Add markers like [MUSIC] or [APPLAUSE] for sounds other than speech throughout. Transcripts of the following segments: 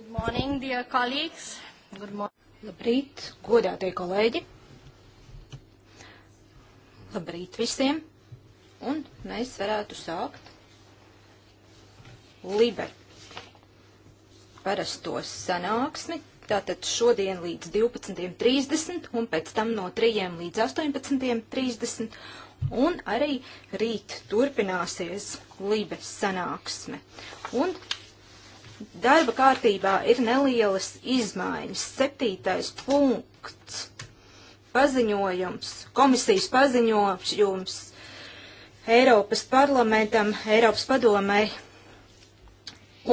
Good morning, dear colleagues. Good morning. Labrīt, godātie kolēģi. Labrīt visiem. Un mēs varētu sākt Libe parasto sanāksmi. Tātad šodien līdz 12.30 un pēc tam no 3 līdz 18.30 un arī rīt turpināsies Libes sanāksme. Un Darba kārtībā ir nelielas izmaiņas. Septītais punkts - paziņojums, komisijas paziņojums Eiropas parlamentam, Eiropas padomei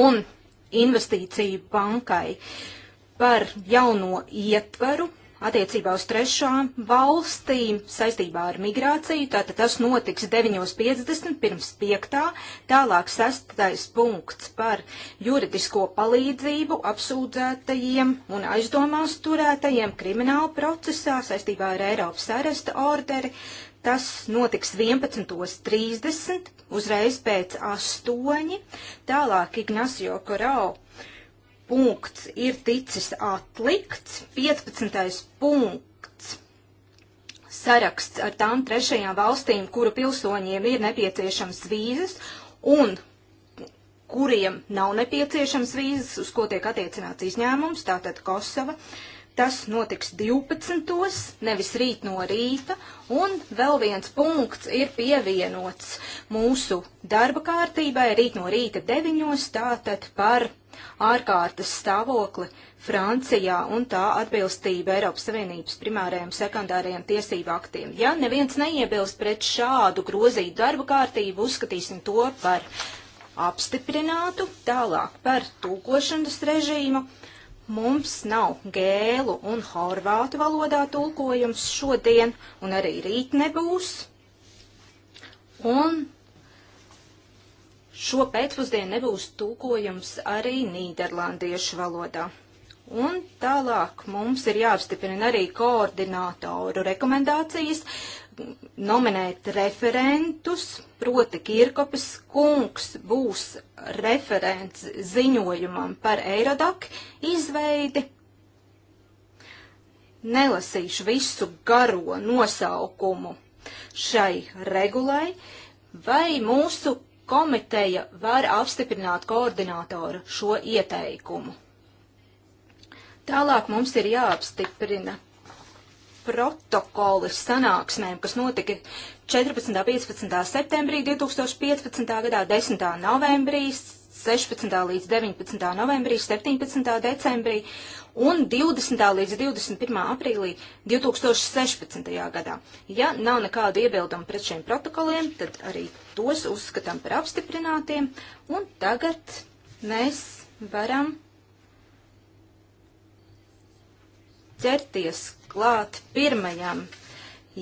un investīciju bankai par jauno ietvaru attiecībā uz trešām valstīm saistībā ar migrāciju. Tātad tas notiks 9.50 pirms 5. Tālāk sastais punkts par juridisko palīdzību apsūdzētajiem un aizdomās turētajiem krimināla procesā saistībā ar Eiropas aresta orderi. Tas notiks 11.30, uzreiz pēc 8. Tālāk Ignacio Korau punkts ir ticis atlikts. 15. punkts saraksts ar tām trešajām valstīm, kuru pilsoņiem ir nepieciešams vīzes un kuriem nav nepieciešams vīzes, uz ko tiek attiecināts izņēmums, tātad Kosova. Uh, Tas notiks 12. nevis rīt no rīta, un vēl viens punkts ir pievienots mūsu darba kārtībai rīt no rīta 9. tātad par ārkārtas stāvokli Francijā un tā atbilstība Eiropas Savienības primārajiem sekundārajiem tiesību aktiem. Ja neviens neiebilst pret šādu grozītu darba kārtību, uzskatīsim to par apstiprinātu, tālāk par tūkošanas režīmu. Mums nav gēlu un horvātu valodā tulkojums šodien, un arī rīt nebūs. Un šo pēcpusdienu nebūs tulkojums arī nīderlandiešu valodā. Un tālāk mums ir jāapstiprina arī koordinātoru rekomendācijas nominēt referentus, proti Kirkopis kungs būs referents ziņojumam par Eirodak izveidi. Nelasīšu visu garo nosaukumu šai regulai, vai mūsu komiteja var apstiprināt koordinātoru šo ieteikumu. Tālāk mums ir jāapstiprina protokoli sanāksmēm, kas notika 14. un 15. septembrī 2015. gadā, 10. novembrī, 16. līdz 19. novembrī, 17. decembrī un 20. līdz 21. aprīlī 2016. gadā. Ja nav nekādu iebildumu pret šiem protokoliem, tad arī tos uzskatām par apstiprinātiem. Un tagad mēs varam ķerties klāt pirmajam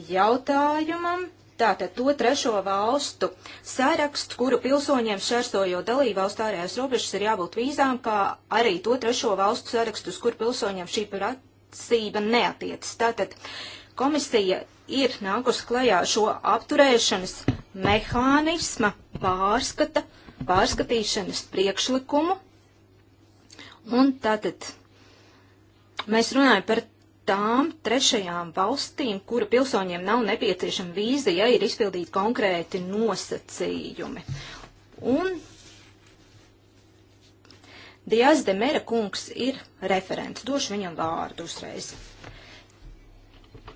jautājumam. Tātad to trešo valstu saraksts, kuru pilsoņiem šērstojot dalībvalstu ārējās robežas ir jābūt vīzām, kā arī to trešo valstu sarakstu, uz kur pilsoņiem šī prasība neatiecas. Tātad komisija ir nākus klajā šo apturēšanas mehānisma pārskata, pārskatīšanas priekšlikumu. Un tātad mēs runājam par tām trešajām valstīm, kura pilsoņiem nav nepieciešama vīza, ja ir izpildīti konkrēti nosacījumi. Un Diaz de Mera kungs ir referents. Došu viņam vārdu uzreiz.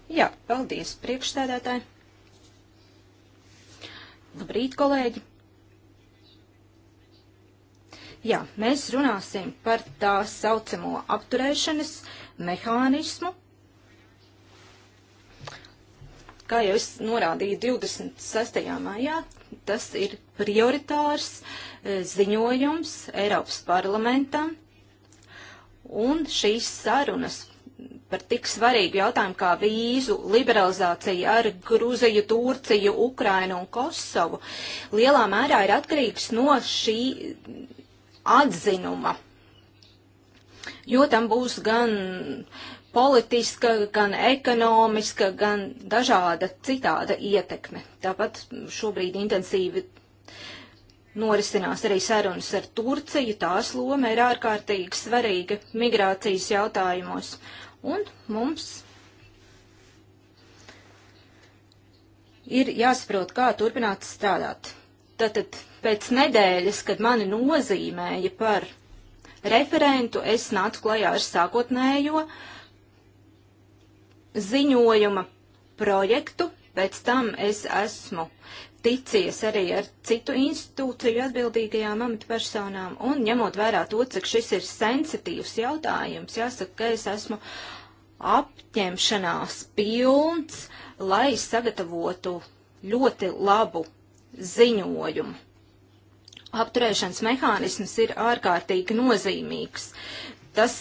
Jā, paldies, priekšstādātāji. Labrīt, kolēģi. Jā, mēs runāsim par tā saucamo apturēšanas mehānismu, Kā jau es norādīju 26. maijā, tas ir prioritārs eh, ziņojums Eiropas parlamentam, un šīs sarunas par tik svarīgu jautājumu kā vīzu liberalizācija ar Gruziju, Turciju, Ukrainu un Kosovu lielā mērā ir atkarīgs no šī atzinuma, jo tam būs gan uh, politiska, gan ekonomiska, gan dažāda citāda ietekme. Tāpat šobrīd intensīvi norisinās arī sarunas ar Turciju. Tās loma ir ārkārtīgi svarīga migrācijas jautājumos. Un mums ir jāsaprot, kā turpināt strādāt. Tātad pēc nedēļas, kad mani nozīmēja par referentu, es nācu klajā ar sākotnējo uh, ziņojuma projektu, pēc tam es esmu ticies arī ar citu institūciju atbildīgajām amatpersonām, un ņemot vērā to, cik šis ir sensitīvs jautājums, jāsaka, ka es esmu apņemšanās pilns, lai sagatavotu ļoti labu ziņojumu. Apturēšanas mehānisms ir ārkārtīgi nozīmīgs. Tas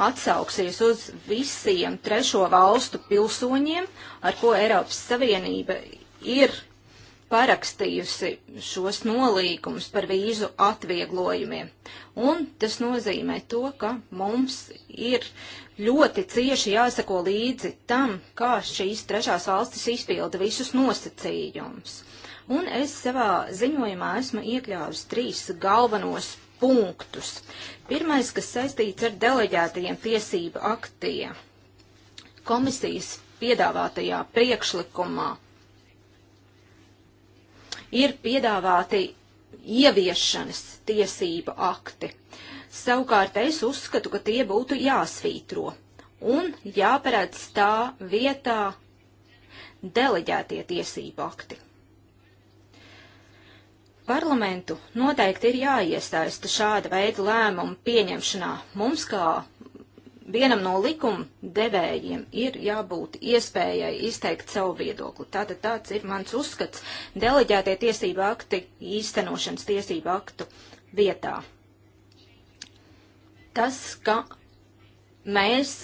atsauksies uz visiem trešo valstu pilsoņiem, ar ko Eiropas Savienība ir parakstījusi šos nolīgumus par vīzu atvieglojumiem. Un tas nozīmē to, ka mums ir ļoti cieši jāsako līdzi tam, kā šīs trešās valstis izpilda visus nosacījumus. Un es savā ziņojumā esmu iekļāvusi trīs galvenos punktus. Pirmais, kas saistīts ar deleģētajiem tiesību aktiem. Komisijas piedāvātajā priekšlikumā ir piedāvāti ieviešanas tiesību akti. Savukārt es uzskatu, ka tie būtu jāsvītro un jāparāds tā vietā deleģētie tiesību akti. Parlamentu noteikti ir jāiesaista šāda veida lēmumu pieņemšanā. Mums kā vienam no likuma devējiem ir jābūt iespējai izteikt savu viedokli. Tātad tāds ir mans uzskats deleģētie tiesību akti īstenošanas tiesību aktu vietā. Tas, ka mēs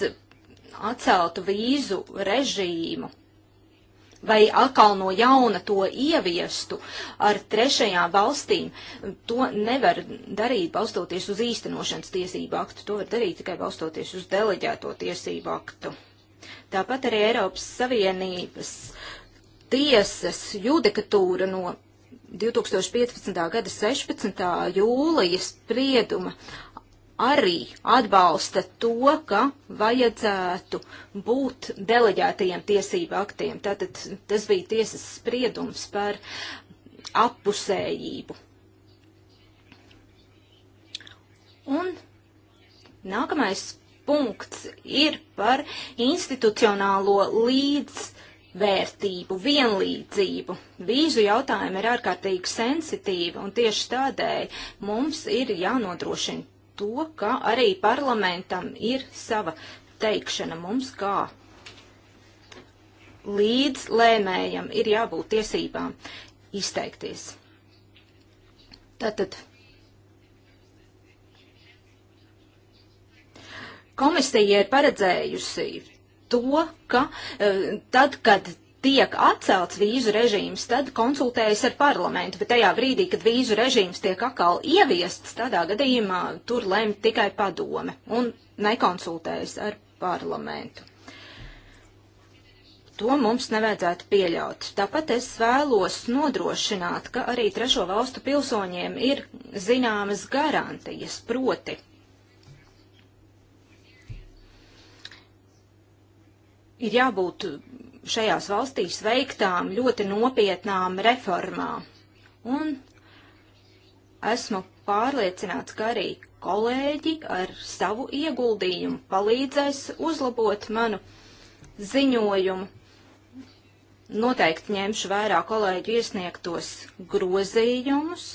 atceltu vīzu režīmu vai atkal no jauna to ieviestu ar trešajām valstīm, to nevar darīt balstoties uz īstenošanas tiesību aktu, to var darīt tikai balstoties uz deleģēto tiesību aktu. Tāpat arī Eiropas Savienības tiesas judikatūra no 2015. gada 16. jūlijas sprieduma arī atbalsta to, ka vajadzētu būt deleģētajiem tiesību aktiem. Tātad tas bija tiesas spriedums par appusējību. Un nākamais punkts ir par institucionālo līdzvērtību, vienlīdzību. Vīzu jautājumi ir ārkārtīgi sensitīvi, un tieši tādēļ mums ir jānodrošina to, ka arī parlamentam ir sava teikšana mums kā līdz lēmējam ir jābūt tiesībām izteikties. Tātad komisija ir paredzējusi to, ka eh, tad, kad tiek atcelts vīzu režīms, tad konsultējas ar parlamentu, bet tajā brīdī, kad vīzu režīms tiek atkal ieviests, tādā gadījumā tur lem tikai padome un nekonsultējas ar parlamentu. To mums nevajadzētu pieļaut. Tāpat es vēlos nodrošināt, ka arī trešo valstu pilsoņiem ir zināmas garantijas, proti. Ir jābūt šajās valstīs veiktām ļoti nopietnām reformām. Un esmu pārliecināts, ka arī kolēģi ar savu ieguldījumu palīdzēs uzlabot manu ziņojumu. Noteikti ņemšu vērā kolēģu iesniegtos grozījumus.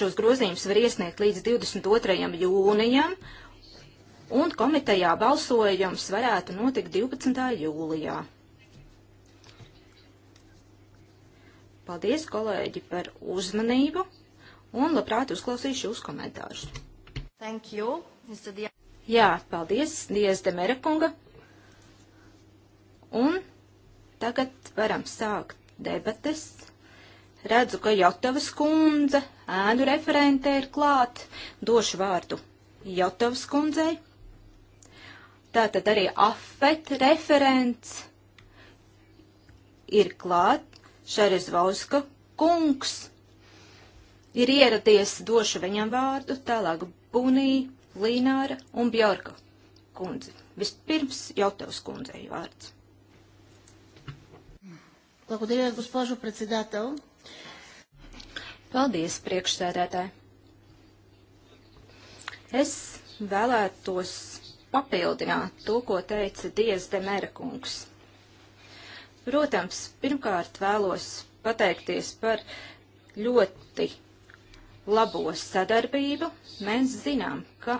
Šos grozījumus var iesniegt līdz 22. jūnijam, un komitejā balsojums varētu notikt 12. jūlijā. Paldies, kolēģi, par uzmanību un labprāt uzklausīšu jūs uz komentārus. Thank you, Mr. Dia. Jā, paldies, Dievs Demera kunga. Un tagad varam sākt debates redzu, ka Jotavas kundze, ēnu referente ir klāt, došu vārdu Jotavas kundzei. Tātad arī afet referents ir klāt, Šeres Vauska kungs ir ieradies, došu viņam vārdu, tālāk Bunī, Līnāra un Bjorka kundze. Vispirms jau tevs kundzei vārds. Благодаря, госпожо председател. Paldies, priekšsēdētāji. Es vēlētos papildināt to, ko teica Dievs Demera kungs. Protams, pirmkārt vēlos pateikties par ļoti labo sadarbību. Mēs zinām, ka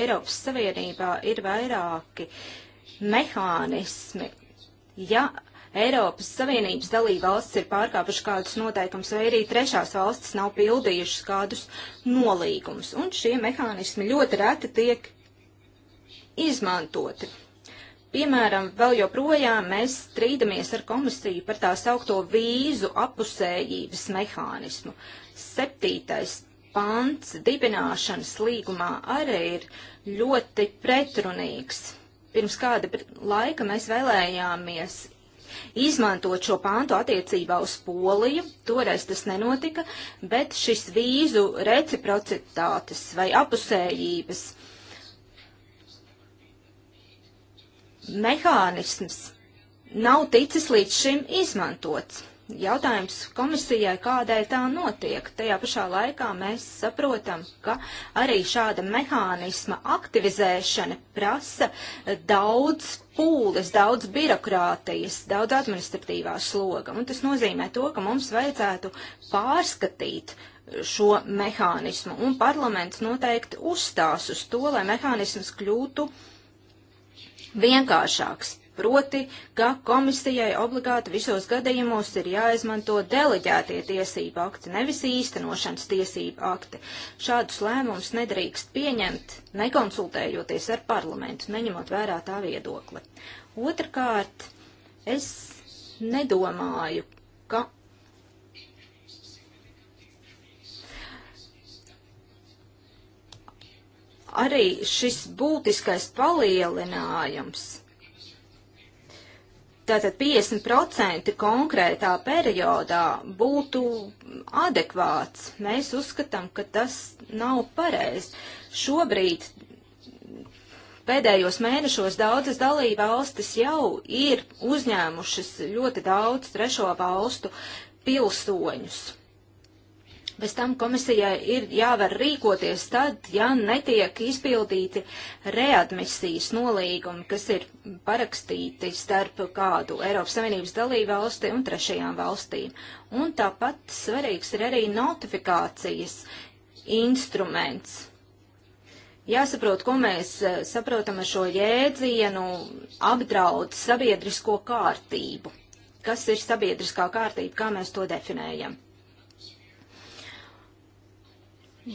Eiropas Savienībā ir vairāki mehānismi. Ja Eiropas Savienības dalība valsts ir pārkāpuši kādus noteikums vai arī trešās valstis nav pildījušas kādus nolīgumus, un šie mehānismi ļoti reti tiek izmantoti. Piemēram, vēl joprojām mēs strīdamies ar komisiju par tā saukto vīzu apusējības mehānismu. Septītais pants dibināšanas līgumā arī ir ļoti pretrunīgs. Pirms kāda laika mēs vēlējāmies izmantot šo pantu attiecībā uz Poliju, toreiz tas nenotika, bet šis vīzu reciprocitātes vai apusējības uh, mehānisms nav ticis līdz šim izmantots. Jautājums komisijai, kādēļ tā notiek. Tajā pašā laikā mēs saprotam, ka arī šāda mehānisma aktivizēšana prasa daudz pūles, daudz birokrātijas, daudz administratīvā sloga. Un tas nozīmē to, ka mums vajadzētu pārskatīt šo mehānismu. Un parlaments noteikti uzstās uz to, lai mehānisms kļūtu uh, vienkāršāks. Proti, ka komisijai obligāti visos gadījumos ir jāizmanto deleģētie tiesību akti, nevis īstenošanas tiesību akti. Šādus lēmumus nedrīkst pieņemt, nekonsultējoties ar parlamentu, neņemot vērā tā viedokli. Otrakārt, es nedomāju, ka arī šis būtiskais palielinājums. Tātad 50% konkrētā periodā būtu adekvāts. Mēs uzskatām, ka tas nav pareizi. Šobrīd pēdējos mēnešos daudzas dalība valstis jau ir uzņēmušas ļoti daudz trešo valstu pilsoņus. Bez tam komisijai ir jāvar rīkoties tad, ja netiek izpildīti readmisijas nolīgumi, kas ir parakstīti starp kādu Eiropas Savienības dalībvalsti un trešajām valstīm. Un tāpat svarīgs ir arī notifikācijas instruments. Jāsaprot, ko mēs eh, saprotam ar šo jēdzienu apdraud sabiedrisko kārtību. Kas ir sabiedriskā kārtība, kā mēs to definējam?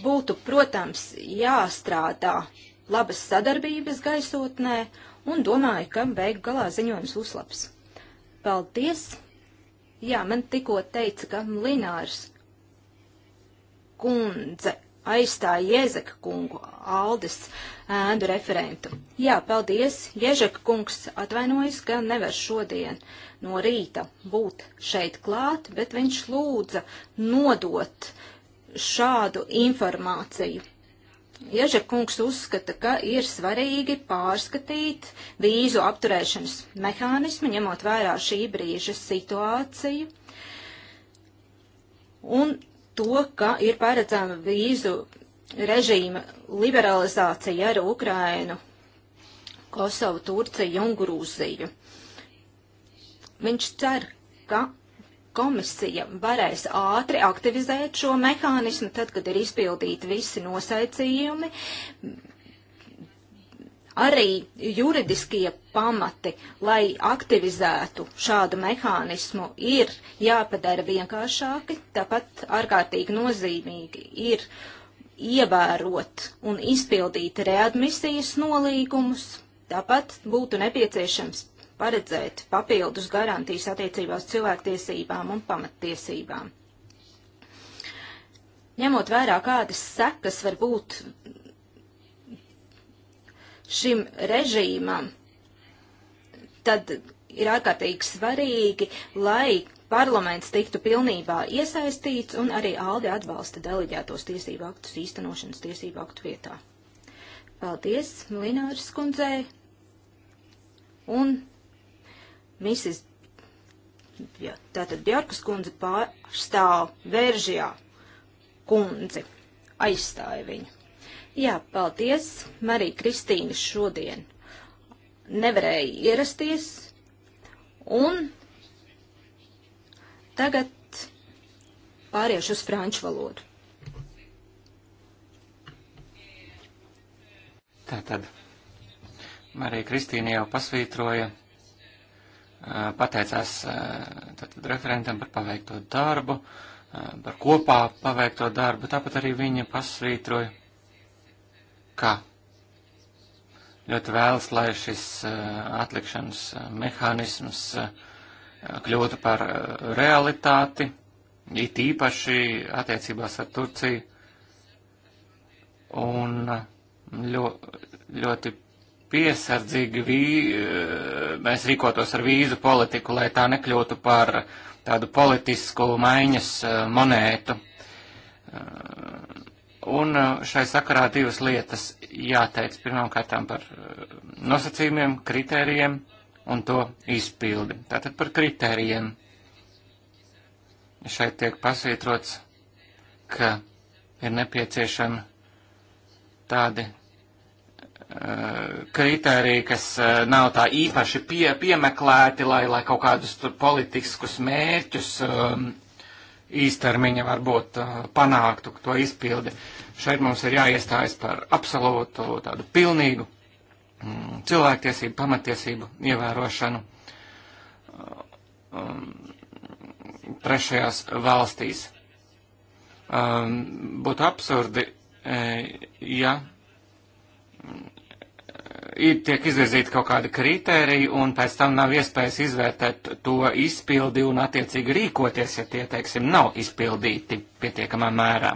būtu, protams, jāstrādā labas sadarbības gaisotnē un domāju, ka beig galā ziņojums uzlaps. Paldies! Jā, man tikko teica, ka Linārs kundze aizstāja Jezeka kungu, Aldis ēdu referentu. Jā, paldies, Jezeka kungs atvainojas, ka nevar šodien no rīta būt šeit klāt, bet viņš lūdza nodot uh, šādu informāciju. Ježa kungs uzskata, ka ir svarīgi pārskatīt vīzu apturēšanas mehānismu, ņemot vērā šī brīža situāciju un to, ka ir paredzama vīzu režīma liberalizācija ar Ukrainu, Kosovu, Turciju un Grūziju. Viņš cer, ka komisija varēs ātri aktivizēt šo mehānismu, tad, kad ir izpildīti visi nosaicījumi, arī juridiskie pamati, lai aktivizētu šādu mehānismu, ir jāpadara vienkāršāki, tāpat ārkārtīgi nozīmīgi ir ievērot un izpildīt readmisijas nolīgumus, tāpat būtu nepieciešams paredzēt papildus garantijas attiecībās cilvēktiesībām un pamattiesībām. Ņemot vērā, kādas sekas var būt šim režīmam, tad ir ārkārtīgi svarīgi, lai parlaments tiktu pilnībā iesaistīts un arī Aldi atbalsta deleģētos tiesību aktus īstenošanas tiesību aktu vietā. Paldies Lināras kundzei un Misis, jā, tātad Bjarkas kundze pārstāv Vēržijā kundzi, aizstāja viņu. Jā, paldies, Marija Kristīna šodien nevarēja ierasties, un tagad pāriešu uz franču valodu. Tātad, Marija Kristīna jau pasvītroja Eh, pateicās tātad, eh, referentam par paveikto darbu, eh, par kopā paveikto darbu. Tāpat arī viņa pasvītroja, ka ļoti vēlas, lai šis atlikšanas mehānisms kļūtu par realitāti, it īpaši attiecībās ar Turciju. Un ļo, ļoti piesardzīgi vī, eh, mēs rīkotos ar vīzu politiku, lai tā nekļūtu par tādu politisku maiņas eh, monētu. Eh, un šai sakarā divas lietas jāteic pirmkārt par nosacījumiem, kritērijiem un to izpildi. Tātad par kritērijiem. Šeit tiek pasvītrots, ka ir nepieciešami tādi kritēriji, kas eh, nav tā īpaši pie, piemeklēti, lai, lai kaut kādus politiskus mērķus um, īstermiņa varbūt uh, panāktu to izpildi. Šeit mums ir jāiestājas par absolūtu tādu pilnīgu mm, cilvēktiesību, pamatiesību ievērošanu uh, um, trešajās valstīs. Um, būtu absurdi, e, ja mm, ir, tiek izvirzīti kaut kādi kriteriji, un pēc tam nav iespējas izvērtēt to izpildi un attiecīgi rīkoties, ja tie, teiksim, nav izpildīti pietiekamā mērā.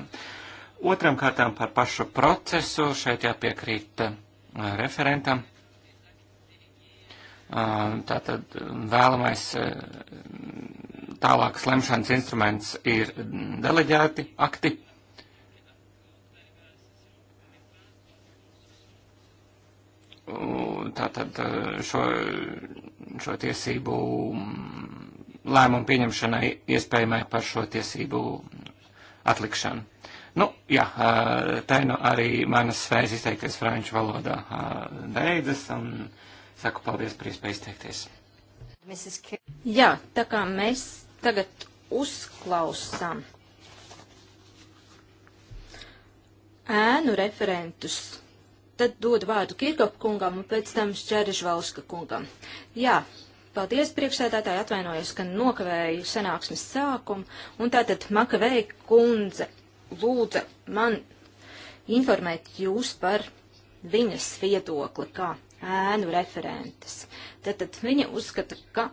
Otram kārtām par pašu procesu šeit jāpiekrīt uh, referentam. Uh, tātad vēlamais uh, tālākas lemšanas instruments ir deleģēti akti tātad eh, šo, šo tiesību lēmumu pieņemšanai iespējamai par šo tiesību atlikšanu. Nu, jā, eh, tā nu arī manas spējas izteikties franču valodā eh, beidzas, un saku paldies par iespēju izteikties. Jā, tā kā mēs tagad uzklausām ēnu referentus tad dod vārdu Kirkop kungam un pēc tam Šķerižvalska kungam. Jā, paldies priekšsēdētāji, atvainojos, ka nokavēju sanāksmes sākumu, un tātad Makavei kundze lūdza man informēt jūs par viņas viedokli kā ēnu referentes. Tātad viņa uzskata, ka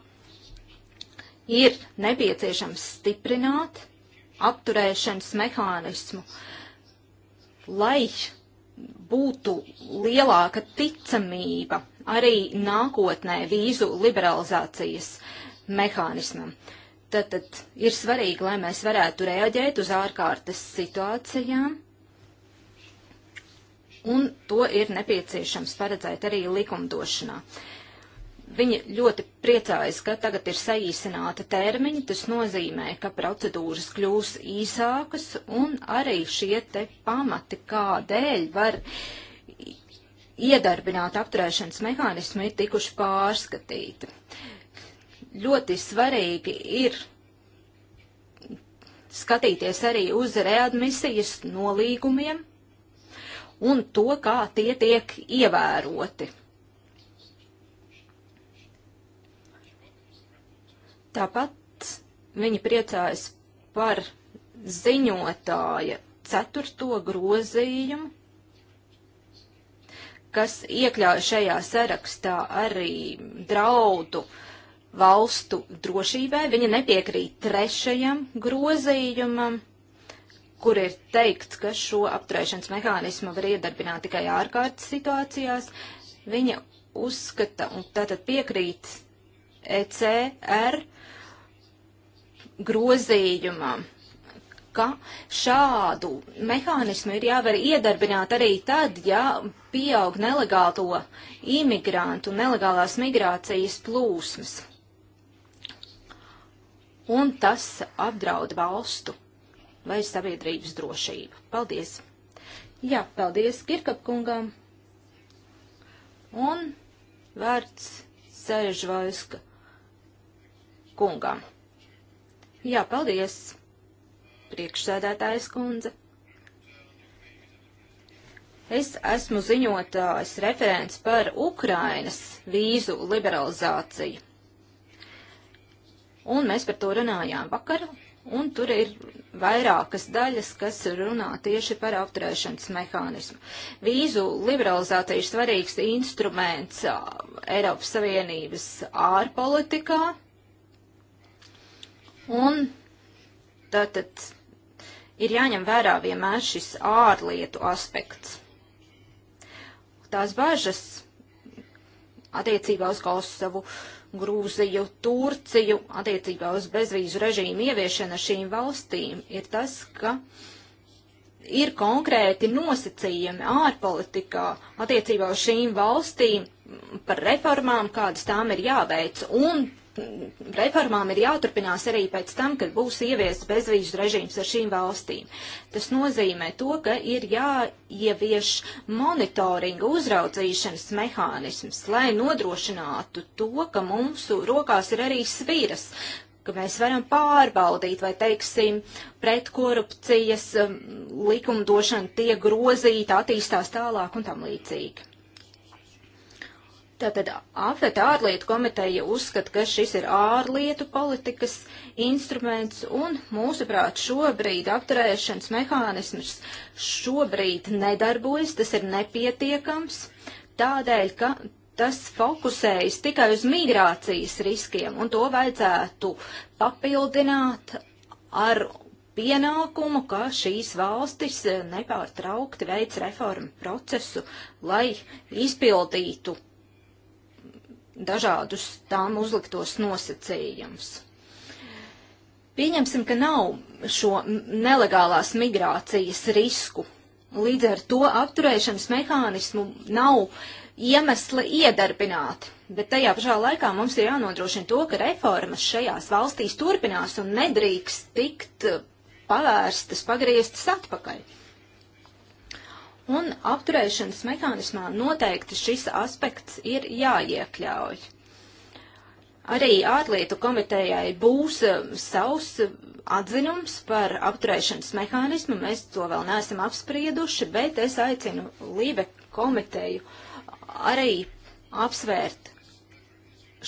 ir nepieciešams stiprināt apturēšanas mehānismu, lai būtu lielāka ticamība arī nākotnē vīzu liberalizācijas mehānismam. Tātad ir svarīgi, lai mēs varētu reaģēt uz ārkārtas situācijām, un to ir nepieciešams paredzēt arī likumdošanā. Uh, Viņa ļoti priecājas, ka tagad ir saīsināta termiņa, tas nozīmē, ka procedūras kļūs īsākas un arī šie te pamati, kādēļ var iedarbināt apturēšanas mehānismu, ir tikuši pārskatīti. Ļoti svarīgi ir skatīties arī uz readmisijas nolīgumiem un to, kā tie tiek ievēroti Tāpat viņi priecājas par ziņotāja ceturto grozījumu, kas iekļauj šajā sarakstā arī draudu valstu drošībai. Viņa nepiekrīt trešajam grozījumam, kur ir teikts, ka šo apturēšanas mehānismu var iedarbināt tikai ārkārtas situācijās. Viņa uzskata un tātad piekrīt ECR grozījumam ka šādu mehānismu ir jāvar iedarbināt arī tad, ja pieaug nelegālo imigrantu, nelegālās migrācijas plūsmas. Un tas apdraud valstu vai sabiedrības drošību. Paldies! Jā, paldies Kirkapkungam! Un vārds Sēžvaiska kungam. Jā, paldies, priekšsēdētājas kundze. Es esmu ziņotājs referents par Ukrainas vīzu liberalizāciju. Un mēs par to runājām vakar, un tur ir vairākas daļas, kas runā tieši par apturēšanas mehānismu. Vīzu liberalizācija ir svarīgs instruments Eiropas Savienības ārpolitikā Un tātad ir jāņem vērā vienmēr šis ārlietu aspekts. Tās bažas attiecībā uz Kosovu, Grūziju, Turciju, attiecībā uz bezvīzu režīmu ieviešana šīm valstīm ir tas, ka ir konkrēti nosacījumi ārpolitikā attiecībā uz šīm valstīm par reformām, kādas tām ir jāveic, un reformām ir jāturpinās arī pēc tam, kad būs ieviests bezvīzu režīms ar šīm valstīm. Tas nozīmē to, ka ir jāievieš monitoringa uzraudzīšanas mehānisms, lai nodrošinātu to, ka mūsu rokās ir arī sviras, ka mēs varam pārbaudīt, vai, teiksim, pretkorupcijas um, likumdošana tiek grozīta, attīstās tālāk un tam līdzīgi. Tātad AFET ārlietu komiteja uzskata, ka šis ir ārlietu politikas instruments un, mūsuprāt, šobrīd apturēšanas mehānisms šobrīd nedarbojas, tas ir nepietiekams, tādēļ, ka tas fokusējas tikai uz migrācijas riskiem un to vajadzētu papildināt ar pienākumu, ka šīs valstis nepārtraukti veids reformu procesu, lai izpildītu dažādus tām uzliktos nosacījumus. Pieņemsim, ka nav šo nelegālās migrācijas risku. Līdz ar to apturēšanas mehānismu nav iemesli iedarbināt, bet tajā pašā laikā mums ir jānodrošina to, ka reformas šajās valstīs turpinās un nedrīkst tikt eh, pavērstas, pagrieztas atpakaļ. Un apturēšanas mehānismā noteikti šis aspekts ir jāiekļauj. Arī ārlietu komitejai būs eh, savs atzinums par apturēšanas mehānismu. Mēs to vēl neesam apsprieduši, bet es aicinu Lībe komiteju arī apsvērt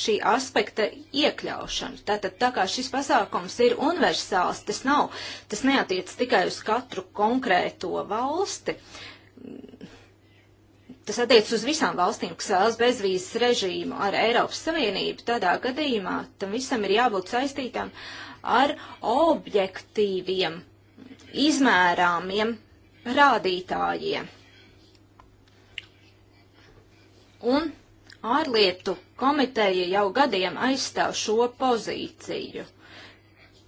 šī aspekta iekļaušanu. Tātad tā kā šis pasākums ir universāls, tas nav, tas neatiec tikai uz katru konkrēto valsti, tas attiec uz visām valstīm, kas vēlas bezvīzes režīmu ar Eiropas Savienību, tādā gadījumā tam visam ir jābūt saistītam ar objektīviem, izmērāmiem rādītājiem. Un ārlietu komiteja jau gadiem aizstāv šo pozīciju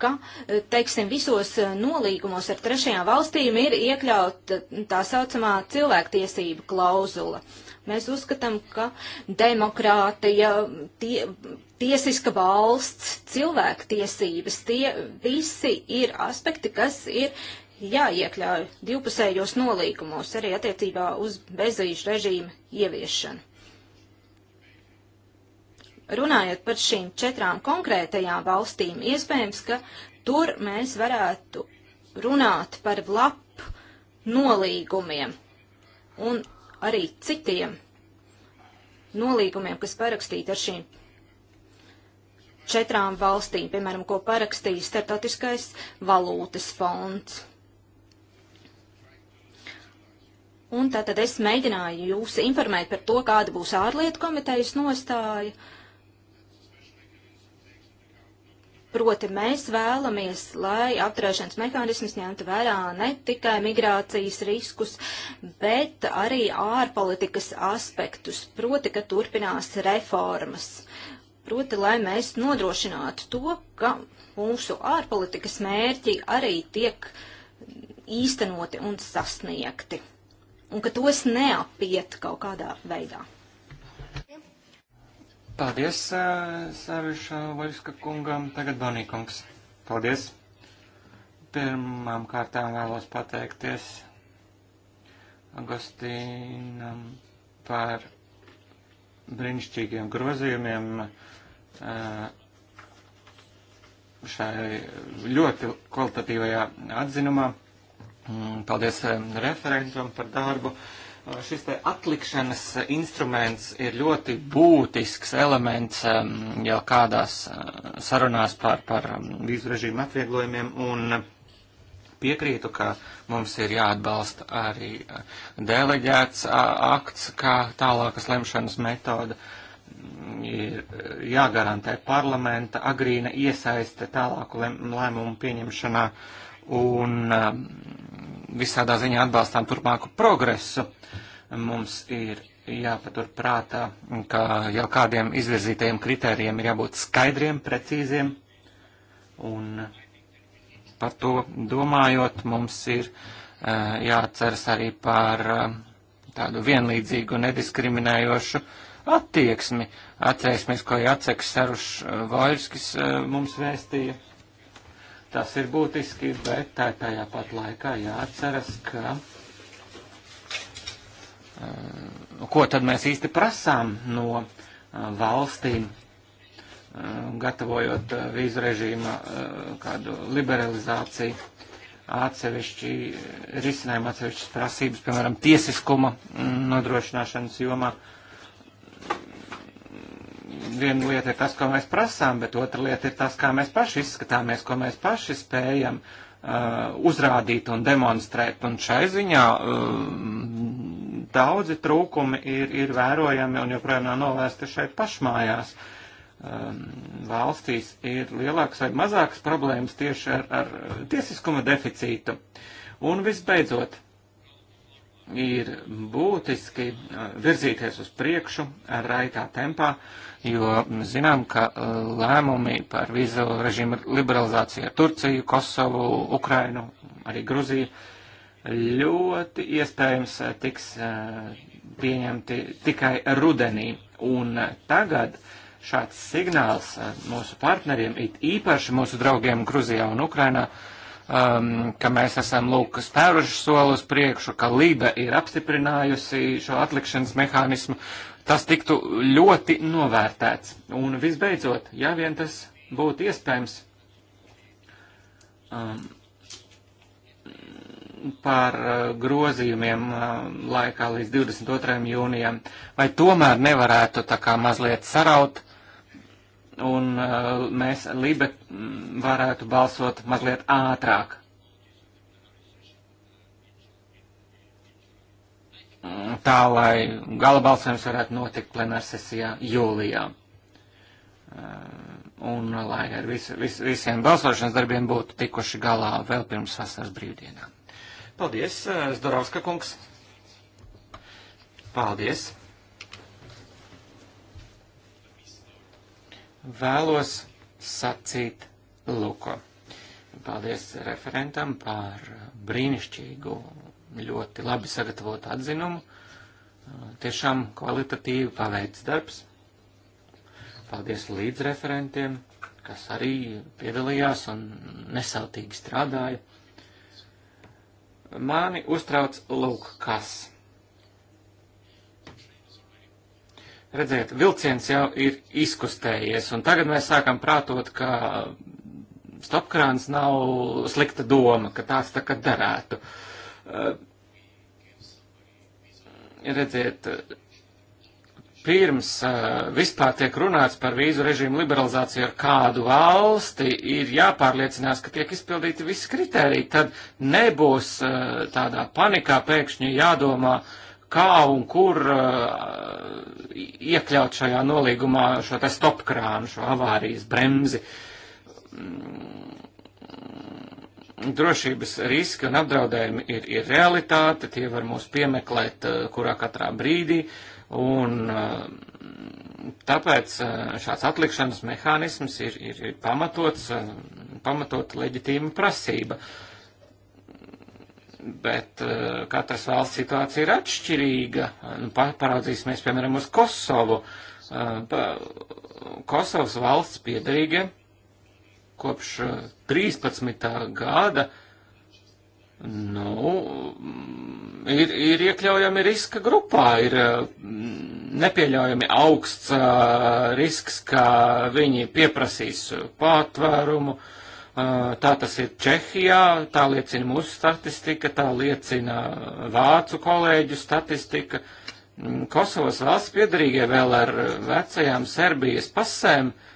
ka, eh, teiksim, visos eh, nolīgumos ar trešajām valstīm ir iekļauta tā saucamā cilvēktiesība klauzula. Mēs uzskatām, ka demokrātija, tie, tiesiska valsts, cilvēktiesības, tie visi ir aspekti, kas ir jāiekļauj divpusējos nolīgumos arī attiecībā uz bezvīžu režīmu ieviešanu. Runājot par šīm četrām konkrētajām valstīm, iespējams, ka tur mēs varētu runāt par lap nolīgumiem un arī citiem nolīgumiem, kas parakstīti ar šīm četrām valstīm, piemēram, ko parakstīja Startautiskais valūtas fonds. Un tātad es mēģināju jūs informēt par to, kāda būs ārlietu komitejas nostāja. Uh, Proti mēs vēlamies, lai apturēšanas mehānisms ņemtu vērā ne tikai migrācijas riskus, bet arī ārpolitikas aspektus, proti, ka turpinās reformas. Proti, lai mēs nodrošinātu to, ka mūsu ārpolitikas mērķi arī tiek īstenoti un sasniegti, un ka tos neapiet kaut kādā veidā. Paldies, Sāviša Vaļska kungam. Tagad Banīkungs. Paldies. Pirmām kārtām vēlos pateikties Agostīnam par brīnišķīgiem grozījumiem šai ļoti kvalitatīvajā atzinumā. Mm, paldies referentam par darbu. Uh, Uh, šis te atlikšanas uh, instruments ir ļoti būtisks elements um, jau kādās uh, sarunās par, par um, vīzu režīmu atvieglojumiem un piekrītu, ka mums ir jāatbalsta arī deleģēts akts kā tālākas lemšanas metoda. Mm, ir jāgarantē parlamenta agrīna iesaiste tālāku lēmumu pieņemšanā un um, visādā ziņā atbalstām turpmāku progresu. Mums ir jāpatur prātā, ka jau kādiem izvirzītajiem kritērijiem ir jābūt skaidriem, precīziem, un par to domājot, mums ir eh, jāceras arī par eh, tādu vienlīdzīgu, nediskriminējošu attieksmi. Atcerēsimies, ko Jaceks Sarušs eh, Vaļskis mums vēstīja Tas ir būtiski, bet tā tajā pat laikā jāatceras, ka eh, ko tad mēs īsti prasām no eh, valstīm, eh, gatavojot vīzu režīma kādu liberalizāciju, atsevišķi risinājumu, atsevišķas prasības, piemēram, tiesiskuma mm, nodrošināšanas jomā viena lieta ir tas, ko mēs prasām, bet otra lieta ir tas, kā mēs paši izskatāmies, ko mēs paši spējam uh, uzrādīt un demonstrēt. Un šai ziņā uh, daudzi trūkumi ir, ir vērojami un joprojām nav novērsti šeit pašmājās. Um, valstīs ir lielākas vai mazākas problēmas tieši ar, ar tiesiskuma deficītu. Un visbeidzot, ir būtiski uh, virzīties uz priekšu ar raitā tempā. Uh, jo zinām, ka uh, lēmumi par vīzu režīmu liberalizāciju ar Turciju, Kosovu, Ukrainu, arī Gruziju ļoti iespējams uh, tiks uh, pieņemti tikai rudenī. Un tagad šāds signāls mūsu partneriem, it īpaši mūsu draugiem Gruzijā un Ukrainā, um, ka mēs esam lūk spēruši soli uz priekšu, ka Lība ir apstiprinājusi šo atlikšanas mehānismu tas tiktu ļoti novērtēts. Un visbeidzot, ja vien tas būtu iespējams, um, par uh, grozījumiem uh, laikā līdz 22. jūnijam, vai tomēr nevarētu tā kā mazliet saraut, un uh, mēs Libe varētu balsot mazliet ātrāk tā, lai gala balsojums varētu notikt plenārsesijā jūlijā. Eh, un lai ar visu, vis, visiem balsošanas darbiem būtu tikuši galā vēl pirms vasaras brīvdienām. Paldies, eh, Zdorovska kungs. Paldies. Vēlos sacīt Luko. Paldies referentam par brīnišķīgu ļoti labi sagatavotu atzinumu. Eh, tiešām kvalitatīvi paveicis darbs. Paldies līdzreferentiem, kas arī piedalījās un nesautīgi strādāja. Mani uztrauc lūk kas. Redziet, vilciens jau ir izkustējies, un tagad mēs sākam prātot, ka stopkrāns nav slikta doma, ka tāds tā kā darētu. Uh, Redziet, pirms vispār tiek runāts par vīzu režīmu liberalizāciju ar kādu valsti, ir jāpārliecinās, ka tiek izpildīti visi kriteriji. Tad nebūs tādā panikā pēkšņi jādomā, kā un kur iekļaut šajā nolīgumā šo te stopkrānu, šo avārijas bremzi drošības riski un apdraudējumi ir, ir realitāte, tie var mūs piemeklēt eh, kurā katrā brīdī, un eh, tāpēc eh, šāds atlikšanas mehānisms ir, ir, ir pamatots, pamatot leģitīma prasība. Bet katras valsts situācija ir atšķirīga. Nu, paraudzīsimies, piemēram, uz Kosovu. Kosovas valsts piedarīgie kopš 13. Eh, gada, nu, mm, ir, ir iekļaujami riska grupā, ir eh, mm, nepieļaujami augsts eh, risks, ka viņi pieprasīs pātvērumu. Tā tas ir Čehijā, tā liecina mūsu statistika, tā liecina vācu kolēģu statistika. Mm, Kosovas valsts piedarīgie vēl ar vecajām Serbijas pasēm uh,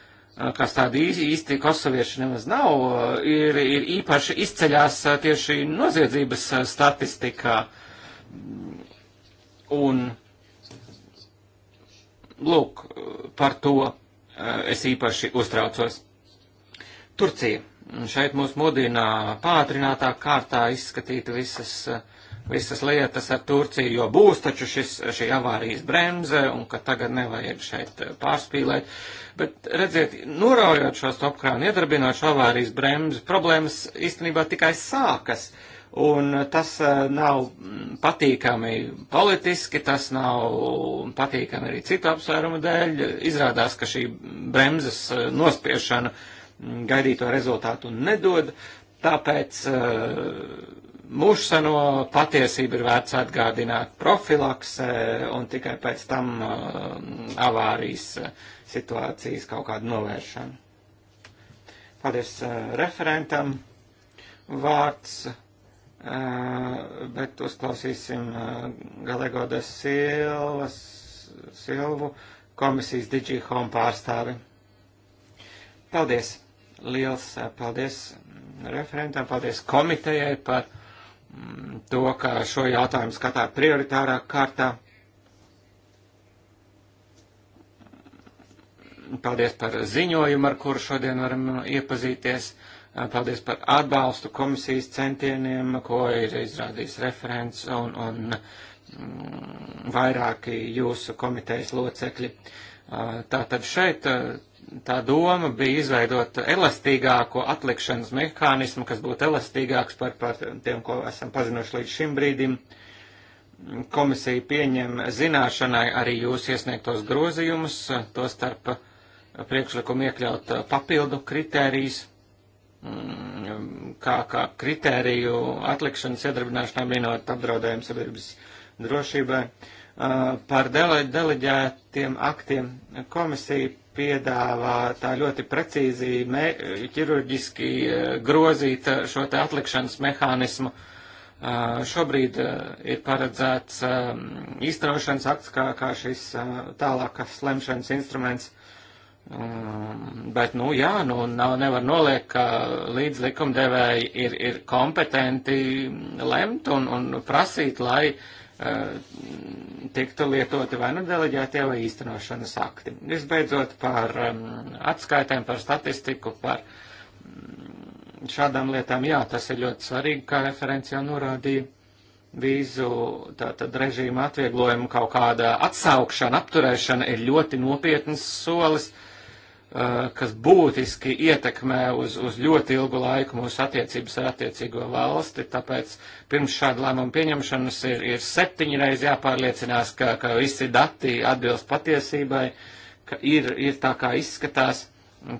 kas tādi īsti, īsti kosovieši nemaz nav, ir, ir īpaši izceļās tieši noziedzības statistikā. Un, lūk, par to es īpaši uztraucos. Turcija. Šeit mūs mudina pātrinātā kārtā izskatīt visas uh, visas lietas ar Turciju, jo būs taču šis, šī avārijas bremze un ka tagad nevajag šeit eh, pārspīlēt. Bet redziet, noraujot šo stopkrānu, iedarbinot šo avārijas bremzi, problēmas īstenībā tikai sākas. Un tas eh, nav mm, patīkami politiski, tas nav patīkami arī citu apsvērumu dēļ. Izrādās, ka šī bremzes eh, nospiešana mm, gaidīto rezultātu nedod, tāpēc uh, mūžsano patiesību ir vērts atgādināt profilakse un tikai pēc tam uh, avārijas uh, situācijas kaut kādu novēršanu. Paldies uh, referentam. Vārds, bet uzklausīsim Galegoda Silvas, Silvu komisijas DigiHome pārstāvi. Paldies! Liels paldies referentam, paldies komitejai par to, ka šo jautājumu skatā prioritārā kārtā. Paldies par ziņojumu, ar kuru šodien varam iepazīties. Paldies par atbalstu komisijas centieniem, ko ir izrādījis referents un, un mm, vairāki jūsu komitejas locekļi. Tātad šeit tā doma bija izveidot elastīgāko atlikšanas mehānismu, kas būtu elastīgāks par, par tiem, ko esam pazinuši līdz šim brīdim. Komisija pieņem zināšanai arī jūs iesniegtos grozījumus, to starp priekšlikumu iekļaut papildu kritērijas, mm, kā, kā kritēriju atlikšanas iedarbināšanai minot apdraudējumu sabiedrības drošībai. Uh, Par dele, deleģētiem aktiem komisija piedāvā tā ļoti precīzi me, ķirurģiski grozīt šo te atlikšanas mehānismu. Šobrīd ir paredzēts izstraušanas akts kā, kā šis tālākas lemšanas instruments. Bet, nu, jā, nu, nav, nevar noliekt, ka līdz likumdevēji ir, ir kompetenti lemt un, un prasīt, lai uh, Uh, tiktu lietoti vai nu deleģētie vai īstenošanas akti. Visbeidzot par um, atskaitēm, par statistiku, par mm, šādām lietām, jā, tas ir ļoti svarīgi, kā referents jau norādīja vīzu tātad režīma atvieglojumu kaut kāda atsaukšana, apturēšana ir ļoti nopietnas solis. Uh, Eh, kas būtiski ietekmē uz, uz ļoti ilgu laiku mūsu attiecības ar attiecīgo valsti, tāpēc pirms šāda lēmuma pieņemšanas ir, ir septiņreiz jāpārliecinās, ka, ka visi dati atbilst patiesībai, ka ir, ir tā kā izskatās,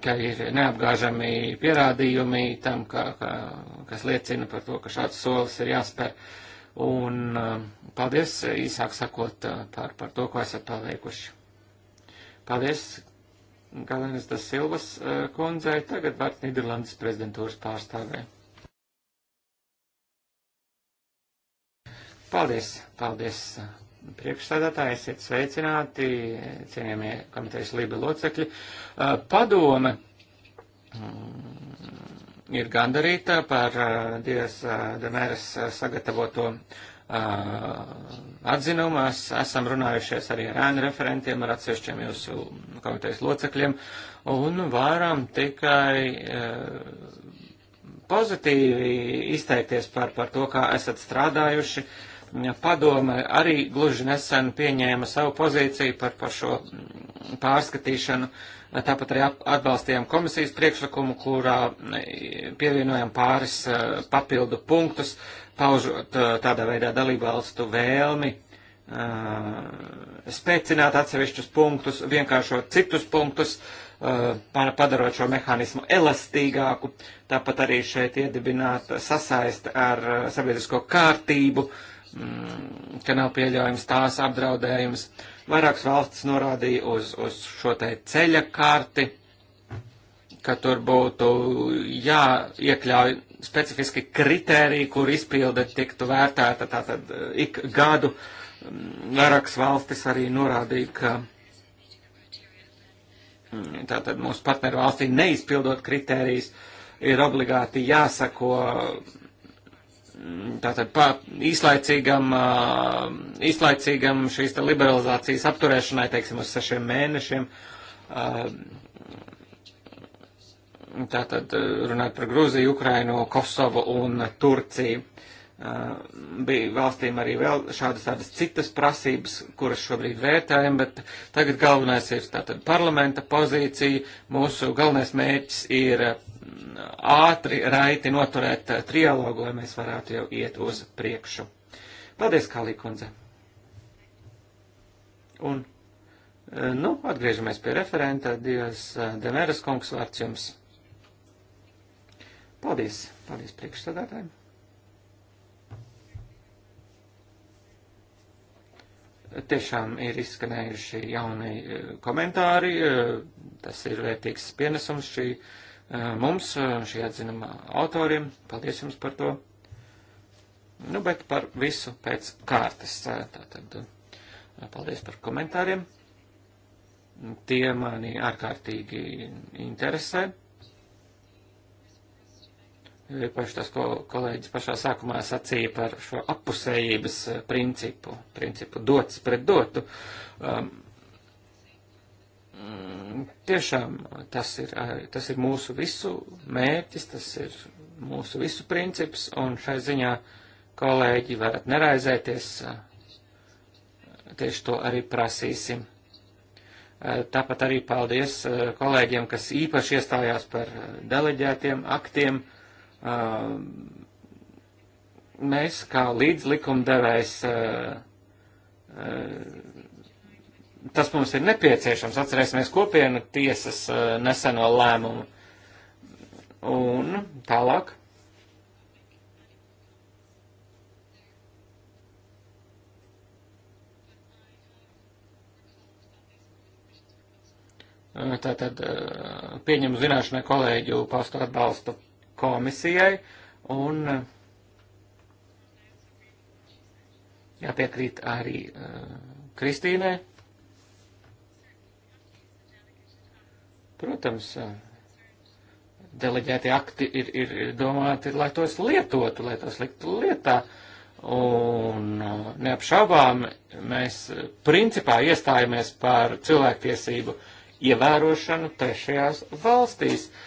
ka ir neapgāžami pierādījumi tam, ka, ka, kas liecina par to, ka šāds solis ir jāspēr. Un eh, paldies īsāk sakot eh, par, par to, ko esat paveikuši. Paldies, Galenas da Silvas e, kundzei, tagad vārds Nīderlandes prezidentūras pārstāvē. Paldies, paldies e, priekšsēdētāji, esiet sveicināti, cienījamie komitejas lība locekļi. E, padome mm, ir gandarīta par Dievs Demēras sagatavoto atzinumā. Es, esam runājušies arī ar ēnu referentiem, ar atsevišķiem jūsu komitejas locekļiem, un varam tikai pozitīvi izteikties par, par to, kā esat strādājuši. Padome arī gluži nesen pieņēma savu pozīciju par, par šo pārskatīšanu. Tāpat arī atbalstījām komisijas priekšlikumu, kurā pievienojam pāris papildu punktus, uh, paužot tādā veidā dalībvalstu vēlmi spēcināt atsevišķus punktus, vienkāršot citus punktus, padarot šo mehānismu elastīgāku, tāpat arī šeit iedibināt sasaist ar sabiedrisko kārtību, mm, ka nav pieļaujams tās apdraudējums. Vairākas valstis norādīja uz, uz šo te ceļa karti, ka tur būtu jāiekļauj specifiski kritēriji, kur izpilde tiktu vērtēta. Tātad eh, ik gadu mm, Araks valstis arī norādīja, ka mm, tātad mūsu partneru valstī neizpildot kritērijas ir obligāti jāsako mm, tātad pa, īslaicīgam, eh, īslaicīgam šīs liberalizācijas apturēšanai, teiksim, uz sešiem mēnešiem. Uh, Tātad eh, runāt par Grūziju, Ukrainu, Kosovu un Turciju. Eh, bija valstīm arī vēl šādas tādas citas prasības, kuras šobrīd vērtējam, bet tagad galvenais ir tātad parlamenta pozīcija. Mūsu galvenais mērķis ir eh, ātri, raiti noturēt trialogu, lai mēs varētu jau iet uz priekšu. Paldies, Kalīkundze! Un, nu, atgriežamies pie referenta, Dievs Demeras kungs vārds jums. Paldies! Paldies priekšstādātājiem! Tiešām ir izskanējuši jauni eh, komentāri, eh, tas ir vērtīgs pienesums šī eh, mums, šī atzinuma autoriem. Paldies jums par to! Nu, bet par visu pēc kārtas. Tātad, paldies par komentāriem. Tie mani ārkārtīgi interesē īpaši tas, ko kolēģis pašā sākumā sacīja par šo apusējības eh, principu, principu dots pret dotu. Um, mm, tiešām tas ir, eh, tas ir mūsu visu mērķis, tas ir mūsu visu princips, un šai ziņā kolēģi varat neraizēties, eh, tieši to arī prasīsim. Tāpat arī paldies kolēģiem, kas īpaši iestājās par deleģētiem aktiem mēs kā līdzlikumdevējs tas mums ir nepieciešams. Atcerēsimies kopienu tiesas neseno lēmumu. Un tālāk. Tātad pieņemu zināšanai kolēģu paustu atbalstu komisijai un eh, jāpiekrīt arī uh, Kristīnai. Protams, eh, deleģēti akti ir, ir, ir domāti, lai tos lietotu, lai tos liktu lietā. Un neapšaubām mēs principā iestājamies par cilvēktiesību ievērošanu trešajās valstīs. Uh,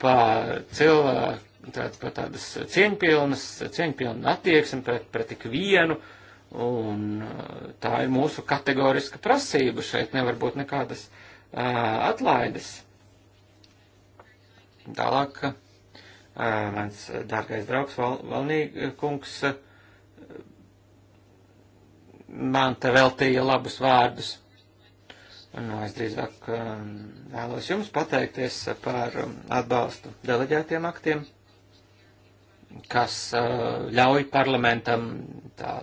par cilvēku, tād, par tādas cieņpilnas, cieņpilnu attieksmi pret, pret tik vienu, un uh, tā ir mūsu kategoriska prasība, šeit nevar būt nekādas uh, atlaides. Tālāk, uh, mans dārgais draugs Val, Valnīkungs uh, man te veltīja labus vārdus. Nu, es drīzāk um, vēlos jums pateikties par um, atbalstu deleģētiem aktiem, kas uh, ļauj parlamentam tā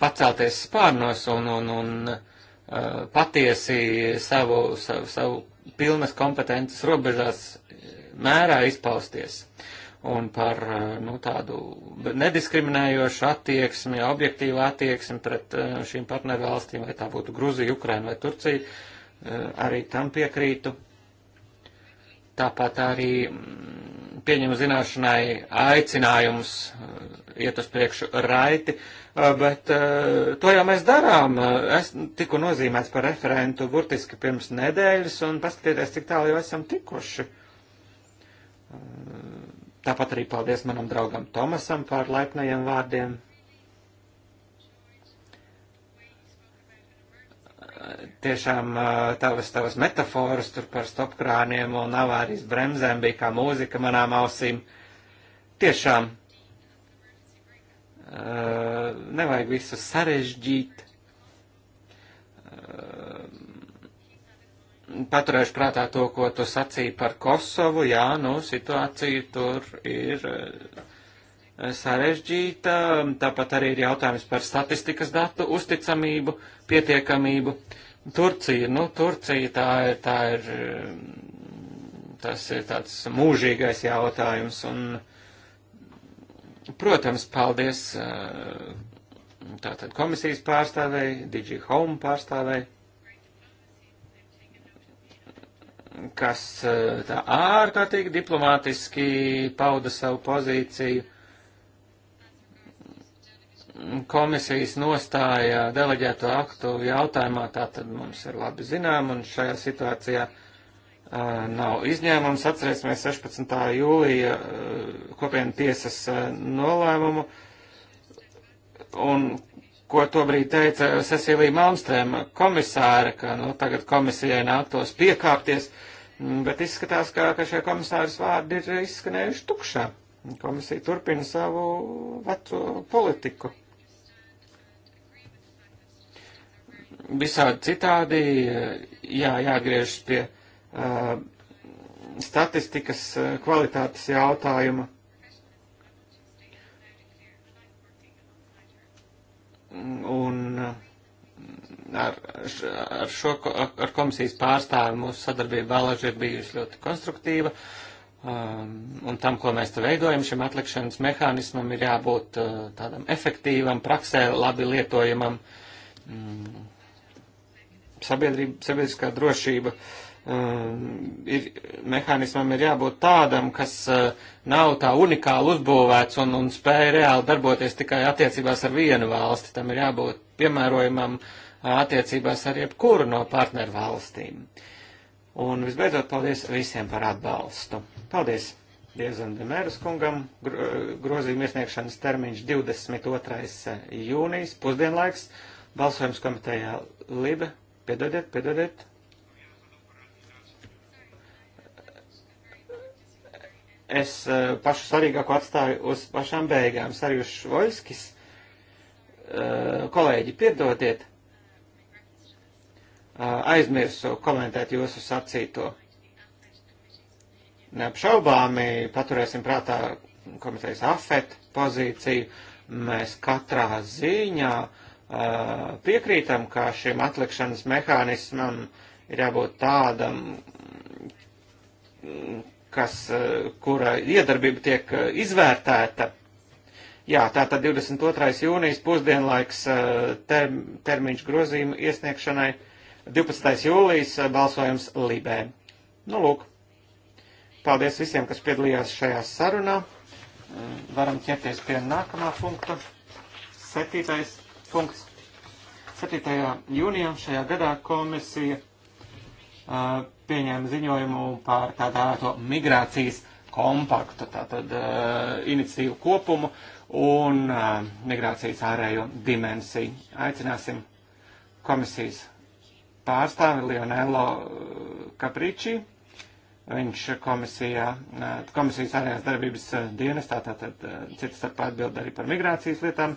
pacelties spārnos un, un, un uh, patiesi savu, savu, savu pilnas kompetences robežās mērā izpausties. Uh, un par eh, nu, tādu nediskriminējošu attieksmi, objektīvu attieksmi pret eh, šīm partnervalstīm, vai tā būtu Gruzija, Ukraina vai Turcija, eh, arī tam piekrītu. Tāpat arī mm, pieņem zināšanai aicinājums iet uz priekšu raiti, bet to jau mēs darām. Es tiku nozīmēts par referentu burtiski pirms nedēļas, un paskatieties, cik tālu jau esam tikuši Tāpat arī paldies manam draugam Tomasam par laipnajiem vārdiem. Tiešām tavas, tavas metaforas tur par stopkrāniem un avārijas bremzēm bija kā mūzika manām ausīm. Tiešām nevajag visu sarežģīt paturēšu prātā to, ko tu sacīji par Kosovu. Jā, nu, situācija tur ir eh, sarežģīta. Tāpat arī ir jautājums par statistikas datu uzticamību, pietiekamību. Turcija, nu, Turcija tā ir, tā ir, eh, tas ir tāds mūžīgais jautājums. Un, protams, paldies eh, tātad komisijas pārstāvēji, Digi Home pārstāvēji kas eh, tā ārkārtīgi diplomātiski pauda savu pozīciju. Komisijas nostāja deleģēto aktu jautājumā tā tad mums ir labi zinām, un šajā situācijā uh, nav izņēmums. Atcerēsimies 16. jūlija uh, eh, kopienu tiesas uh, nolēmumu, un ko tobrīd teica Cecilija Malmstrēma komisāra, ka nu, tagad komisijai nāktos piekāpties. Uh, Bet izskatās, ka, ka šie komisāras vārdi ir izskanējuši tukšā. Komisija turpina savu veco politiku. Visādi citādi jā, jāatgriežas pie uh, statistikas kvalitātes jautājuma. Un uh, ar, ar, šo, ar komisijas pārstāvi mūsu sadarbība vēlaži ir bijusi ļoti konstruktīva. Um, un tam, ko mēs te veidojam, šim atlikšanas mehānismam ir jābūt uh, tādam efektīvam, praksē labi lietojamam. Um, sabiedriskā drošība um, ir, mehānismam ir jābūt tādam, kas uh, nav tā unikāli uzbūvēts un, un spēja reāli darboties tikai attiecībās ar vienu valsti. Tam ir jābūt piemērojamam uh, attiecībās ar jebkuru no partneru valstīm. Un visbeidzot, paldies visiem par atbalstu. Paldies Diezam Demēras kungam. Grozījuma iesniegšanas termiņš 22. Eh, jūnijas, pusdienlaiks, balsojums komitejā Libe. Piedodiet, piedodiet. Es eh, pašu svarīgāko atstāju uz pašām beigām. Sarjušs Voļskis, eh, kolēģi, piedodiet aizmirsu komentēt jūsu sacīto. Neapšaubāmi paturēsim prātā komitejas afet pozīciju. Mēs katrā ziņā piekrītam, ka šim atlikšanas mehānismam ir jābūt tādam, kas, kura iedarbība tiek izvērtēta. Jā, tā tad 22. jūnijas pusdienlaiks termiņš grozījumu iesniegšanai. 12. jūlijas eh, balsojums Libē. Nu, lūk. Paldies visiem, kas piedalījās šajā sarunā. Eh, varam ķerties pie nākamā punkta. Septītais punkts. 7. jūnijā šajā gadā komisija uh, pieņēma ziņojumu par tādā to migrācijas kompaktu, tātad uh, iniciatīvu kopumu un uh, migrācijas ārējo dimensiju. Aicināsim komisijas pārstāvi Lionello Kapriči. Viņš komisijā, eh, komisijas ārējās darbības eh, dienestā, tātad eh, citas starpā atbild arī par migrācijas lietām.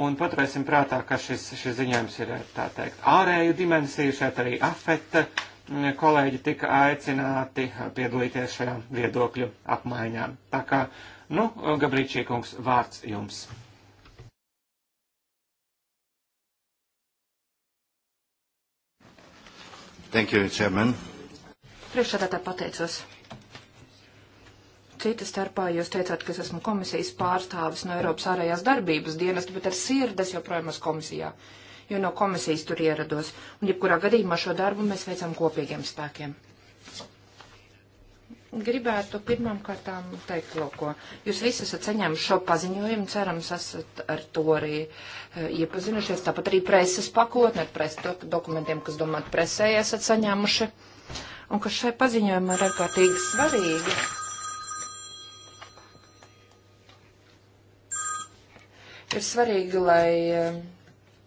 Un paturēsim prātā, ka šis, šis ziņojums ir, tā teikt, ārēju dimensiju, šeit arī afeta mm, kolēģi tika aicināti piedalīties šajā viedokļu apmaiņā. Tā kā, nu, Gabrīčī kungs, vārds jums. Thank you, Chairman. Priekšsēdētāji pateicos. Cita starpā jūs teicāt, ka es esmu komisijas pārstāvis no Eiropas ārējās darbības dienas, bet ar sirdi es joprojām esmu komisijā, jo no komisijas tur ierados. Un jebkurā gadījumā šo darbu mēs veicam kopīgiem spēkiem gribētu pirmām kārtām teikt, lūko, jūs visi esat saņēmuši šo paziņojumu, cerams, esat ar to arī eh, iepazinušies, tāpat arī preses pakotne ar preses dokumentiem, kas domāt presē esat saņēmuši, un kas šai paziņojumā ir ārkārtīgi svarīgi. Ir svarīgi, lai eh,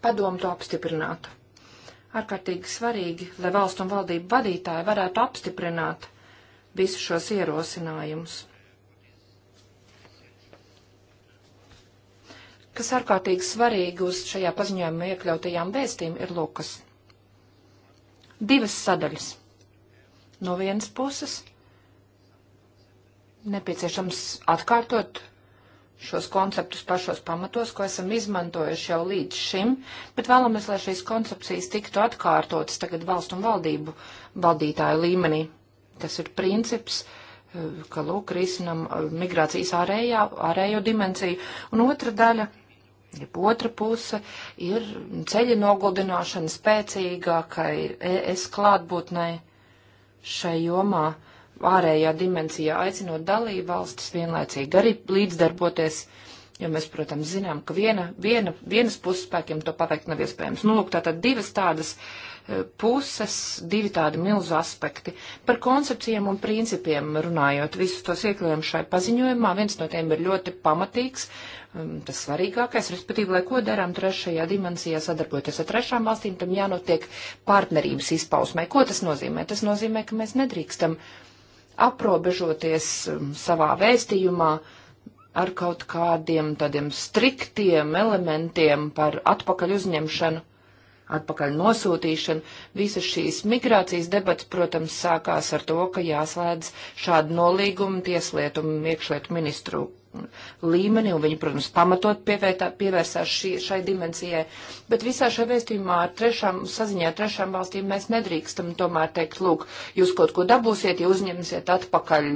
padomu to apstiprinātu. Ārkārtīgi svarīgi, lai valstu un valdību vadītāji varētu apstiprināt uh, visus šos ierosinājumus. Kas ārkārtīgi svarīgi uz šajā paziņojumā iekļautajām vēstīm ir Lukas. Divas sadaļas. No vienas puses nepieciešams atkārtot šos konceptus pašos pamatos, ko esam izmantojuši jau līdz šim, bet vēlamies, lai šīs koncepcijas tiktu atkārtotas tagad valstu un valdību valdītāju līmenī. Tas ir princips, eh, ka, lūk, risinam eh, migrācijas ārējā, ārējo dimensiju. Un otra daļa, ja otra puse, ir ceļa noguldināšana spēcīgākai ES klātbūtnei šai jomā ārējā dimensijā, aicinot dalību valstis vienlaicīgi arī līdzdarboties, jo mēs, protams, zinām, ka viena, viena, vienas puses spēkiem to paveikt nav iespējams. Nu, lūk, tātad divas tādas uh, puses divi tādi milzu aspekti. Par koncepcijiem un principiem runājot, visus tos iekļaujam šai paziņojumā, viens no tiem ir ļoti pamatīgs, um, tas svarīgākais, respektīvi, lai ko darām trešajā dimensijā sadarbojoties ar trešām valstīm, tam jānotiek partnerības izpausmē. Ko tas nozīmē? Tas nozīmē, ka mēs nedrīkstam aprobežoties um, savā vēstījumā, ar kaut kādiem tādiem striktiem elementiem par atpakaļ uzņemšanu atpakaļ nosūtīšanu. Visas šīs migrācijas debats, protams, sākās ar to, ka jāslēdz šādu nolīgumu tieslietu un iekšlietu ministru līmeni, un viņi, protams, pamatot pievētā, pievērsās šī, šai dimensijai. Bet visā šajā vēstījumā ar trešām, saziņā ar trešām valstīm mēs nedrīkstam tomēr teikt, lūk, jūs kaut ko dabūsiet, ja uzņemsiet atpakaļ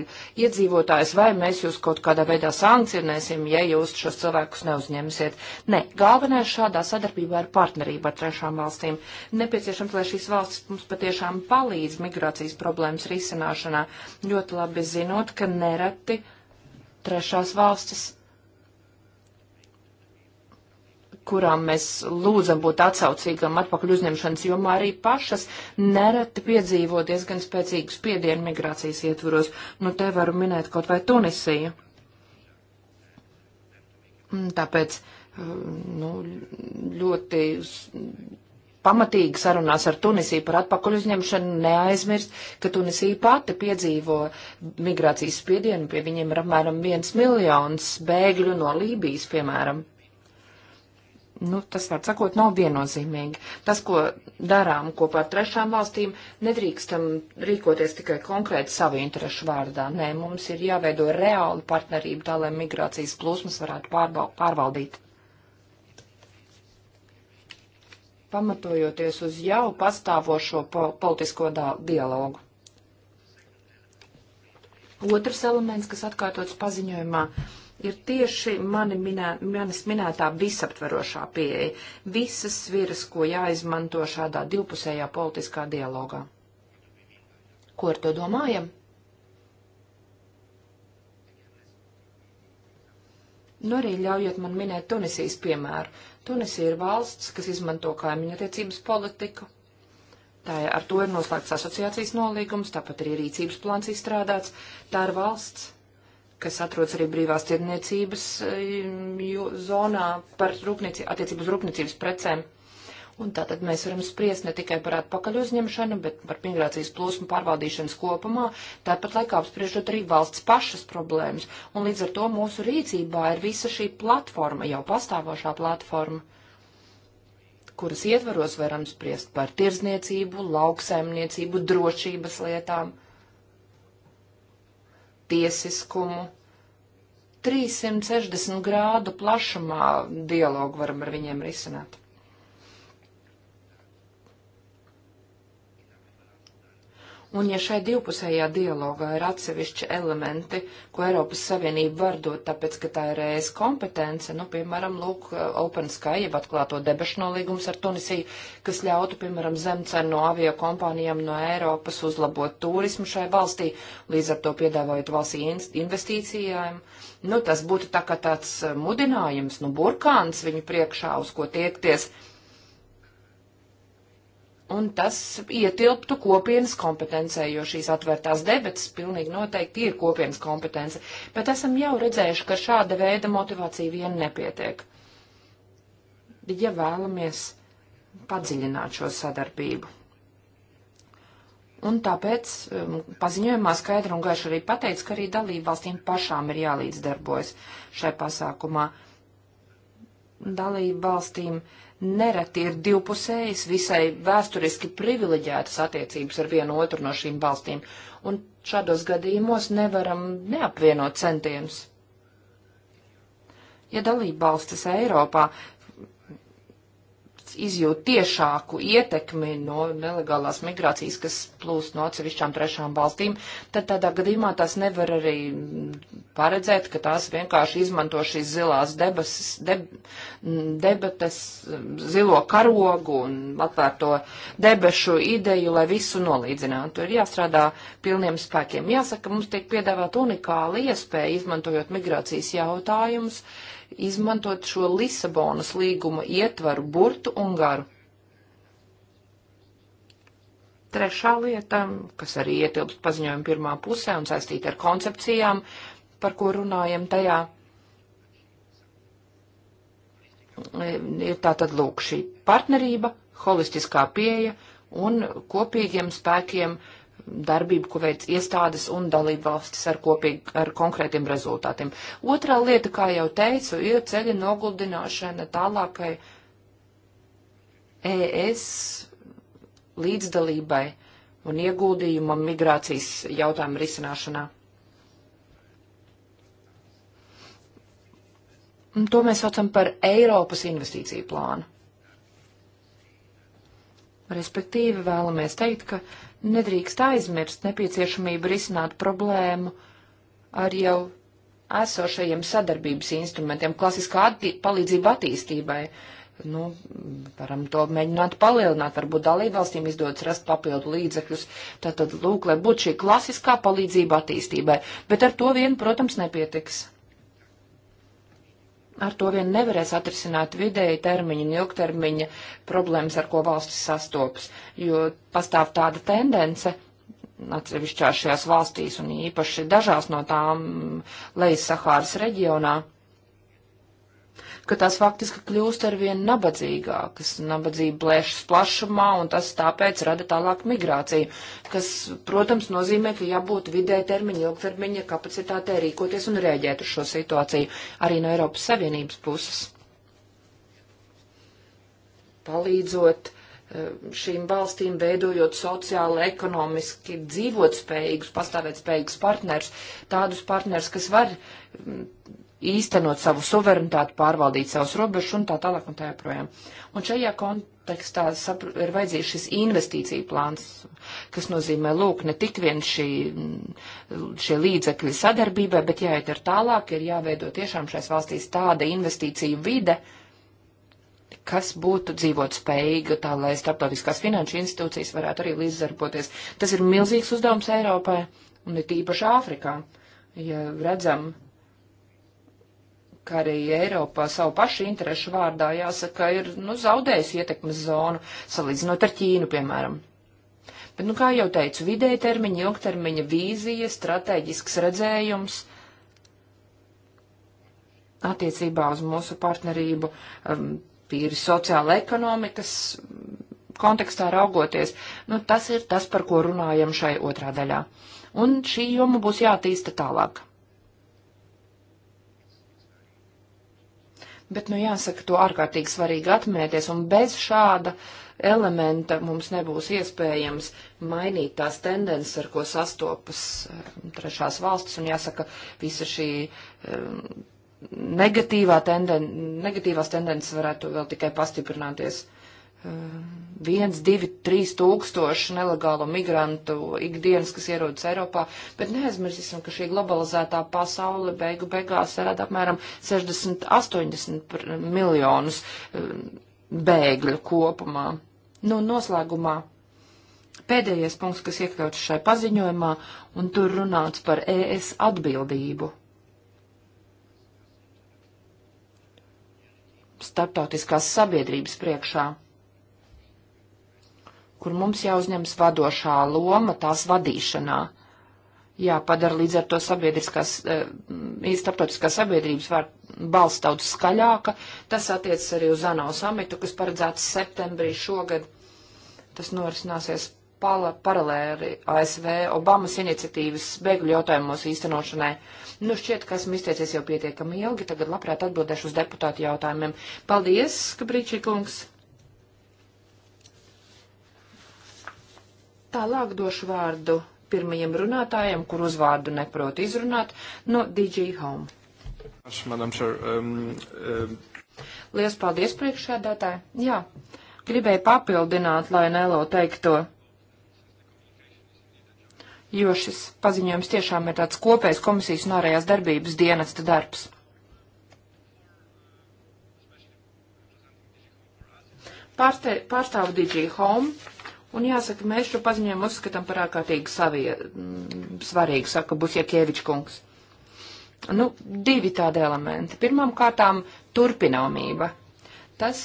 iedzīvotājs, vai mēs jūs kaut kādā veidā sankcionēsim, ja jūs šos cilvēkus neuzņemsiet. Nē, galvenais šādā sadarbībā ir partnerība ar trešām valstīm. Nepieciešams, lai šīs valstis mums patiešām palīdz migrācijas problēmas risināšanā, ļoti labi zinot, ka nereti trešās valstis, kurām mēs lūdzam būt atsaucīgam atpakaļ uzņemšanas jomā arī pašas, nereti piedzīvo diezgan spēcīgu spiedienu migrācijas ietvaros. Nu, te varu minēt kaut vai Tunisiju. Mm, tāpēc mm, nu, ļoti pamatīgi sarunās ar Tunisiju par atpakaļ uzņemšanu, neaizmirst, ka Tunisija pati piedzīvo migrācijas spiedienu, pie viņiem ir apmēram viens miljons bēgļu no Lībijas, piemēram. Nu, tas, var sakot, nav viennozīmīgi. Tas, ko darām kopā ar trešām valstīm, nedrīkstam rīkoties tikai konkrēti savu interesu vārdā. Nē, mums ir jāveido reāla partnerība tā, lai migrācijas plūsmas varētu pārbal, pārvaldīt. pamatojoties uz jau pastāvošo po politisko dialogu. Otrs elements, kas atkārtots paziņojumā, ir tieši mani minē, manis minētā visaptverošā pieeja, visas sviras, ko jāizmanto šādā divpusējā politiskā dialogā. Ko ar to domājam? Nu arī ļaujiet man minēt Tunisijas piemēru. Tunisija ir valsts, kas izmanto kaimiņu attiecības politiku. Tā ir, ar to ir noslēgts asociācijas nolīgums, tāpat arī rīcības plāns izstrādāts. Tā ir valsts, kas atrodas arī brīvās tirniecības eh, zonā par attiecību uz rūpniecības precēm. Un tātad mēs varam spriest ne tikai par atpakaļ uzņemšanu, bet par migrācijas plūsmu pārvaldīšanas kopumā, tāpat laikā apspriežot arī valsts pašas problēmas. Un līdz ar to mūsu rīcībā ir visa šī platforma, jau pastāvošā platforma kuras ietvaros varam spriest par tirzniecību, lauksaimniecību, drošības lietām, tiesiskumu, 360 grādu plašumā dialogu varam ar viņiem risināt. Un ja šai divpusējā dialogā ir atsevišķi elementi, ko Eiropas Savienība var dot, tāpēc, ka tā ir ES kompetence, nu, piemēram, lūk, Open Sky, jeb atklāto debešu nolīgums ar Tunisiju, kas ļautu, piemēram, zemcenu no avio kompānijām no Eiropas uzlabot turismu šai valstī, līdz ar to piedāvājot valstī investīcijām. Nu, tas būtu tā kā tāds mudinājums, nu, burkāns viņu priekšā, uz ko tiekties un tas ietilptu kopienas kompetencē, jo šīs atvērtās debetas pilnīgi noteikti ir kopienas kompetence, bet esam jau redzējuši, ka šāda veida motivācija vien nepietiek. Ja vēlamies padziļināt šo sadarbību. Un tāpēc um, paziņojumā skaidri un gaiši arī pateica, ka arī dalību valstīm pašām ir jālīdzdarbojas šai pasākumā. Uh, dalību valstīm nereti ir divpusējas, visai vēsturiski privileģētas attiecības ar vienu otru no šīm valstīm, un šādos gadījumos nevaram neapvienot centienus. Ja dalība valstis Eiropā izjūt tiešāku ietekmi no nelegālās migrācijas, kas plūst no atsevišķām trešām valstīm, tad tādā gadījumā tās nevar arī paredzēt, ka tās vienkārši izmanto šīs zilās debases, deb, debates, zilo karogu un atvērto debešu ideju, lai visu nolīdzinātu. Ir jāstrādā pilniem spēkiem. Jāsaka, mums tiek piedāvāt unikāla iespēja, izmantojot migrācijas jautājumus izmantot šo Lisabonas līguma ietvaru burtu un garu. Trešā lieta, kas arī ietilpst paziņojuma pirmā pusē un saistīta ar koncepcijām, par ko runājam tajā, ir tā tad lūk šī partnerība, holistiskā pieeja un kopīgiem spēkiem uh, darbību, ko veic iestādes un dalību valstis ar, kopīgi, ar konkrētiem rezultātiem. Otrā lieta, kā jau teicu, ir ceļa noguldināšana tālākai ES līdzdalībai un ieguldījumam migrācijas jautājumu risināšanā. Un to mēs saucam par Eiropas investīciju plānu. Respektīvi vēlamies teikt, ka nedrīkst aizmirst nepieciešamību risināt problēmu ar jau esošajiem sadarbības instrumentiem, klasiskā atti palīdzība attīstībai. Nu, varam to mēģināt palielināt, varbūt dalībvalstīm izdodas rast papildu līdzekļus. Tātad, lūk, lai būtu šī klasiskā palīdzība attīstībai. Bet ar to vien, protams, nepietiks ar to vien nevarēs atrisināt vidēji termiņa un ilgtermiņa problēmas, ar ko valstis sastopas, jo pastāv tāda tendence atsevišķās šajās valstīs un īpaši dažās no tām Lejas Sahāras reģionā ka tās faktiski kļūst arvien nabadzīgākas. Nabadzība blēšas plašumā, un tas tāpēc rada tālāk migrāciju, kas, protams, nozīmē, ka jābūt vidē termiņa, ilgtermiņa kapacitātē rīkoties un rēģēt uz šo situāciju arī no Eiropas Savienības puses. Palīdzot eh, šīm valstīm veidojot sociāli, ekonomiski dzīvot spējīgus, pastāvēt spējīgus partners, tādus partners, kas var mm, īstenot savu suverenitāti, pārvaldīt savus robežus un tā tālāk un tā joprojām. Un šajā kontekstā sapru, ir vajadzīgs šis investīcija plāns, kas nozīmē, lūk, ne tik vien šī, šie līdzekļi sadarbībai, bet jāiet ar tālāk, ir jāveido tiešām šais valstīs tāda investīcija vide, kas būtu dzīvot spējīga, tā lai starptautiskās finanšu institūcijas varētu arī līdzdarboties. Tas ir milzīgs uzdevums Eiropai un ir tīpaši Āfrikā. Ja redzam, ka arī Eiropā savu pašu interešu vārdā jāsaka, ir nu, zaudējusi ietekmes zonu, salīdzinot ar Ķīnu, piemēram. Bet, nu, kā jau teicu, vidēja termiņa, ilgtermiņa vīzija, strateģisks redzējums attiecībā uz mūsu partnerību, um, tīri sociāla ekonomikas kontekstā raugoties, nu, tas ir tas, par ko runājam šai otrā daļā. Un šī joma būs jātīsta tālāk. Bet, nu, jāsaka, to ārkārtīgi svarīgi atminēties, un bez šāda elementa mums nebūs iespējams mainīt tās tendences, ar ko sastopas um, trešās valstis, un jāsaka, visa šī um, negatīvā tenden negatīvās tendences varētu vēl tikai pastiprināties. Eh, viens, divi, trīs tūkstoši nelegālo migrantu ikdienas, kas ierodas Eiropā, bet neaizmirsīsim, ka šī globalizētā pasaule beigu beigās rada apmēram 60-80 miljonus eh, bēgļu kopumā. Nu, noslēgumā pēdējais punkts, kas iekļauts šai paziņojumā, un tur runāts par ES atbildību. Startautiskās sabiedrības priekšā kur mums jāuzņemas vadošā loma tās vadīšanā. Jāpadara līdz ar to sabiedriskās, eh, starptautiskā sabiedrības var balsts daudz skaļāka. Tas attiecas arī uz ANO samitu, kas paredzēts septembrī šogad. Tas norisināsies paralēli ASV Obamas iniciatīvas bēgļu jautājumos īstenošanai. Nu, šķiet, ka esmu izteicies jau pietiekami ilgi, tagad labprāt atbildēšu uz deputātu jautājumiem. Paldies, Kabrīčī kungs! Tālāk došu vārdu pirmajam runātājam, kur uzvārdu neprotu izrunāt, no DJ Home. Um, um, Lielas paldies priekšsēdētāji. Jā, gribēju papildināt, lai Nelo teikto, jo šis paziņojums tiešām ir tāds kopējs komisijas un ārējās darbības dienesta darbs. Pārste, pārstāvu DJ Home Un jāsaka, mēs šo paziņojumu uzskatām par ārkārtīgi savie, m, mm, svarīgu, saka Busjakievičs kungs. Nu, divi tādi elementi. Pirmām kārtām turpināmība. Tas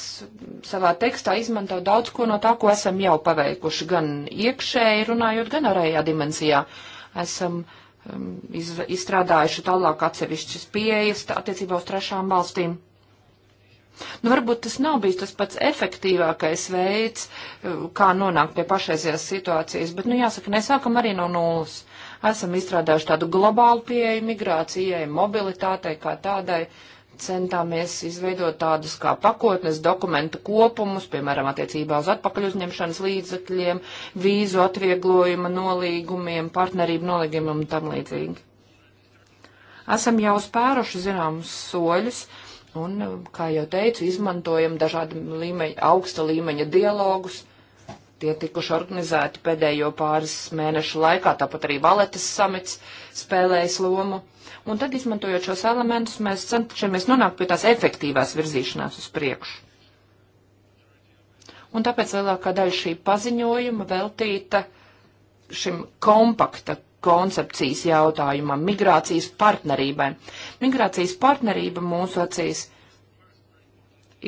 savā tekstā izmanto daudz ko no tā, ko esam jau paveikuši, gan iekšēji runājot, gan arējā dimensijā. Esam um, iz, izstrādājuši tālāk atsevišķas pieejas attiecībā uz trešām valstīm Nu, varbūt tas nav bijis tas pats efektīvākais veids, eh, kā nonākt pie pašreizējās situācijas, bet, nu, jāsaka, nesākam arī no nulles. Esam izstrādājuši tādu globālu pieeju migrācijai, mobilitātei kā tādai, centāmies izveidot tādus kā pakotnes dokumentu kopumus, piemēram, attiecībā uz atpakaļ uzņemšanas līdzekļiem, vīzu atvieglojuma nolīgumiem, partnerību nolīgumiem un tam līdzīgi. Esam jau spēruši zināmus soļus, Un, kā jau teicu, izmantojam dažādu līmeņa, augsta līmeņa dialogus. Tie tikuši organizēti pēdējo pāris mēnešu laikā, tāpat arī valetes samits spēlējas lomu. Un tad, izmantojot šos elementus, mēs cenšamies nonākt pie tās efektīvās virzīšanās uz priekšu. Un tāpēc lielākā daļa šī paziņojuma veltīta šim kompakta koncepcijas jautājumam, migrācijas partnerībai. Migrācijas partnerība mūsu acīs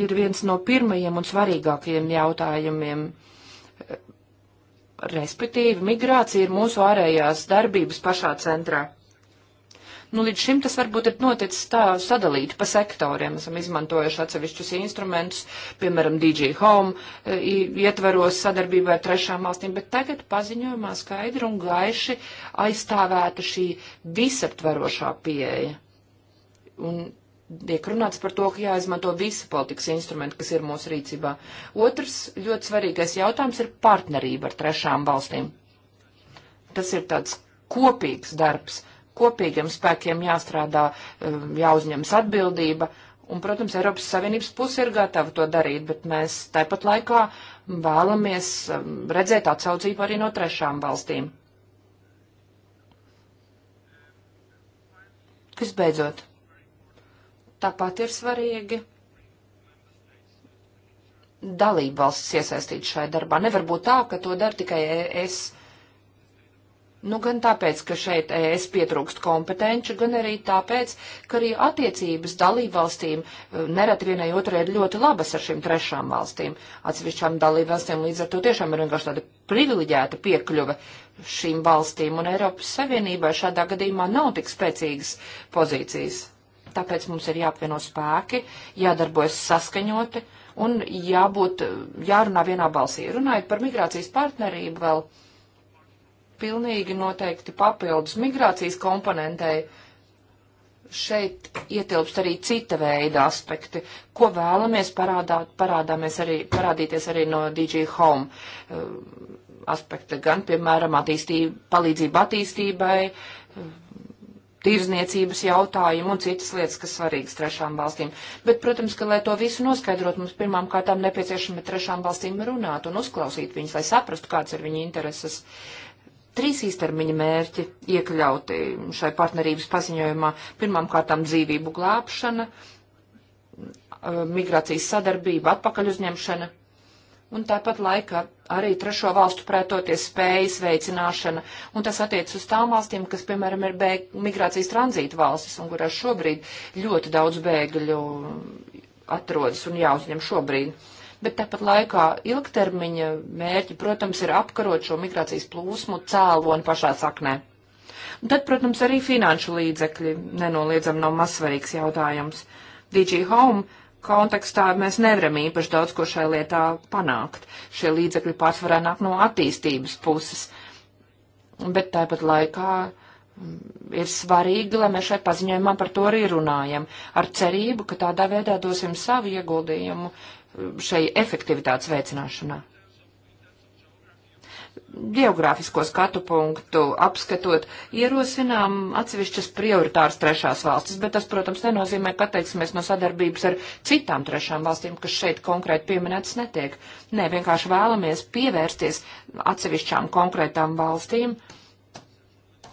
ir viens no pirmajiem un svarīgākajiem jautājumiem. Respektīvi, migrācija ir mūsu ārējās darbības pašā centrā. Nu, līdz šim tas varbūt ir noticis tā sadalīti pa sektoriem. Esam izmantojuši atsevišķus instrumentus, piemēram, DJ Home e, ietveros sadarbībā ar trešām valstīm, bet tagad paziņojumā skaidri un gaiši aizstāvēta šī visaptverošā pieeja. Un tiek runāts par to, ka jāizmanto visi politikas instrumenti, kas ir mūsu rīcībā. Otrs ļoti svarīgais jautājums ir partnerība ar trešām valstīm. Tas ir tāds kopīgs darbs, kopīgiem spēkiem jāstrādā, um, jāuzņemas atbildība. Un, protams, Eiropas Savienības puse ir gatava to darīt, bet mēs tāpat laikā vēlamies um, redzēt atsaucību arī no trešām valstīm. Kas beidzot? Tāpat ir svarīgi dalību valsts iesaistīt šajā darbā. Nevar būt tā, ka to dara tikai es. Es Nu, gan tāpēc, ka šeit es pietrūkst kompetenci, gan arī tāpēc, ka arī attiecības dalībvalstīm eh, nereti vienai otrai ir ļoti labas ar šīm trešām valstīm. Atsevišķām dalībvalstīm līdz ar to tiešām ir vienkārši tāda privileģēta piekļuve šīm valstīm, un Eiropas Savienībai šādā gadījumā nav tik spēcīgas pozīcijas. Tāpēc mums ir jāapvieno spēki, jādarbojas saskaņoti un jābūt, eh, jārunā vienā balsī. Runājot par migrācijas partnerību vēl pilnīgi noteikti papildus migrācijas komponentei šeit ietilpst arī cita veida aspekti, ko vēlamies parādāt, parādāmies arī, parādīties arī no DJ Home eh, aspekta, gan, piemēram, attīstība, palīdzība attīstībai, eh, tirzniecības jautājumu un citas lietas, kas svarīgas trešām valstīm. Bet, protams, ka, lai to visu noskaidrot, mums pirmām kārtām nepieciešama trešām valstīm runāt un uzklausīt viņus, lai saprastu, kāds ir viņu intereses. Uh, Trīs īstermiņa mērķi iekļauti šai partnerības paziņojumā. Pirmkārtām dzīvību glābšana, eh, migrācijas sadarbība, atpakaļ uzņemšana un tāpat laikā arī trešo valstu prētoties spējas veicināšana, un tas attiec uz tām valstīm, kas, piemēram, ir bēg, migrācijas tranzīta valstis, un kurās šobrīd ļoti daudz bēgļu atrodas un jāuzņem šobrīd bet tāpat laikā ilgtermiņa mērķi, protams, ir apkarot šo migrācijas plūsmu cēloni pašā saknē. Un tad, protams, arī finanšu līdzekļi nenoliedzam nav mazsvarīgs jautājums. DG Home kontekstā mēs nevaram īpaši daudz ko šai lietā panākt. Šie līdzekļi pārsvarā nāk no attīstības puses. Bet tāpat laikā mm, ir svarīgi, lai mēs šai paziņojumā par to arī runājam, ar cerību, ka tādā veidā dosim savu ieguldījumu šai efektivitātes veicināšanā. Geogrāfisko skatu punktu apskatot, ierosinām atsevišķas prioritāras trešās valstis, bet tas, protams, nenozīmē, ka atteiksimies no sadarbības ar citām trešām valstīm, kas šeit konkrēti pieminētas netiek. Nē, vienkārši vēlamies pievērsties atsevišķām konkrētām valstīm.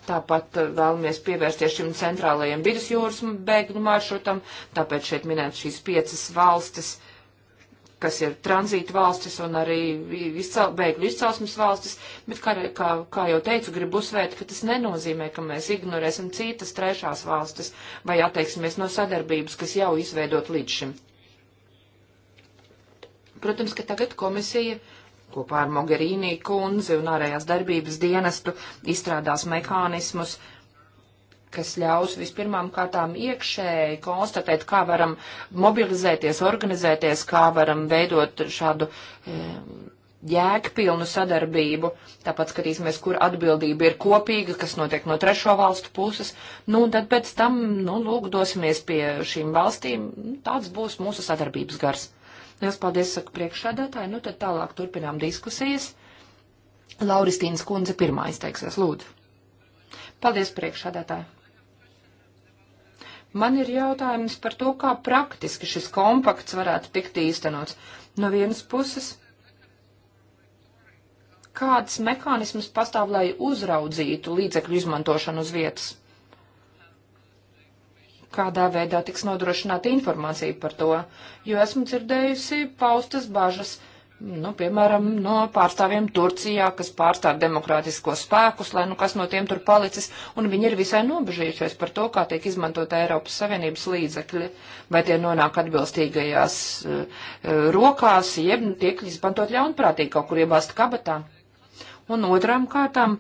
Tāpat eh, vēlamies pievērsties šim centrālajiem vidusjūras bēgļu maršrutam, tāpēc šeit minēt šīs piecas valstis kas ir tranzīta valstis un arī izcel, bēgļu izcelsmes valstis, bet kā, kā, kā jau teicu, gribu uzsvērt, ka tas nenozīmē, ka mēs ignorēsim citas trešās valstis vai atteiksimies no sadarbības, kas jau izveidot līdz šim. Protams, ka tagad komisija kopā ar Mogherīnī kundzi un ārējās darbības dienestu izstrādās mehānismus, uh, kas ļaus vispirmām kārtām iekšēji konstatēt, kā varam mobilizēties, organizēties, kā varam veidot šādu e, jēgpilnu sadarbību. Tāpat skatīsimies, kur atbildība ir kopīga, kas notiek no trešo valstu puses. Nu, un tad pēc tam, nu, lūk, dosimies pie šīm valstīm. Tāds būs mūsu sadarbības gars. Liels paldies, saka priekšsādātāji. Nu, tad tālāk turpinām diskusijas. Lauristīnas kundze pirmā izteiksies, lūdzu. Paldies, priekšsādātāji. Man ir jautājums par to, kā praktiski šis kompakts varētu tikt īstenots. No vienas puses, kāds mehānisms pastāv, lai uzraudzītu līdzekļu izmantošanu uz vietas? Kādā veidā tiks nodrošināta informācija par to? Jo esmu dzirdējusi paustas bažas nu, piemēram, no pārstāvjiem Turcijā, kas pārstāv demokrātisko spēkus, lai nu kas no tiem tur palicis, un viņi ir visai nobežījušies par to, kā tiek izmantot Eiropas Savienības līdzekļi, vai tie nonāk atbilstīgajās uh, rokās, jeb tiek izmantot ļaunprātīgi kaut kur iebāzt kabatā. Un otrām kārtām,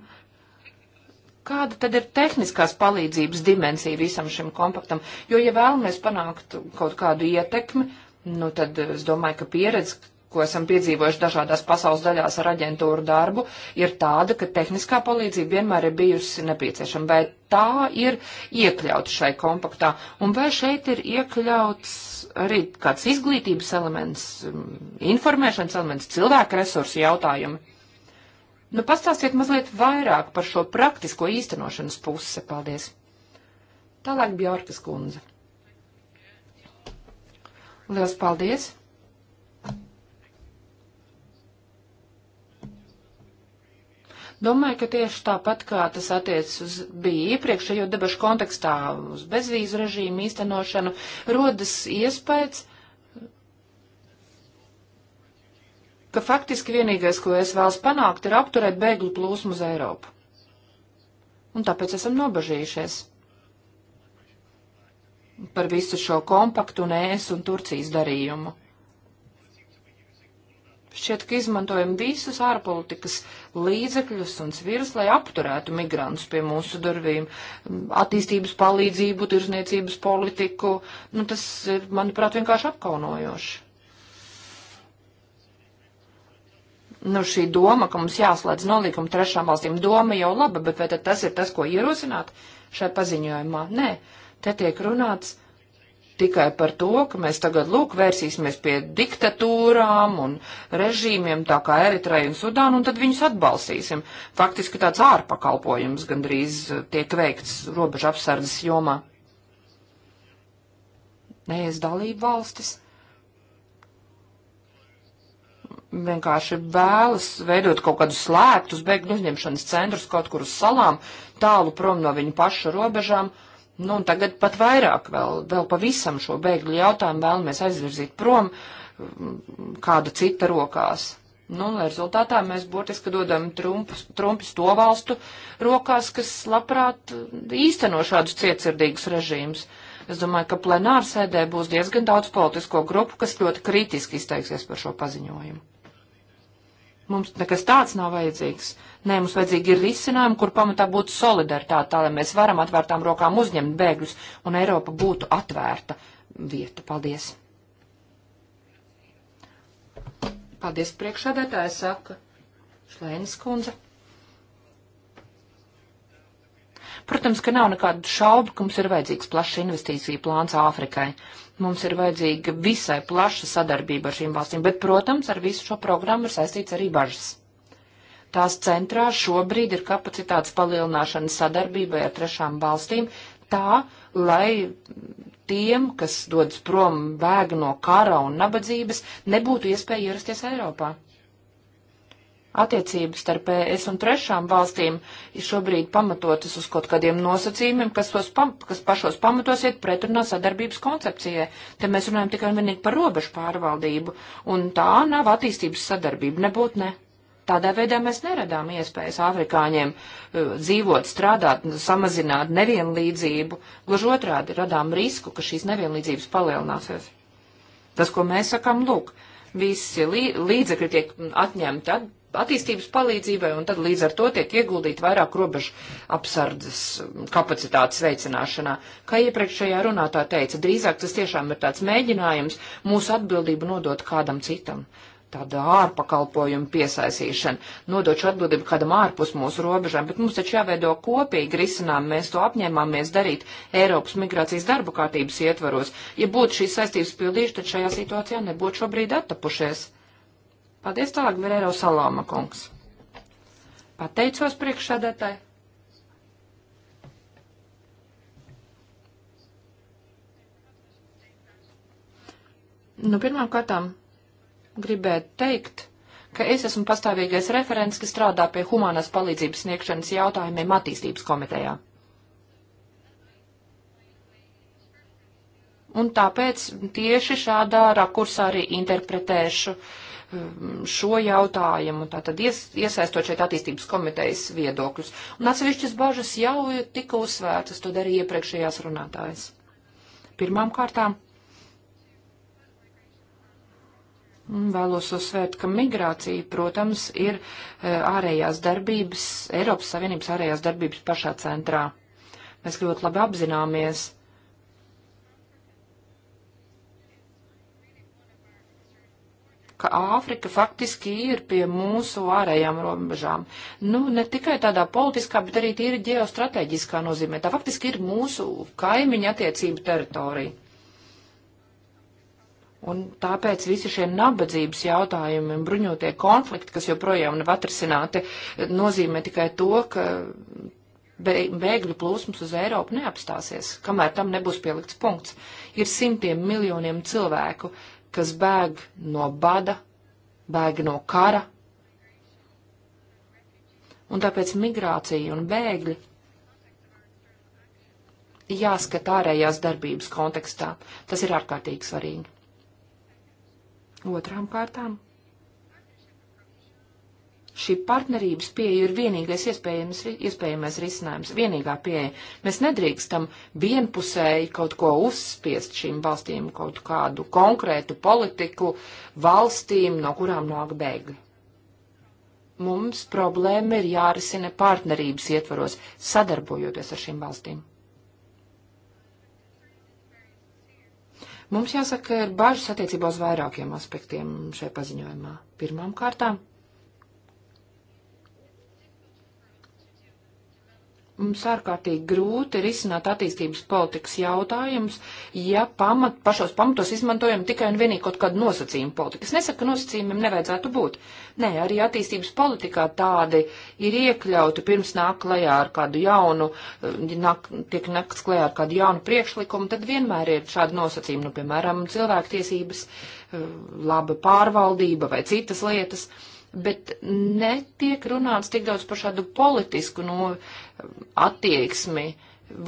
kāda tad ir tehniskās palīdzības dimensija visam šim kompaktam, jo, ja vēlamies panākt kaut kādu ietekmi, Nu, tad eh, es domāju, ka pieredze, ko esam piedzīvojuši dažādās pasaules daļās ar aģentūru darbu, ir tāda, ka tehniskā palīdzība vienmēr ir bijusi nepieciešama. Vai tā ir iekļauts šai kompaktā? Un vai šeit ir iekļauts arī kāds izglītības elements, informēšanas elements, cilvēku resursu jautājumi? Nu, pastāstiet mazliet vairāk par šo praktisko īstenošanas pusi. Paldies! Tālāk Bjorkas kundze. Liels paldies! Domāju, ka tieši tāpat kā tas attiecas uz bija iepriekšējo debašu kontekstā uz bezvīzu režīmu īstenošanu, rodas iespējas, ka faktiski vienīgais, ko es vēlas panākt, ir apturēt bēgļu plūsmu uz Eiropu. Un tāpēc esam nobažījušies par visu šo kompaktu un ēs un Turcijas darījumu šķiet, ka izmantojam visus ārpolitikas līdzekļus un svirus, lai apturētu migrantus pie mūsu durvīm. Attīstības palīdzību, tirzniecības politiku, nu tas ir, manuprāt, vienkārši apkaunojoši. Nu, šī doma, ka mums jāslēdz nolīguma trešām valstīm, doma jau laba, bet vai tad tas ir tas, ko ierosināt šai paziņojumā? Nē, te tiek runāts tikai par to, ka mēs tagad, lūk, vērsīsimies pie diktatūrām un režīmiem, tā kā Eritreja un Sudāna, un tad viņus atbalstīsim. Faktiski tāds ārpakalpojums gandrīz tiek veikts robežu apsardzes jomā. Neies dalību valstis vienkārši vēlas veidot kaut kādus slēptus bēgļu uzņemšanas centrus kaut kur uz salām, tālu prom no viņu pašu robežām, uh, Nu, un tagad pat vairāk vēl, vēl pavisam šo bēgļu jautājumu vēlamies aizvirzīt prom mm, kāda cita rokās. Nu, rezultātā mēs būtiski dodam trumpus, trumpus to valstu rokās, kas labprāt īsteno šādus cietsirdīgus režīmus. Es domāju, ka plenārsēdē būs diezgan daudz politisko grupu, kas ļoti kritiski izteiksies par šo paziņojumu. Mums nekas tāds nav vajadzīgs. Nē, mums vajadzīgi ir risinājumi, kur pamatā būtu solidaritāte, tā lai mēs varam atvērtām rokām uzņemt bēgļus un Eiropa būtu atvērta vieta. Paldies! Paldies priekšādētāja saka Šlēnis kundze. Protams, ka nav nekādu šaubu, ka mums ir vajadzīgs plašs investīcija plāns Āfrikai. Mums ir vajadzīga visai plaša sadarbība ar šīm valstīm, bet, protams, ar visu šo programmu ir saistīts arī bažas. Tās centrā šobrīd ir kapacitātes palielināšana sadarbībai ar trešām valstīm, tā, lai tiem, kas dodas prom, bēg no kara un nabadzības, nebūtu iespēja ierasties Eiropā attiecības starp ES un trešām valstīm ir šobrīd pamatotas uz kaut kādiem nosacījumiem, kas, tos, pam, kas pašos pamatos iet pretrunā sadarbības koncepcijai. Te mēs runājam tikai un vienīgi par robežu pārvaldību, un tā nav attīstības sadarbība, nebūtu ne. Tādā veidā mēs neradām iespējas afrikāņiem uh, dzīvot, strādāt, samazināt nevienlīdzību. Gluži otrādi radām risku, ka šīs nevienlīdzības palielināsies. Tas, ko mēs sakām, lūk, visi līdzekļi tiek atņemti attīstības palīdzībai, un tad līdz ar to tiek ieguldīt vairāk robežu apsardzes kapacitātes veicināšanā. Kā iepriekšējā runātā teica, drīzāk tas tiešām ir tāds mēģinājums mūsu atbildību nodot kādam citam. Tāda ārpakalpojuma piesaistīšana, nodot šo atbildību kādam ārpus mūsu robežām, bet mums taču jāveido kopīgi risinājumi. Mēs to apņēmāmies darīt Eiropas migrācijas darba kārtības ietvaros. Ja būtu šīs saistības pildījuši, tad šajā situācijā nebūtu šobrīd attapušies. Paldies tālāk, Verēro Salāma kungs. Pateicos priekšsēdētāji. Nu, pirmām kārtām gribētu teikt, ka es esmu pastāvīgais referents, kas strādā pie humanās palīdzības sniegšanas jautājumiem attīstības komitejā. Un tāpēc tieši šādā rakursā arī interpretēšu uh, Um, šo jautājumu, tātad ies, iesaistot šeit attīstības komitejas viedokļus. Un atsevišķas bažas jau tika uzsvērtas, to darīja iepriekšējās runātājas. Pirmām kārtām vēlos uzsvērt, ka migrācija, protams, ir eh, ārējās darbības, Eiropas Savienības ārējās darbības pašā centrā. Mēs ļoti labi apzināmies, ka Āfrika faktiski ir pie mūsu ārējām robežām. Nu, ne tikai tādā politiskā, bet arī tīri ģeostrateģiskā nozīmē. Tā faktiski ir mūsu kaimiņa attiecība teritorija. Un tāpēc visi šie nabadzības jautājumi un bruņotie konflikti, kas joprojām nav atrasināti, nozīmē tikai to, ka bēgļu plūsmas uz Eiropu neapstāsies, kamēr tam nebūs pielikts punkts. Ir simtiem miljoniem cilvēku, kas bēg no bada, bēg no kara. Un tāpēc migrācija un bēgļi jāskat ārējās darbības kontekstā. Tas ir ārkārtīgi svarīgi. Otrām kārtām Šī partnerības pieeja ir vienīgais iespējams, iespējamais risinājums, vienīgā pieeja. Mēs nedrīkstam vienpusēji kaut ko uzspiest šīm valstīm, kaut kādu konkrētu politiku valstīm, no kurām nāk bēgļi. Mums problēma ir jārisina partnerības ietvaros, sadarbojoties ar šīm valstīm. Mums jāsaka, ka ir bažas attiecībā uz vairākiem aspektiem šajā paziņojumā. Pirmām kārtām mums ārkārtīgi grūti risināt attīstības politikas jautājumus, ja pamat, pašos pamatos izmantojam tikai un vienīgi kaut kādu nosacījumu politiku. Es nesaku, ka nosacījumiem nevajadzētu būt. Nē, arī attīstības politikā tādi ir iekļauti pirms nāk klajā ar kādu jaunu, nāk, tiek nakts klajā ar kādu jaunu priekšlikumu, tad vienmēr ir šādi nosacījumi, nu, piemēram, cilvēktiesības, eh, laba pārvaldība vai citas lietas. Uh, bet netiek runāts tik daudz par šādu politisku no nu, attieksmi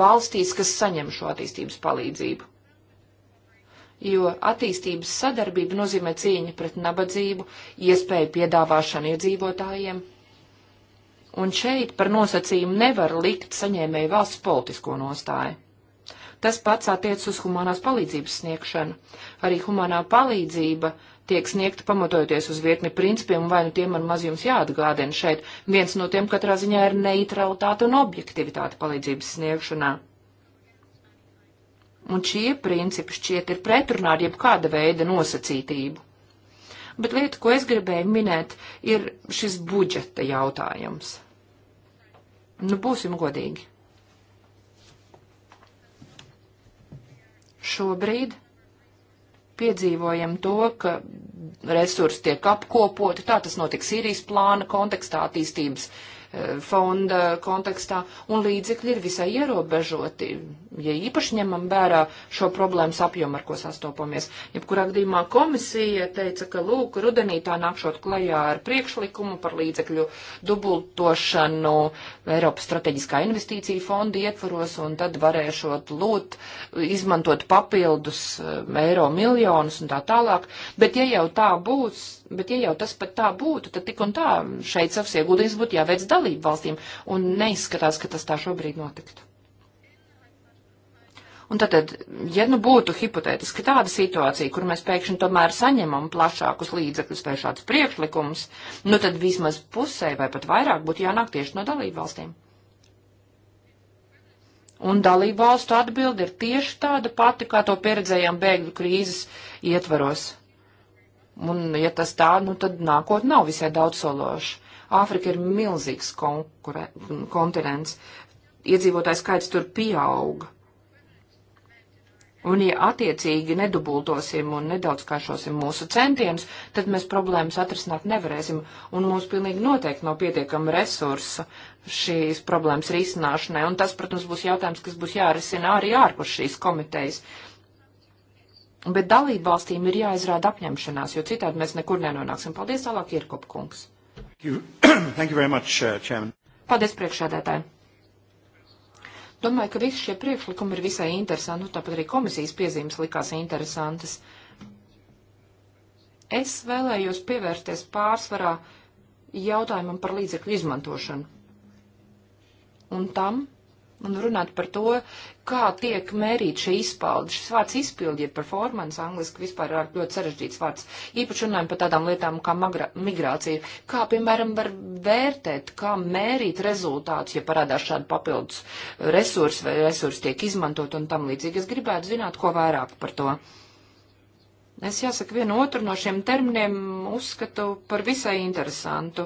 valstīs, kas saņem šo attīstības palīdzību. Jo attīstības sadarbība nozīmē cīņu pret nabadzību, iespēju piedāvāšanu iedzīvotājiem. Un šeit par nosacījumu nevar likt saņēmēju valsts politisko nostāju. Tas pats attiec uz humanās palīdzības sniegšanu arī humanā palīdzība tiek sniegta pamatojoties uz virkni principiem, vai nu tiem man maz jums jāatgādina šeit. Viens no tiem katrā ziņā ir neutralitāte un objektivitāte palīdzības sniegšanā. Un šie principi šķiet ir pretrunā ar jebkāda veida nosacītību. Bet lieta, ko es gribēju minēt, ir šis budžeta jautājums. Nu, būsim godīgi. Šobrīd piedzīvojam to, ka resursi tiek apkopoti, tā tas notiek Sīrijas plāna kontekstā attīstības fonda kontekstā, un līdzekļi ir visai ierobežoti, ja īpaši ņemam vērā šo problēmas apjomu, ar ko sastopamies. Jebkurā gadījumā komisija teica, ka lūk, rudenī tā nākšot klajā ar priekšlikumu par līdzekļu dubultošanu Eiropas strateģiskā investīcija fonda ietvaros, un tad varēšot lūt, izmantot papildus eh, eiro miljonus un tā tālāk. Bet ja jau tā būs, Bet, ja jau tas pat tā būtu, tad tik un tā šeit savs ieguldījums būtu jāveic dalību valstīm, un neizskatās, ka tas tā šobrīd notiktu. Un tad, ja nu būtu hipotētiski tāda situācija, kur mēs pēkšņi tomēr saņemam plašākus līdzekļus vai šāds priekšlikums, nu tad vismaz pusē vai pat vairāk būtu jānāk tieši no dalību valstīm. Un dalību valstu atbildi ir tieši tāda pati, kā to pieredzējām bēgļu krīzes ietvaros Un, ja tas tā, nu tad nākot nav visai daudzsološi. Āfrika ir milzīgs konkure, kontinents. Iedzīvotājs skaits tur pieauga. Un, ja attiecīgi nedubultosim un nedaudz kašosim mūsu centienus, tad mēs problēmas atrisināt nevarēsim, un mums pilnīgi noteikti nav pietiekama resursa šīs problēmas risināšanai. Un tas, protams, būs jautājums, kas būs jārisina arī ārpus šīs komitejas. Uh, Bet dalību valstīm ir jāizrāda apņemšanās, jo citādi mēs nekur nenonāksim. Paldies, tālāk ir kopkungs. [CLEARS THROAT] Uh, Paldies, priekšādētāji. Domāju, ka visi šie priekšlikumi ir visai interesanti, nu tāpat arī komisijas piezīmes likās interesantas. Es vēlējos pievērsties pārsvarā jautājumam par līdzekļu izmantošanu. Un tam, un runāt par to, kā tiek mērīt šī izpaldi. Šis vārds izpildi, ja performance angliski vispār ir ļoti sarežģīts vārds. Īpaši runājam par tādām lietām kā magra, migrācija. Kā, piemēram, var vērtēt, kā mērīt rezultātus, ja parādās šādi papildus resursi vai resursi tiek izmantot un tam līdzīgi. Es gribētu zināt, ko vairāk par to. Es jāsaka, vienu otru no šiem terminiem uzskatu par visai interesantu.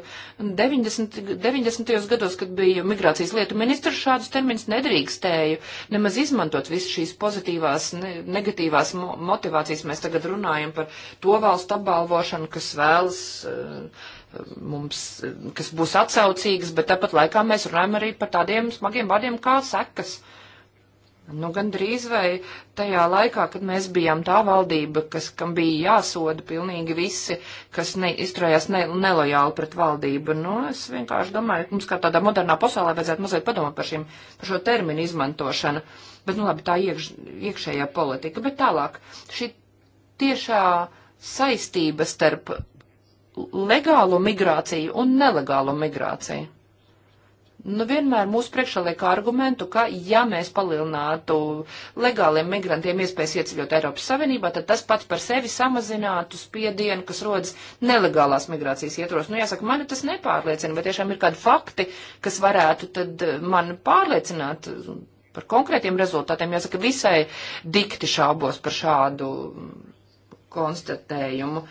90. 90. gados, kad biju migrācijas lietu ministrs, šādus terminus nedrīkstēju nemaz izmantot visu šīs pozitīvās, ne, negatīvās motivācijas. Mēs tagad runājam par to valstu apbalvošanu, kas vēlas uh, mums, eh, kas būs atsaucīgas, bet tāpat laikā mēs runājam arī par tādiem smagiem vārdiem kā sekas. Uh, Nu, gan drīz vai tajā laikā, kad mēs bijām tā valdība, kas, kam bija jāsoda pilnīgi visi, kas ne, izturējās ne, nelojāli pret valdību. Nu, es vienkārši domāju, ka mums kā tādā modernā pasaulē vajadzētu mazliet padomāt par, šim, par šo terminu izmantošanu. Bet, nu, labi, tā iekš, iekšējā politika. Bet tālāk, šī tiešā saistība starp legālo migrāciju un nelegālo migrāciju nu, vienmēr mūsu priekšā liek argumentu, ka, ja mēs palielinātu legāliem migrantiem iespējas ieceļot Eiropas Savienībā, tad tas pats par sevi samazinātu spiedienu, kas rodas nelegālās migrācijas ietvaros. Nu, jāsaka, mani tas nepārliecina, bet tiešām ir kādi fakti, kas varētu tad eh, mani pārliecināt par konkrētiem rezultātiem. Jāsaka, visai dikti šaubos par šādu konstatējumu.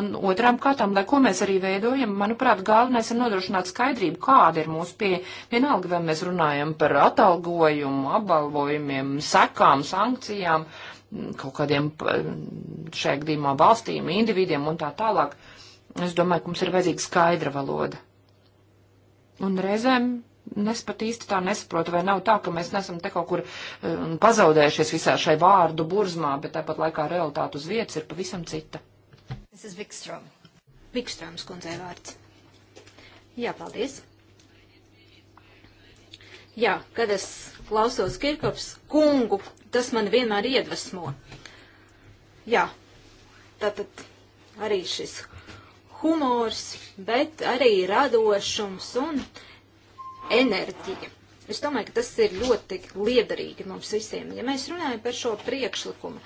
Un otrām kārtām, lai ko mēs arī veidojam, manuprāt, galvenais ir nodrošināt skaidrību, kāda ir mūsu pieeja. Vienalga, vai mēs runājam par atalgojumu, apbalvojumiem, sekām, sankcijām, kaut kādiem šajā gadījumā valstīm, individiem un tā tālāk. Es domāju, ka mums ir vajadzīga skaidra valoda. Un reizēm Es pat īsti tā nesaprotu, vai nav tā, ka mēs nesam te kaut kur um, pazaudējušies visā šai vārdu burzmā, bet tāpat laikā realitāte uz vietas ir pavisam cita. Tas ir Vikstrom. Vikstrāms kundzei vārds. Jā, paldies. Jā, kad es klausos Kirkops kungu, tas man vienmēr iedvesmo. Jā, tātad arī šis humors, bet arī radošums un enerģija. Es domāju, ka tas ir ļoti liederīgi mums visiem. Ja mēs runājam par šo priekšlikumu,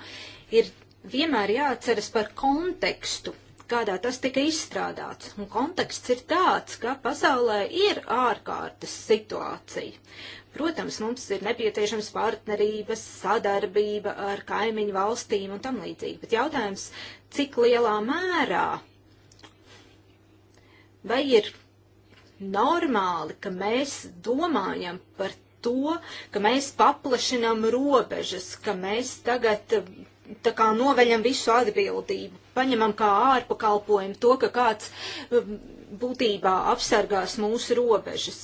ir vienmēr jāatceras par kontekstu, kādā tas tika izstrādāts. Un konteksts ir tāds, ka pasaulē ir ārkārtas situācija. Protams, mums ir nepieciešams partnerības, sadarbība ar kaimiņu valstīm un tam līdzīgi. Bet jautājums, cik lielā mērā vai ir normāli, ka mēs domājam par to, ka mēs paplašinām robežas, ka mēs tagad tā kā noveļam visu atbildību, paņemam kā ārpakalpojumu to, ka kāds um, būtībā apsargās mūsu robežas.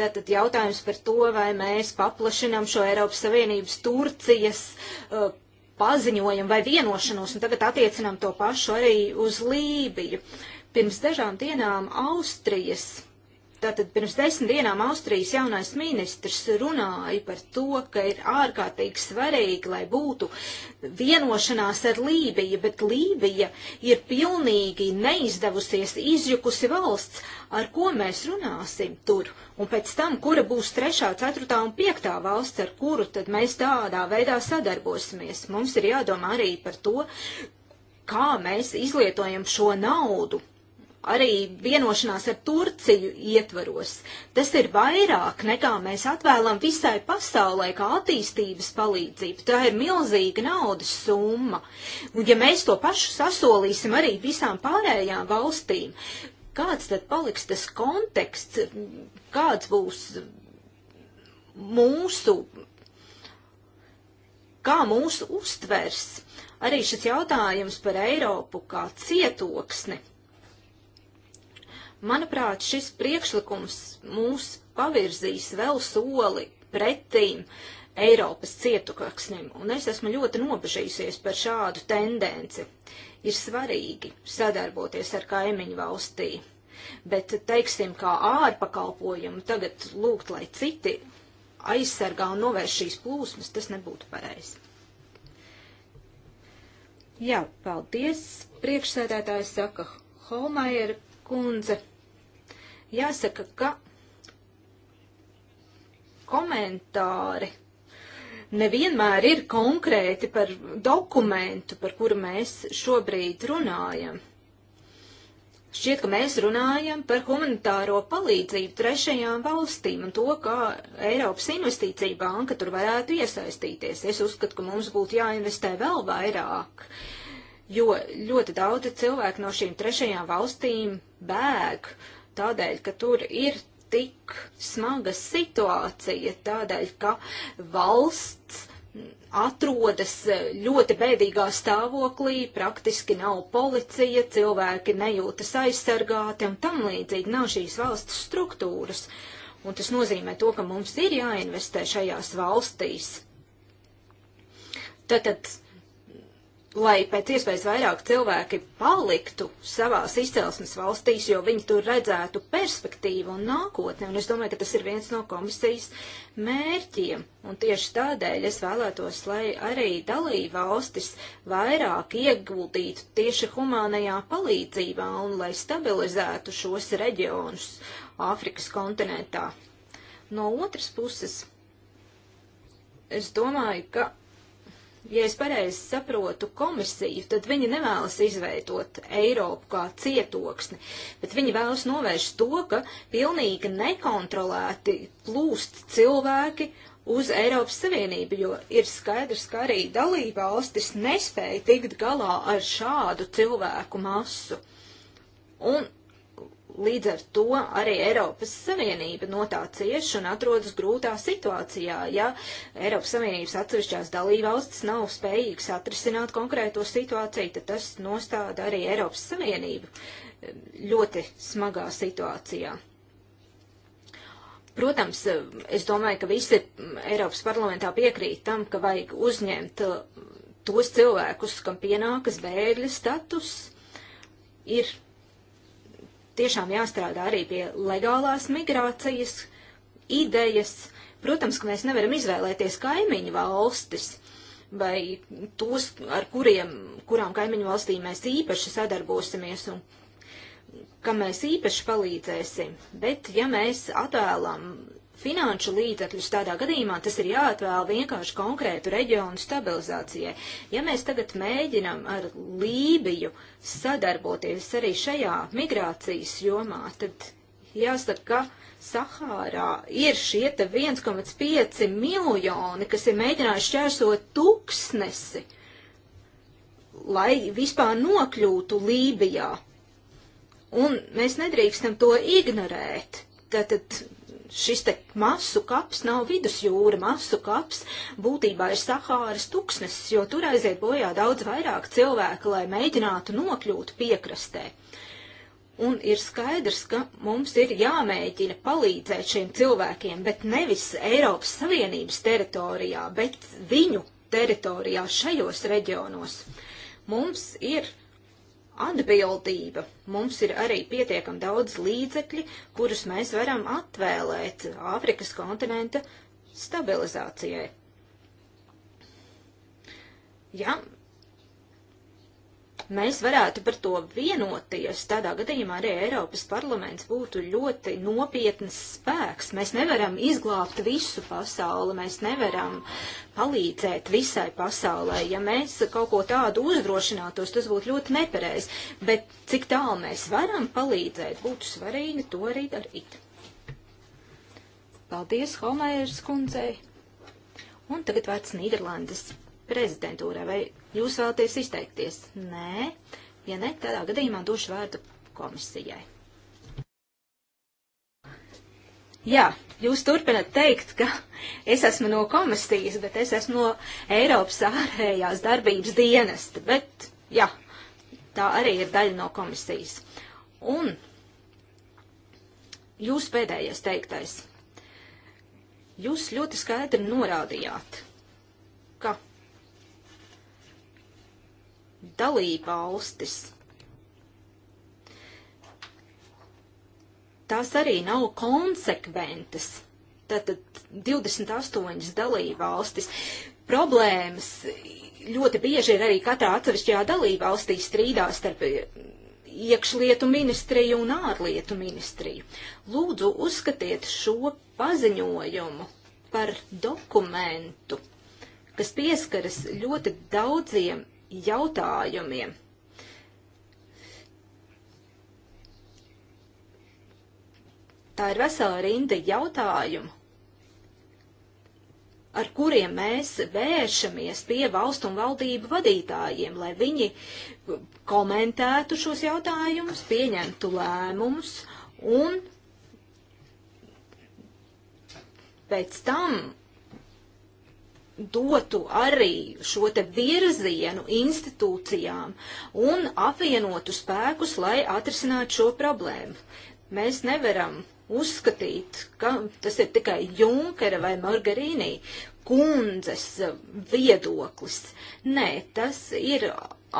Tātad jautājums par to, vai mēs paplašinām šo Eiropas Savienības Turcijas uh, paziņojumu vai vienošanos, un tagad attiecinām to pašu arī uz Lībiju. Pirms dažām dienām Austrijas Tātad pirms desmit dienām Austrijas jaunais ministrs runāja par to, ka ir ārkārtīgi svarīgi, lai būtu vienošanās ar Lībiju, bet Lībija ir pilnīgi neizdevusies, izjukusi valsts, ar ko mēs runāsim tur. Un pēc tam, kura būs trešā, ceturtā un piektā valsts, ar kuru tad mēs tādā veidā sadarbosimies. Mums ir jādomā arī par to, kā mēs izlietojam šo naudu, arī vienošanās ar Turciju ietvaros. Tas ir vairāk nekā mēs atvēlam visai pasaulē kā attīstības palīdzību. Tā ir milzīga naudas summa. Un ja mēs to pašu sasolīsim arī visām pārējām valstīm, kāds tad paliks tas konteksts, kāds būs mūsu, kā mūsu uztvers? Arī šis jautājums par Eiropu kā cietoksni Manuprāt, šis priekšlikums mūs pavirzīs vēl soli pretīm Eiropas cietukaksnim, un es esmu ļoti nobežījusies par šādu tendenci. Ir svarīgi sadarboties ar kaimiņu valstī, bet, teiksim, kā ārpakalpojumu tagad lūgt, lai citi aizsargā un novērš šīs plūsmas, tas nebūtu pareizi. Jā, paldies. Priekšsēdētājs saka, Holmaier kundze. Jāsaka, ka komentāri nevienmēr ir konkrēti par dokumentu, par kuru mēs šobrīd runājam. Šķiet, ka mēs runājam par humanitāro palīdzību trešajām valstīm un to, kā Eiropas investīcija banka tur varētu iesaistīties. Es uzskatu, ka mums būtu jāinvestē vēl vairāk. Uh, jo ļoti daudzi cilvēki no šīm trešajām valstīm bēg tādēļ, ka tur ir tik smaga situācija, tādēļ, ka valsts atrodas ļoti bēdīgā stāvoklī, praktiski nav policija, cilvēki nejūtas aizsargāti un tam līdzīgi nav šīs valsts struktūras. Un tas nozīmē to, ka mums ir jāinvestē šajās valstīs. Tātad lai pēc iespējas vairāk cilvēki paliktu savās izcelsmes valstīs, jo viņi tur redzētu perspektīvu un nākotni. Un es domāju, ka tas ir viens no komisijas mērķiem. Un tieši tādēļ es vēlētos, lai arī dalība valstis vairāk ieguldītu tieši humānajā palīdzībā un lai stabilizētu šos reģionus Āfrikas kontinentā. No otras puses, es domāju, ka ja es pareizi saprotu komisiju, tad viņi nevēlas izveidot Eiropu kā cietoksni, bet viņi vēlas novērst to, ka pilnīgi nekontrolēti plūst cilvēki uz Eiropas Savienību, jo ir skaidrs, ka arī dalība valstis nespēja tikt galā ar šādu cilvēku masu. Un Līdz ar to arī Eiropas Savienība no tā cieš un atrodas grūtā situācijā, ja Eiropas Savienības atsevišķās dalībvalstis nav spējīgas atrisināt konkrēto situāciju, tad tas nostāda arī Eiropas Savienību ehm, ļoti smagā situācijā. Protams, ehm, es domāju, ka visi Eiropas parlamentā piekrīt tam, ka vajag uzņemt ehm, tos cilvēkus, kam pienākas bēgļa status, ir tiešām jāstrādā arī pie legālās migrācijas idejas. Protams, ka mēs nevaram izvēlēties kaimiņu valstis vai tos, ar kuriem, kurām kaimiņu valstīm mēs īpaši sadarbosimies un kam mēs īpaši palīdzēsim. Bet, ja mēs atvēlam finanšu līdzekļus tādā gadījumā, tas ir jāatvēl vienkārši konkrētu reģionu stabilizācijai. Ja mēs tagad mēģinam ar Lībiju sadarboties arī šajā migrācijas jomā, tad jāsaka, ka Sahārā ir šie 1,5 miljoni, kas ir mēģinājuši šķērsot tuksnesi, lai vispār nokļūtu Lībijā. Un mēs nedrīkstam to ignorēt. Tātad šis te masu kaps nav vidusjūra, masu kaps būtībā ir Sahāras tuksnesis, jo tur aiziet bojā daudz vairāk cilvēku, lai mēģinātu nokļūt piekrastē. Un ir skaidrs, ka mums ir jāmēģina palīdzēt šiem cilvēkiem, bet nevis Eiropas Savienības teritorijā, bet viņu teritorijā šajos reģionos. Mums ir atbildība. Mums ir arī pietiekam daudz līdzekļi, kurus mēs varam atvēlēt Āfrikas kontinenta stabilizācijai. Ja mēs varētu par to vienoties. Tādā gadījumā arī Eiropas parlaments būtu ļoti nopietnas spēks. Mēs nevaram izglābt visu pasauli, mēs nevaram palīdzēt visai pasaulē. Ja mēs kaut ko tādu uzdrošinātos, tas būtu ļoti nepareizi. Bet cik tālu mēs varam palīdzēt, būtu svarīgi to arī darīt. Paldies Homēras kundzei! Un tagad vārds Nīderlandes prezidentūrai. Vai jūs vēlaties izteikties? Nē. Ja ne, tādā gadījumā došu vārdu komisijai. Jā, jūs turpinat teikt, ka [LAUGHS] es esmu no komisijas, bet es esmu no Eiropas ārējās darbības dienesta. Bet, jā, tā arī ir daļa no komisijas. Un jūs pēdējais teiktais. Jūs ļoti skaidri norādījāt, ka dalībvalstis. Tās arī nav konsekventas. Tātad 28 dalībvalstis. Problēmas ļoti bieži ir arī katrā atsevišķajā dalībvalstī strīdās starp iekšlietu ministriju un ārlietu ministriju. Lūdzu, uzskatiet šo paziņojumu par dokumentu, kas pieskaras ļoti daudziem jautājumiem. Tā ir vesela rinda jautājumu, ar kuriem mēs vēršamies pie valstu un valdību vadītājiem, lai viņi komentētu šos jautājumus, pieņemtu lēmumus un pēc tam dotu arī šo te virzienu institūcijām un apvienotu spēkus, lai atrisinātu šo problēmu. Mēs nevaram uzskatīt, ka tas ir tikai Junkera vai Margarīnī kundzes viedoklis. Nē, tas ir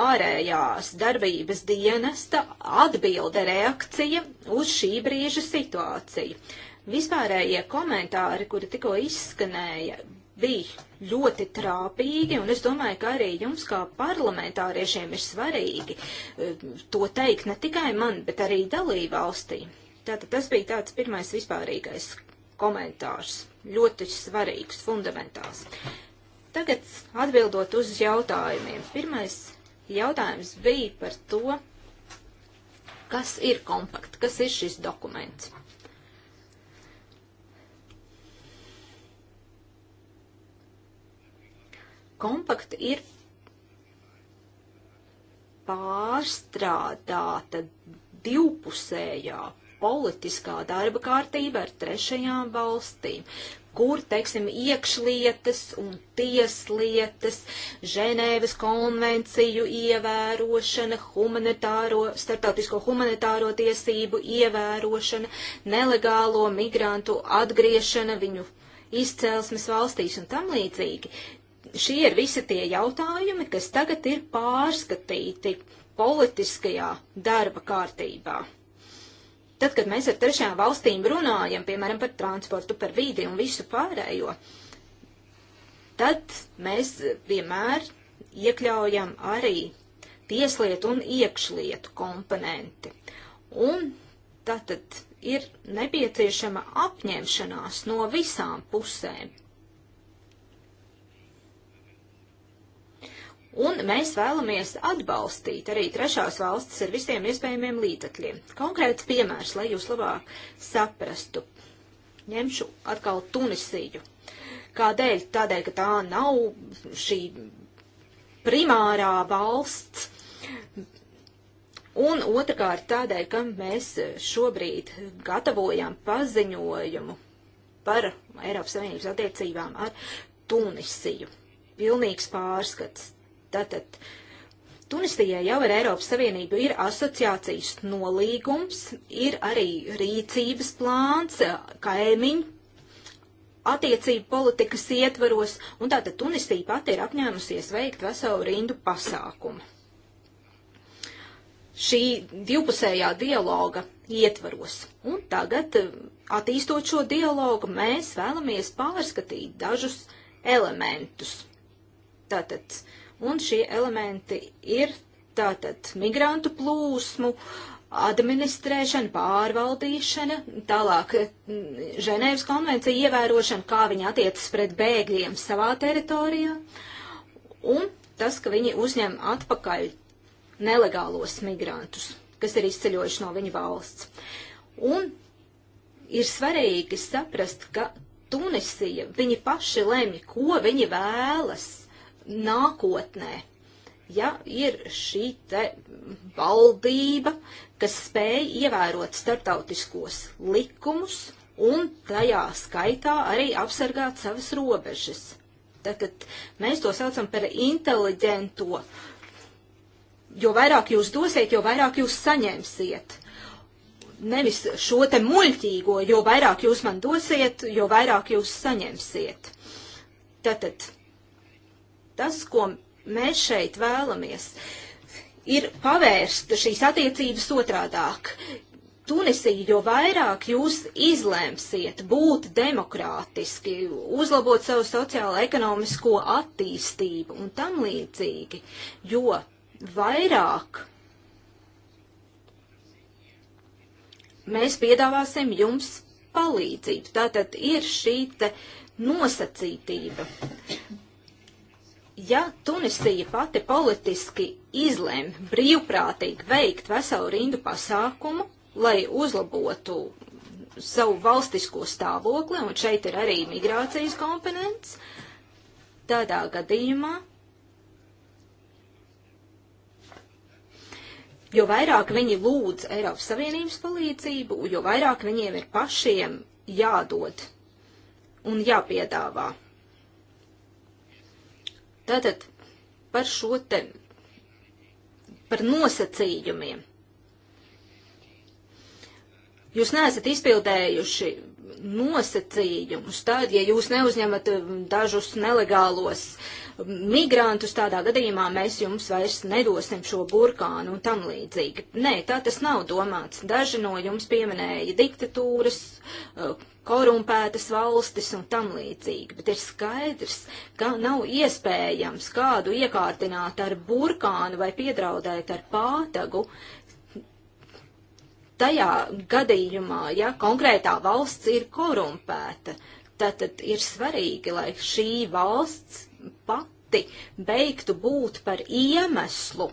ārējās darbības dienesta atbilde reakcija uz šī brīža situāciju. Vispārējie komentāri, kuri tikko izskanēja, bija ļoti trāpīgi, un es domāju, ka arī jums kā parlamentāriešiem ir svarīgi eh, to teikt ne tikai man, bet arī dalībvalstī. Tātad tas bija tāds pirmais vispārīgais komentārs, ļoti svarīgs, fundamentāls. Tagad atbildot uz jautājumiem. Pirmais jautājums bija par to, kas ir kompakt, kas ir šis dokuments. kompakta ir pārstrādāta divpusējā politiskā darba kārtība ar trešajām valstīm, kur, teiksim, iekšlietas un tieslietas, Ženēvas konvenciju ievērošana, humanitāro, starptautisko humanitāro tiesību ievērošana, nelegālo migrantu atgriešana viņu izcelsmes valstīs un tam līdzīgi šie ir visi tie jautājumi, kas tagad ir pārskatīti politiskajā darba kārtībā. Tad, kad mēs ar trešajām valstīm runājam, piemēram, par transportu, par vīdi un visu pārējo, tad mēs vienmēr iekļaujam arī tieslietu un iekšlietu komponenti. Un tātad ir nepieciešama apņemšanās no visām pusēm Un mēs vēlamies atbalstīt arī trešās valstis ar visiem iespējamiem līdzekļiem. Konkrēts piemērs, lai jūs labāk saprastu. Ņemšu atkal Tunisiju. Kādēļ? Tādēļ, ka tā nav šī primārā valsts. Un otrkārt tādēļ, ka mēs šobrīd gatavojam paziņojumu par Eiropas Savienības attiecībām ar Tunisiju. Pilnīgs pārskats. Tātad Tunisijai jau ir Eiropas Savienība, ir asociācijas nolīgums, ir arī rīcības plāns, kaimiņu attiecību politikas ietvaros, un tātad Tunisija pati ir apņēmusies veikt veselu rindu pasākumu. Šī divpusējā dialoga ietvaros. Un tagad, attīstot šo dialogu, mēs vēlamies pārskatīt dažus elementus. Tātad Un šie elementi ir tātad migrantu plūsmu, administrēšana, pārvaldīšana, tālāk mm, Ženēvas konvencija ievērošana, kā viņi attiecas pret bēgļiem savā teritorijā, un tas, ka viņi uzņem atpakaļ nelegālos migrantus, kas ir izceļojuši no viņa valsts. Un ir svarīgi saprast, ka Tunisija, viņi paši lemj, ko viņi vēlas nākotnē. Ja ir šī te valdība, kas spēj ievērot starptautiskos likumus un tajā skaitā arī apsargāt savas robežas. Tātad mēs to saucam par inteliģento. Jo vairāk jūs dosiet, jo vairāk jūs saņemsiet nevis šo te muļķīgo, jo vairāk jūs man dosiet, jo vairāk jūs saņemsiet. Tātad Tas, ko mēs šeit vēlamies, ir pavērst šīs attiecības otrādāk. Tunisija, jo vairāk jūs izlēmsiet būt demokrātiski, uzlabot savu sociālo ekonomisko attīstību un tam līdzīgi, jo vairāk mēs piedāvāsim jums palīdzību. Tātad ir šī nosacītība ja Tunisija pati politiski izlem brīvprātīgi veikt veselu rindu pasākumu, lai uzlabotu savu valstisko stāvokli, un šeit ir arī migrācijas komponents, tādā gadījumā, jo vairāk viņi lūdz Eiropas Savienības palīdzību, jo vairāk viņiem ir pašiem jādod un jāpiedāvā. Tātad par šo te, par nosacījumiem. Jūs neesat izpildējuši nosacījumus. Tad, ja jūs neuzņemat um, dažus nelegālos um, migrantus, tādā gadījumā mēs jums vairs nedosim šo burkānu un tam līdzīgi. Nē, tā tas nav domāts. Daži no jums pieminēja diktatūras, uh, korumpētas valstis un tam līdzīgi, bet ir skaidrs, ka nav iespējams kādu iekārtināt ar burkānu vai piedraudēt ar pātagu, uh, tajā gadījumā, ja konkrētā valsts ir korumpēta, tad, tad ir svarīgi, lai šī valsts pati beigtu būt par iemeslu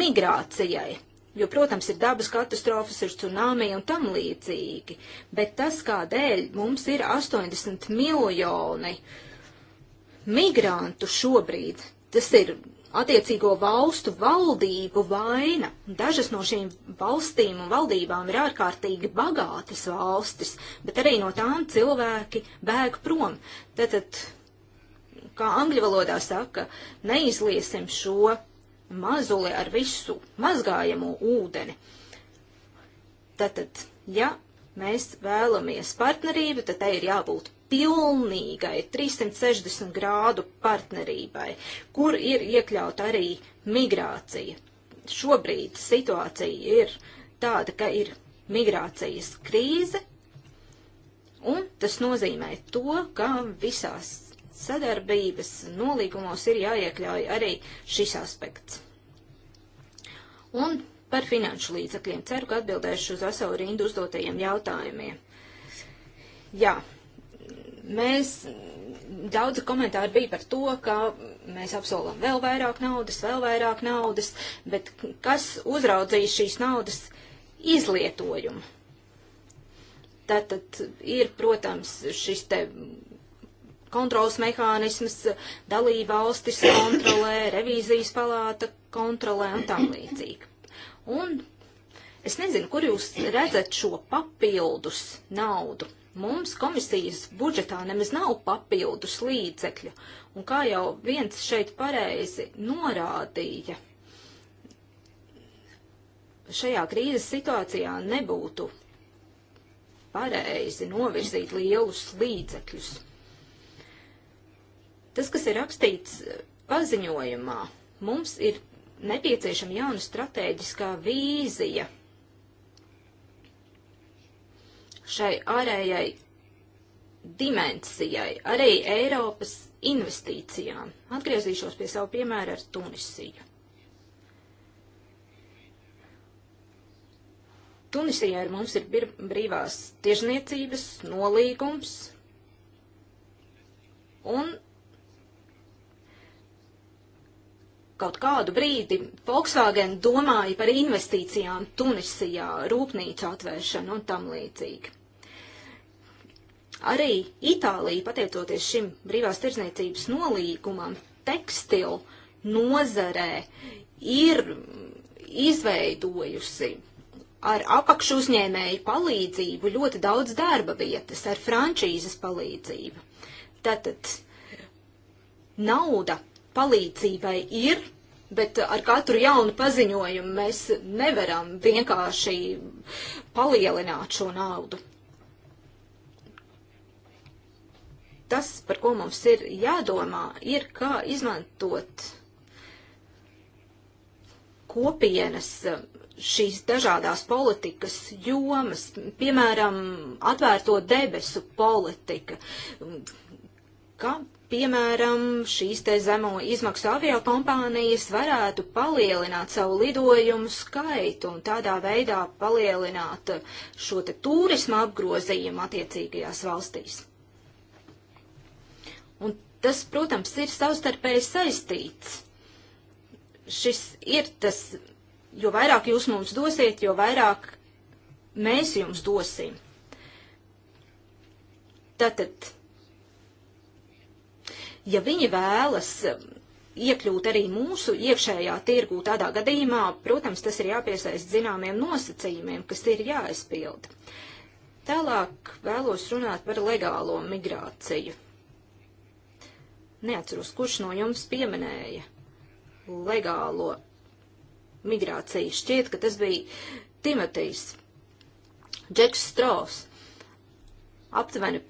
migrācijai. Jo, protams, ir dabas katastrofas, ir tsunami un tam līdzīgi, bet tas, kādēļ mums ir 80 miljoni migrantu šobrīd, tas ir attiecīgo valstu valdību vaina. Dažas no šīm valstīm un valdībām ir ārkārtīgi bagātas valstis, bet arī no tām cilvēki bēg prom. Tātad, kā angļu valodā saka, neizliesim šo mazuli ar visu mazgājamo ūdeni. Tātad, ja mēs vēlamies partnerību, tad tai ir jābūt pilnīgai 360 grādu partnerībai, kur ir iekļauta arī migrācija. Šobrīd situācija ir tāda, ka ir migrācijas krīze, un tas nozīmē to, ka visās sadarbības nolīgumos ir jāiekļauj arī šis aspekts. Un par finanšu līdzekļiem. Ceru, ka atbildēšu uz Asavu rindu uzdotajiem jautājumiem. Jā, mēs daudz komentāru bija par to, ka mēs apsolam vēl vairāk naudas, vēl vairāk naudas, bet kas uzraudzīs šīs naudas izlietojumu? Tātad ir, protams, šis te kontrols mehānisms, dalība valstis kontrolē, revīzijas palāta kontrolē un tam līdzīgi. Un es nezinu, kur jūs redzat šo papildus naudu. Mums komisijas budžetā nemaz nav papildus līdzekļu, un kā jau viens šeit pareizi norādīja, šajā krīzes situācijā nebūtu pareizi novirzīt lielus līdzekļus. Tas, kas ir rakstīts paziņojumā, mums ir nepieciešama jauna stratēģiskā vīzija šai ārējai dimensijai, arī Eiropas investīcijām. Atgriezīšos pie savu piemēru ar Tunisiju. Tunisijā ar mums ir brīvās tiežniecības nolīgums, un kaut kādu brīdi Volkswagen domāja par investīcijām Tunisijā, rūpnīcu atvēršanu un tam līdzīgi. Arī Itālija, pateicoties šim brīvās tirzniecības nolīgumam, tekstilu nozarē ir izveidojusi ar apakšu uzņēmēju palīdzību ļoti daudz darba vietas, ar frančīzes palīdzību. Tātad nauda palīdzībai ir, bet ar katru jaunu paziņojumu mēs nevaram vienkārši palielināt šo naudu. Tas, par ko mums ir jādomā, ir kā izmantot kopienas šīs dažādās politikas jomas, piemēram, atvērto debesu politika. Kā piemēram, šīs te zemo izmaksu aviokompānijas varētu palielināt savu lidojumu skaitu un tādā veidā palielināt šo te turismu apgrozījumu attiecīgajās valstīs. Un tas, protams, ir savstarpēji saistīts. Šis ir tas, jo vairāk jūs mums dosiet, jo vairāk mēs jums dosim. Tātad Ja viņi vēlas um, iekļūt arī mūsu iekšējā tirgū, tādā gadījumā, protams, tas ir jāpiesaist zināmiem nosacījumiem, kas ir jāizpilda. Tālāk vēlos runāt par legālo migrāciju. Neatceros, kurš no jums pieminēja legālo migrāciju. Šķiet, ka tas bija Timotejs, Džeks Strāvs. Aptuveni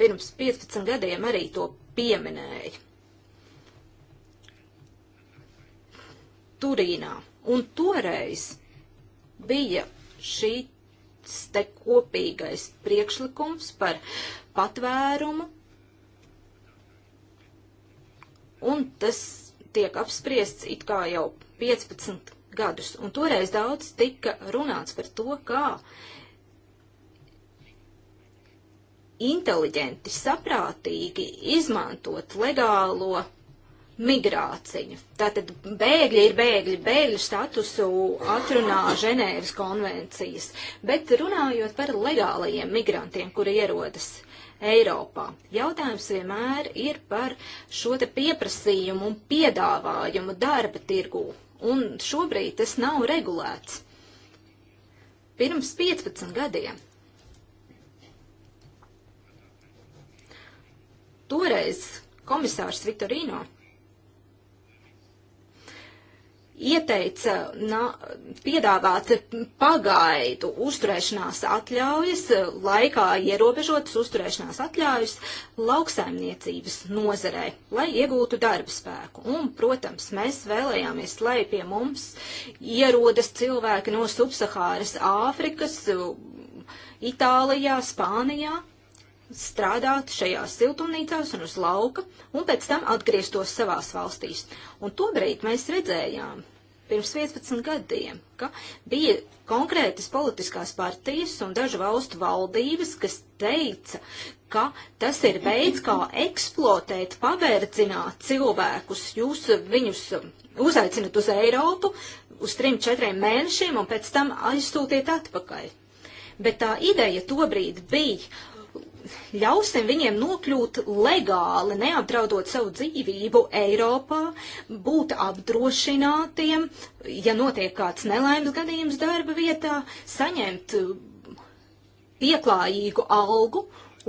pirms 15 gadiem arī to pieminēja. Turīnā. Un toreiz bija šīs te kopīgais priekšlikums par patvērumu, un tas tiek apspriests it kā jau 15 gadus. Un toreiz daudz tika runāts par to, kā uh, inteliģenti, saprātīgi izmantot legālo migrāciju. Tātad bēgļi ir bēgļi, bēgļu statusu atrunā Ženēvas konvencijas, bet runājot par legālajiem migrantiem, kuri ierodas Eiropā. Jautājums vienmēr ir par šo te pieprasījumu un piedāvājumu darba tirgū, un šobrīd tas nav regulēts. Pirms 15 gadiem Toreiz komisārs Vitorino ieteica na, piedāvāt pagaidu uzturēšanās atļaujas, laikā ierobežotas uzturēšanās atļaujas lauksaimniecības nozarē, lai iegūtu darba spēku. Un, protams, mēs vēlējāmies, lai pie mums ierodas cilvēki no subsahāras Āfrikas, Itālijā, Spānijā, strādāt šajās siltumnīcās un uz lauka, un pēc tam atgrieztos savās valstīs. Un tobrīd mēs redzējām, pirms 15 gadiem, ka bija konkrētas politiskās partijas un dažu valstu valdības, kas teica, ka tas ir veids, kā eksploatēt, paverdzināt cilvēkus, jūs viņus uzaicinat uz Eiropu uz 3-4 mēnešiem un pēc tam aizsūtiet atpakaļ. Bet tā ideja tobrīd bija ļausim viņiem nokļūt legāli, neapdraudot savu dzīvību Eiropā, būt apdrošinātiem, ja notiek kāds nelaimes gadījums darba vietā, saņemt uh, pieklājīgu algu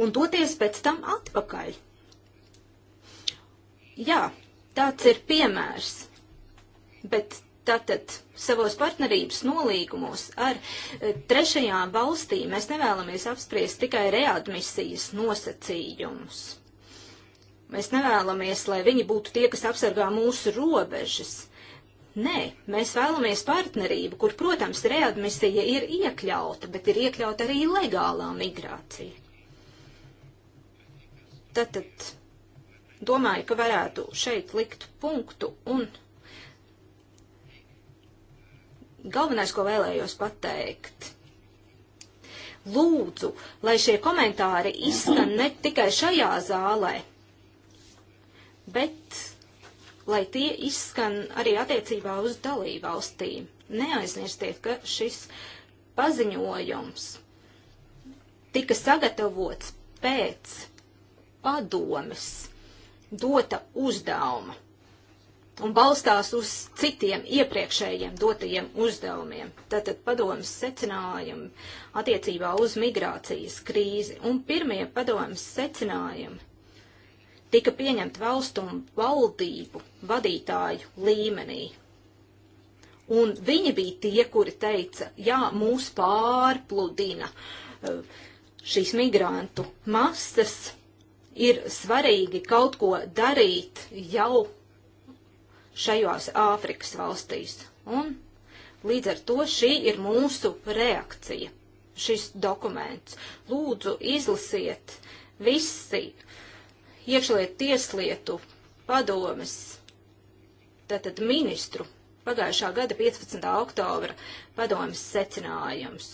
un doties pēc tam atpakaļ. Jā, tāds ir piemērs, bet Tātad savos partnerības nolīgumos ar eh, trešajām valstīm mēs nevēlamies apspriest tikai readmisijas nosacījumus. Mēs nevēlamies, lai viņi būtu tie, kas apsargā mūsu robežas. Nē, mēs vēlamies partnerību, kur, protams, readmisija ir iekļauta, bet ir iekļauta arī legālā migrācija. Tātad domāju, ka varētu šeit likt punktu un galvenais, ko vēlējos pateikt. Lūdzu, lai šie komentāri izskan ne tikai šajā zālē, bet lai tie izskan arī attiecībā uz dalībvalstīm. Neaizmirstiet, ka šis paziņojums tika sagatavots pēc padomes dota uzdevuma un balstās uz citiem iepriekšējiem dotajiem uzdevumiem. Tātad padomas secinājumi attiecībā uz migrācijas krīzi un pirmie padomas secinājumi tika pieņemti valstu un valdību vadītāju līmenī. Un viņi bija tie, kuri teica, jā, mūs pārpludina eh, šīs migrantu masas, ir svarīgi kaut ko darīt jau šajās Āfrikas valstīs. Un līdz ar to šī ir mūsu reakcija, šis dokuments. Lūdzu, izlasiet visi iekšliet tieslietu padomes, tātad ministru pagājušā gada 15. oktobra padomes secinājums.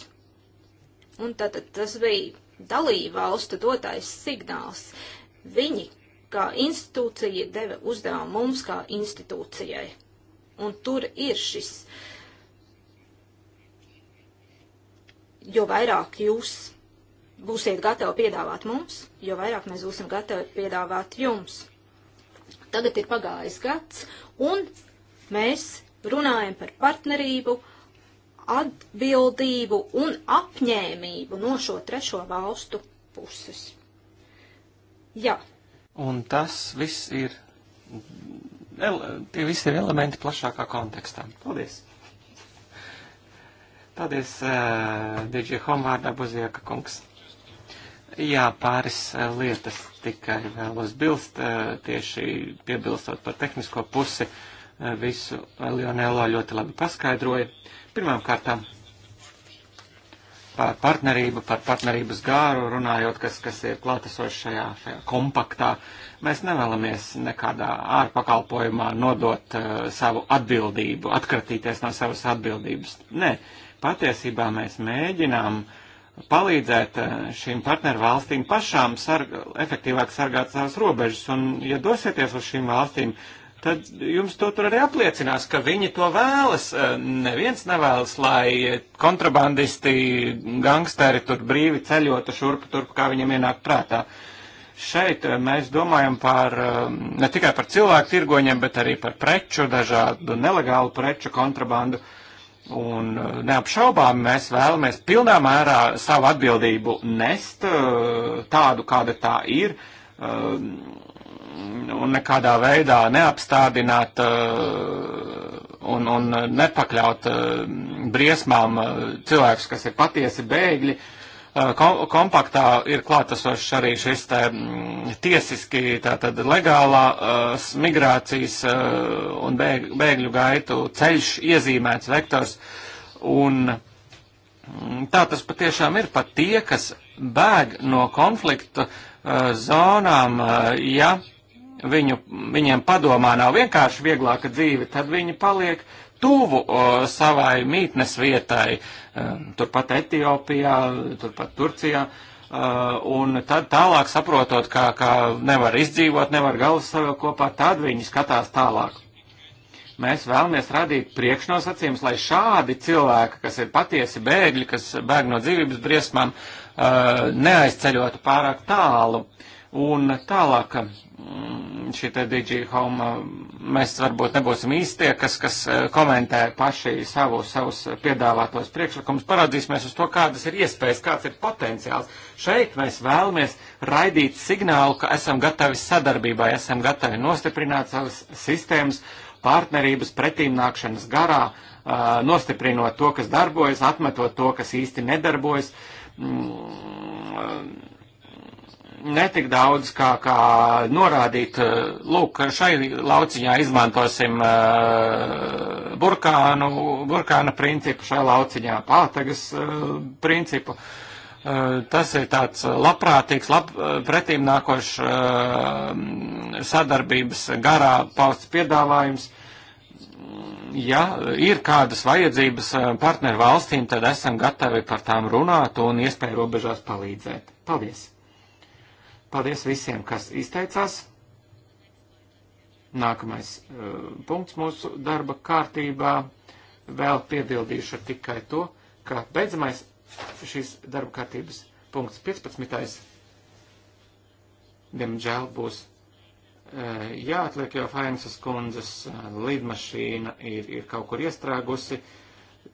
Un tātad tas bija dalība valstu dotais signāls. Viņi kā institūcija deva uzdevumu mums kā institūcijai. Un tur ir šis. Jo vairāk jūs būsiet gatavi piedāvāt mums, jo vairāk mēs būsim gatavi piedāvāt jums. Tagad ir pagājis gads, un mēs runājam par partnerību, atbildību un apņēmību no šo trešo valstu puses. Jā, Un tas viss ir, tie visi ir elementi plašākā kontekstā. Paldies! Paldies, uh, eh, DJ Homvārdā Buzieka kungs. Jā, pāris uh, lietas tikai vēlos bilst, uh, tieši piebilstot par tehnisko pusi. Uh, visu Lionelo ļoti labi paskaidroja. Pirmām kārtām par partnerību, par partnerības gāru runājot, kas, kas ir klātesoši šajā, šajā kompaktā. Mēs nevēlamies nekādā ārpakalpojumā nodot uh, savu atbildību, atkratīties no savas atbildības. Nē, patiesībā mēs mēģinām palīdzēt eh, šīm partneru valstīm pašām sarg efektīvāk sargāt savas robežas. Un, ja dosieties uz šīm valstīm, uh, tad jums to tur arī apliecinās, ka viņi to vēlas. Eh, neviens nevēlas, lai kontrabandisti, gangsteri tur brīvi ceļotu šurpu turpu, kā viņiem ienāk prātā. Šeit eh, mēs domājam par eh, ne tikai par cilvēku tirgoņiem, bet arī par preču, dažādu nelegālu preču kontrabandu. Un neapšaubām mēs vēlamies pilnā mērā savu atbildību nest tādu, kāda tā ir un nekādā veidā neapstādināt uh, un, un nepakļaut uh, briesmām uh, cilvēkus, kas ir patiesi bēgļi. Kompaktā ir klātesošs arī šis te mm, tiesiski, tātad legālā migrācijas un bēgļu gaitu ceļš iezīmēts vektors. Un mm, tā tas patiešām ir pat tie, kas bēg no konflikta zonām, ja viņu, viņiem padomā nav vienkārši vieglāka dzīve, tad viņi paliek tuvu o, savai mītnes vietai, e, turpat Etiopijā, turpat Turcijā. E, un tad tālāk saprotot, ka, ka nevar izdzīvot, nevar galvas savu kopā, tad viņi skatās tālāk. Mēs vēlamies radīt priekšnosacījumus, lai šādi cilvēki, kas ir patiesi bēgļi, kas bēg no dzīvības briesmām, e, neaizceļotu pārāk tālu. Uh, Un tālāk, mm, šī te DG Home, mēs varbūt nebūsim īstie, kas, kas eh, komentē paši savu, savus piedāvātos priekšlikumus, parādīsimies uz to, kādas ir iespējas, kāds ir potenciāls. Šeit mēs vēlamies raidīt signālu, ka esam gatavi sadarbībai, esam gatavi nostiprināt savas sistēmas, partnerības pretīmnākšanas garā, eh, nostiprinot to, kas darbojas, atmetot to, kas īsti nedarbojas mm, netik daudz, kā, kā norādīt, eh, lūk, šai lauciņā izmantosim uh, burkānu, burkāna principu, šai lauciņā pātagas uh, principu. Uh, tas ir tāds labprātīgs, lab, pretīm nākošs sadarbības garā pausts piedāvājums. Ja ir kādas vajadzības partneru valstīm, tad esam gatavi par tām runāt un iespēju robežās palīdzēt. Paldies! Paldies visiem, kas izteicās. Nākamais uh, punkts mūsu darba kārtībā. Vēl piebildīšu tikai to, ka beidzamais šīs darba kārtības punkts 15. Diemžēl būs uh, jāatliek, jo Fainsas kundzes uh, lidmašīna ir, ir kaut kur iestrēgusi.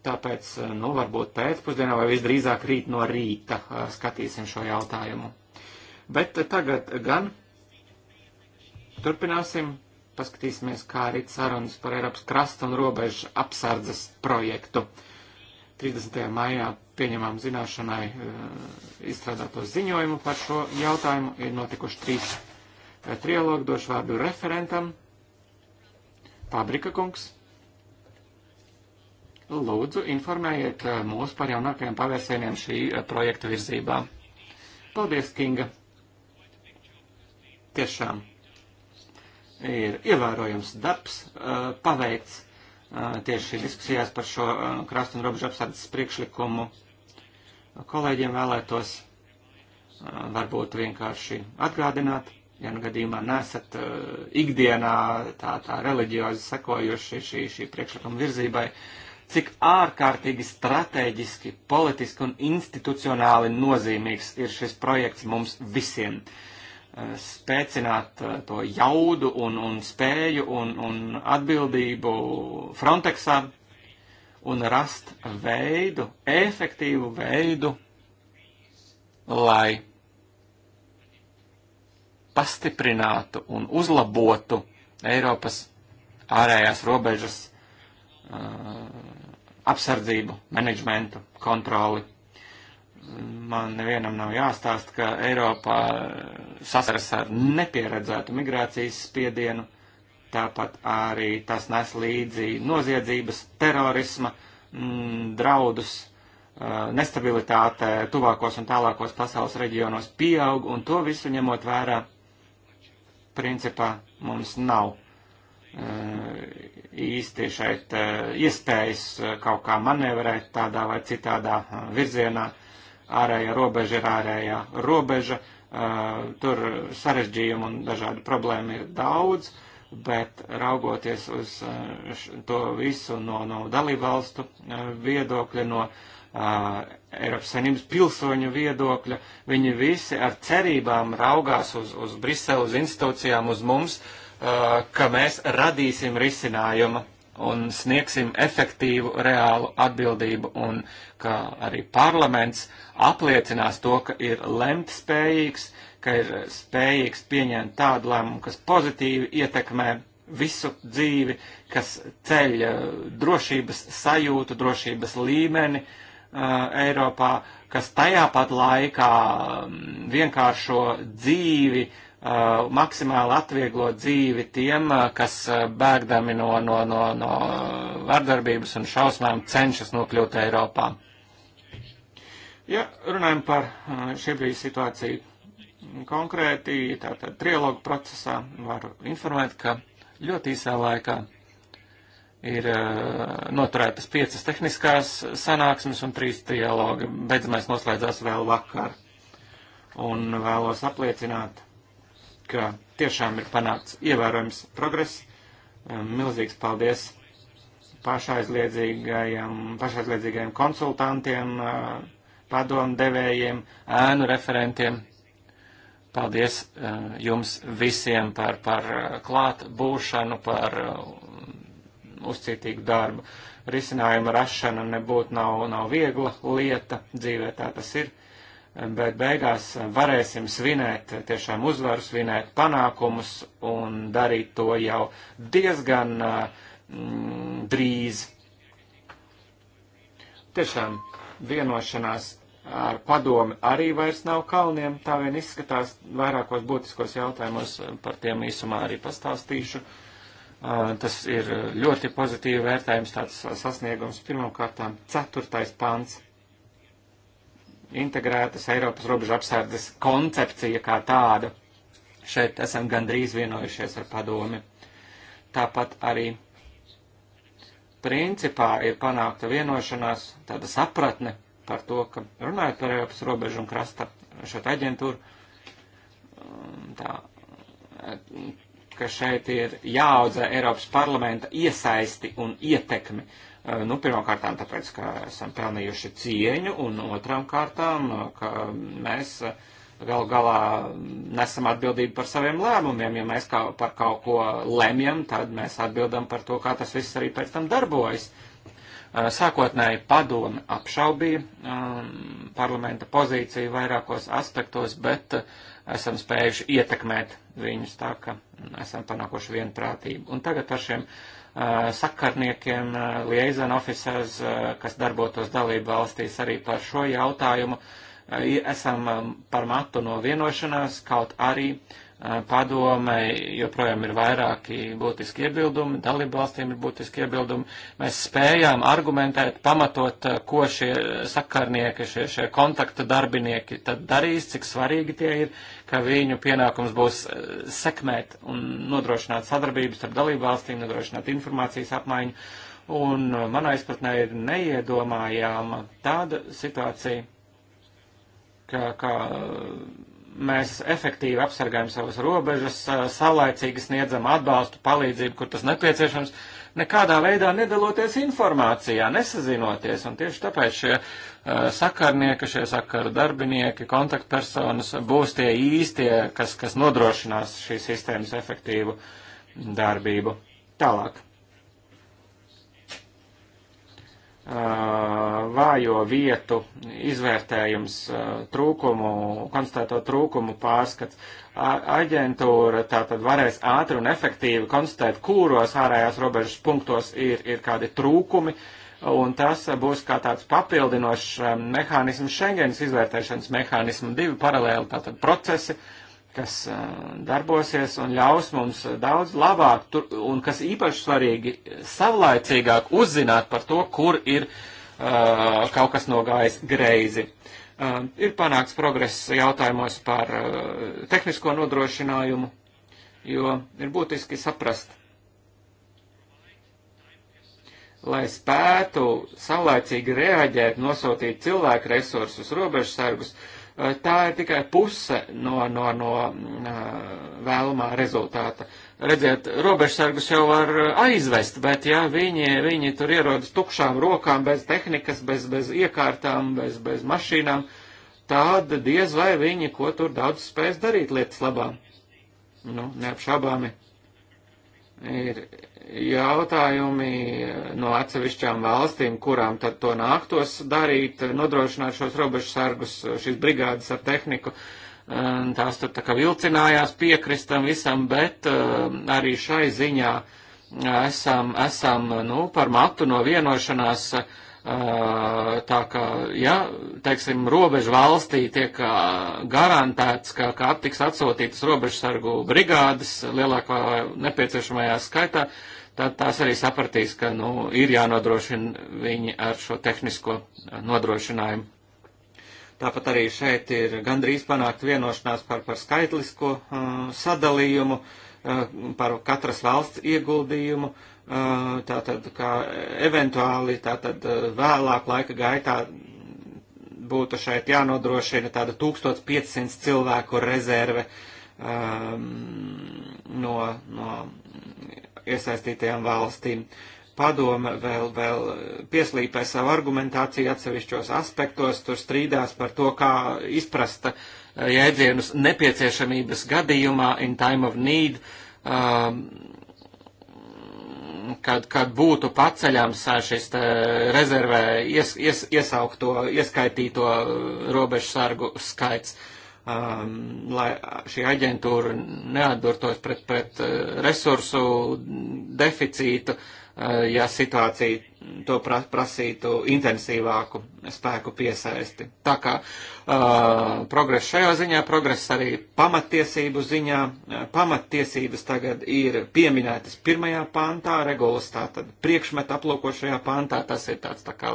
Tāpēc, nu, varbūt pēcpusdienā vai visdrīzāk rīt no rīta skatīsim šo jautājumu. Bet tagad gan turpināsim, paskatīsimies, kā arī sarunas par Eiropas krasta un robežu apsardzes projektu. 30. maijā pieņemām zināšanai eh, izstrādāto ziņojumu par šo jautājumu. Ir notikuši trīs eh, trialogi, došu vārdu referentam. Pabrika kungs. Lūdzu, informējiet eh, mūs par jaunākajiem pavērsieniem šī projekta virzībā. Paldies, Kinga! tiešām ir ievērojams darbs uh, paveikts uh, tieši diskusijās par šo uh, krasta un robežu apsardzes priekšlikumu. Kolēģiem vēlētos varbūt vienkārši atgādināt, ja nu gadījumā nesat ikdienā tā, tā reliģiozi sekojuši šī, šī priekšlikuma virzībai, cik ārkārtīgi strateģiski, politiski un institucionāli nozīmīgs ir šis projekts mums visiem. Uh, Eh, spēcināt eh, to jaudu un, un spēju un, un atbildību Frontexā un rast veidu, efektīvu veidu, lai pastiprinātu un uzlabotu Eiropas ārējās robežas uh, apsardzību, menedžmentu, kontroli man nevienam nav jāstāst, ka Eiropā sasaras ar nepieredzētu migrācijas spiedienu, tāpat arī tas nes līdzi noziedzības, terorisma, m, mm, draudus, nestabilitāte tuvākos un tālākos pasaules reģionos pieaug, un to visu ņemot vērā, principā mums nav īsti šeit iespējas kaut kā manevrēt tādā vai citādā virzienā ārējā robeža ir ārējā robeža, eh, tur sarežģījumu un dažādu problēmu ir daudz, bet raugoties uz eh, to visu no, no dalībvalstu eh, viedokļa, no Eiropas Savienības pilsoņu viedokļa, viņi visi ar cerībām raugās uz, uz Briselu, uz institūcijām, uz mums, ka mēs radīsim risinājumu un sniegsim efektīvu, reālu atbildību, un ka arī parlaments apliecinās to, ka ir lemt spējīgs, ka ir spējīgs pieņemt tādu lēmumu, kas pozitīvi ietekmē visu dzīvi, kas ceļ eh, drošības sajūtu, drošības līmeni uh, Eiropā, kas tajā pat laikā mm, vienkāršo dzīvi, uh, Uh, maksimāli atvieglot dzīvi tiem, uh, kas uh, bēgdami no, no, no, no vardarbības un šausmām cenšas nokļūt Eiropā. Ja runājam par šī brīža situāciju konkrēti, tātad trialogu procesā, varu informēt, ka ļoti īsā laikā ir noturētas piecas tehniskās sanāksmes un trīs trialogi. Beidzamais noslēdzās vēl vakar. Un vēlos apliecināt, ka tiešām ir panākts ievērojams progress. Milzīgs paldies pašaizliedzīgajiem, pašaizliedzīgajiem konsultantiem, padomdevējiem, ēnu referentiem. Paldies jums visiem par, par klāt būšanu, par uzcītīgu darbu. Risinājuma rašana nebūtu nav, nav viegla lieta, dzīvē tā tas ir bet beigās varēsim svinēt, tiešām uzvaru svinēt panākumus un darīt to jau diezgan mm, drīz. Tiešām vienošanās ar padomi arī vairs nav kalniem, tā vien izskatās vairākos būtiskos jautājumos, par tiem īsumā arī pastāstīšu. Tas ir ļoti pozitīvi vērtējums, tāds sasniegums pirmkārtām, ceturtais pants integrētas Eiropas robežu apsardzes koncepcija kā tāda. Šeit esam gandrīz vienojušies ar padomi. Tāpat arī principā ir panākta vienošanās, tāda sapratne par to, ka runājot par Eiropas robežu un krasta šo aģentūru, um, tā, ka šeit ir jāaudzē Eiropas parlamenta iesaisti un ietekmi. Uh, Eh, nu, pirmkārtām tāpēc, ka esam pelnījuši cieņu, un otrām kārtām, eh, ka mēs eh, gal galā nesam atbildību par saviem lēmumiem. Ja mēs kā, par kaut ko lemjam, tad mēs atbildam par to, kā tas viss arī pēc tam darbojas. Sākotnēji padome apšaubīja um, parlamenta pozīciju vairākos aspektos, bet esam spējuši ietekmēt viņus tā, ka esam panākuši vienprātību. Un tagad ar šiem uh, Eh, sakarniekiem, eh, liaison officers, eh, kas darbotos dalību valstīs arī par šo jautājumu. Esam par matu no vienošanās, kaut arī padome, joprojām ir vairāki būtiski iebildumi, dalību valstīm ir būtiski iebildumi. Mēs spējām argumentēt, pamatot, ko šie sakarnieki, šie, šie kontakta darbinieki tad darīs, cik svarīgi tie ir, ka viņu pienākums būs eh, sekmēt un nodrošināt sadarbības starp dalībvalstīm, nodrošināt informācijas apmaiņu. Un eh, manā izpratnē ir neiedomājama tāda situācija, ka, ka eh, mēs efektīvi apsargājam savas robežas, saulaicīgi sniedzam atbalstu, palīdzību, kur tas nepieciešams, nekādā veidā nedaloties informācijā, nesazinoties. Un tieši tāpēc šie uh, Eh, sakarnieki, šie sakaru darbinieki, kontaktpersonas būs tie īstie, kas, kas nodrošinās šīs sistēmas efektīvu darbību. Tālāk. Eh, vājo vietu izvērtējums, eh, trūkumu, konstatēto trūkumu pārskats. Aģentūra tātad varēs ātri un efektīvi konstatēt, kuros ārējās robežas punktos ir, ir kādi trūkumi, uh, un tas būs kā tāds papildinošs um, mehānisms Schengens izvērtēšanas mehānismu, divi paralēli tātad procesi, kas uh, darbosies un ļaus mums daudz labāk tur, un kas īpaši svarīgi savlaicīgāk uzzināt par to, kur ir uh, kaut kas nogājis greizi. Uh, ir panāks progress jautājumos par uh, tehnisko nodrošinājumu, jo ir būtiski saprast, lai spētu saulēcīgi reaģēt, nosūtīt cilvēku resursus, robežsargus, eh, tā ir tikai puse no, no, no eh, vēlamā rezultāta. Redziet, robežsargus jau var eh, aizvest, bet ja viņi, viņi tur ierodas tukšām rokām, bez tehnikas, bez, bez iekārtām, bez, bez mašīnām, tad diez vai viņi ko tur daudz spēs darīt lietas labā. Nu, neapšābāmi ir jautājumi no atsevišķām valstīm, kurām tad to nāktos darīt, nodrošināt šos robežu sargus, šīs brigādes ar tehniku. Tās tur tā kā vilcinājās piekristam visam, bet um, arī šai ziņā uh, esam, esam nu, par matu no vienošanās. Uh, tā kā, ja, teiksim, robežu valstī tiek uh, garantēts, ka, ka tiks atsūtītas robežu sargu brigādes lielākā nepieciešamajā skaitā, uh, tad tās arī sapratīs, ka nu, ir jānodrošina viņi ar šo tehnisko nodrošinājumu. Tāpat arī šeit ir gandrīz panākt vienošanās par, par skaitlisko uh, sadalījumu, uh, par katras valsts ieguldījumu, uh, tātad, kā eventuāli tātad, uh, vēlāk laika gaitā būtu šeit jānodrošina tāda 1500 cilvēku rezerve um, no, no iesaistītajām valstīm. Padome vēl, vēl pieslīpē savu argumentāciju atsevišķos aspektos, tur strīdās par to, kā izprasta jēdzienus nepieciešamības gadījumā, in time of need, um, kad, kad būtu paceļams šis rezervē ies, ies, iesaukto, ieskaitīto robežu sargu skaits. Uh, um, lai šī aģentūra neatdurtos pret, pret uh, resursu deficītu, uh, ja situācija to pra, prasītu intensīvāku spēku piesaisti. Tā kā uh, progress šajā ziņā, progress arī pamattiesību ziņā. Uh, Pamattiesības tagad ir pieminētas pirmajā pantā, regulas tātad priekšmet aplūkošajā pantā. Tas ir tāds tā kā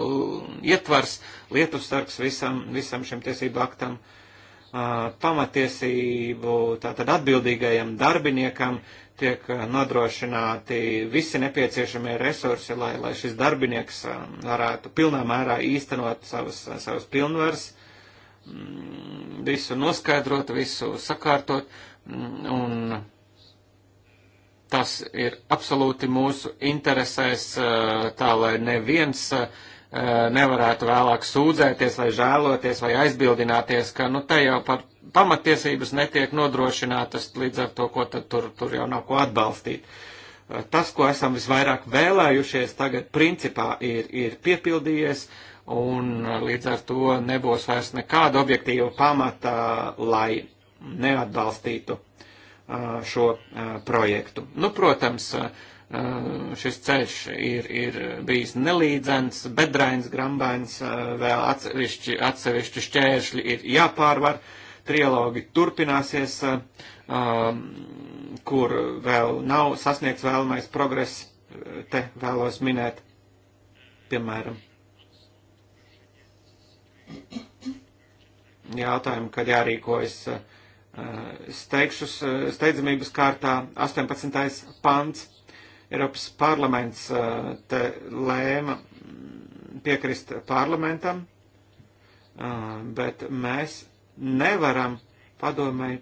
ietvars, lietustarps visam, visam šim tiesību aktam. Uh, pamatiesību tātad atbildīgajam darbiniekam tiek nodrošināti visi nepieciešamie resursi, lai, lai šis darbinieks varētu pilnā mērā īstenot savas, savas pilnvaras, mm, visu noskaidrot, visu sakārtot, mm, un tas ir absolūti mūsu interesēs, tā lai neviens E, nevarētu vēlāk sūdzēties vai žēloties vai aizbildināties, ka nu te jau par pamatiesības netiek nodrošinātas līdz ar to, ko tad tur, tur jau nav ko atbalstīt. E, tas, ko esam visvairāk vēlējušies, tagad principā ir, ir piepildījies un e, līdz ar to nebūs vairs nekāda objektīva pamata, lai neatbalstītu šo projektu. Nu, protams, uh, Eh, šis ceļš ir, ir bijis nelīdzens, bedrains, grambains, eh, vēl atsevišķi, atsevišķi šķēršļi ir jāpārvar, trilogi turpināsies, eh, um, kur vēl nav sasniegts vēlamais progress, te vēlos minēt, piemēram, jautājumu, kad jārīkojas steigšus, steidzamības kārtā 18. pants Eiropas parlaments eh, te lēma piekrist parlamentam, eh, bet mēs nevaram padomai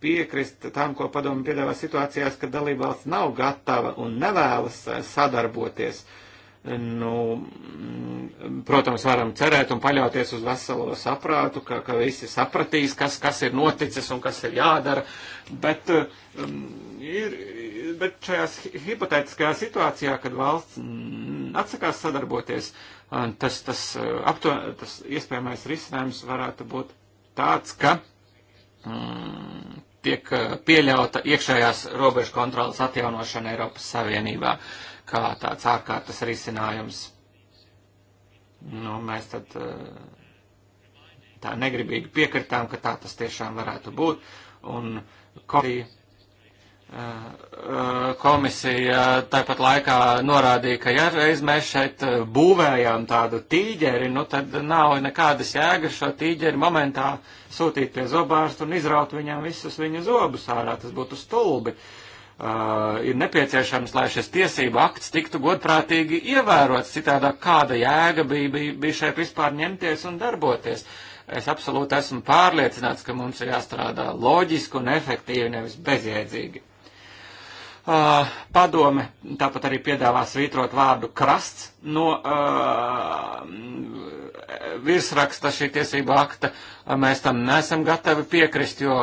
piekrist tam, ko padomu piedāvā situācijās, kad dalībvalsts nav gatava un nevēlas eh, sadarboties. Nu, protams, varam cerēt un paļauties uz veselo saprātu, ka, ka visi sapratīs, kas, kas ir noticis un kas ir jādara, bet um, ir, bet šajā hipotētiskajā situācijā, kad valsts atsakās sadarboties, tas, tas, apto, tas iespējamais risinājums varētu būt tāds, ka mm, tiek pieļauta iekšējās robežu kontrolas atjaunošana Eiropas Savienībā kā tāds ārkārtas risinājums. Nu, mēs tad tā negribīgi piekritām, ka tā tas tiešām varētu būt. Un komisija Komisija tāpat laikā norādīja, ka ja reiz mēs šeit būvējām tādu tīģeri, nu tad nav nekādas jēgas šo tīģeri momentā sūtīt pie zobārstu un izraut viņam visus viņa zobus ārā. Tas būtu stulbi. Uh, ir nepieciešams, lai šis tiesību akts tiktu godprātīgi ievērots, citādā kāda jēga bija, bija, bija šeit vispār ņemties un darboties. Es absolūti esmu pārliecināts, ka mums ir jāstrādā loģiski un efektīvi, nevis bezjēdzīgi. Uh, padome tāpat arī piedāvā svītrot vārdu krasts no uh, virsraksta šī tiesība akta. Mēs tam nesam gatavi piekrist, jo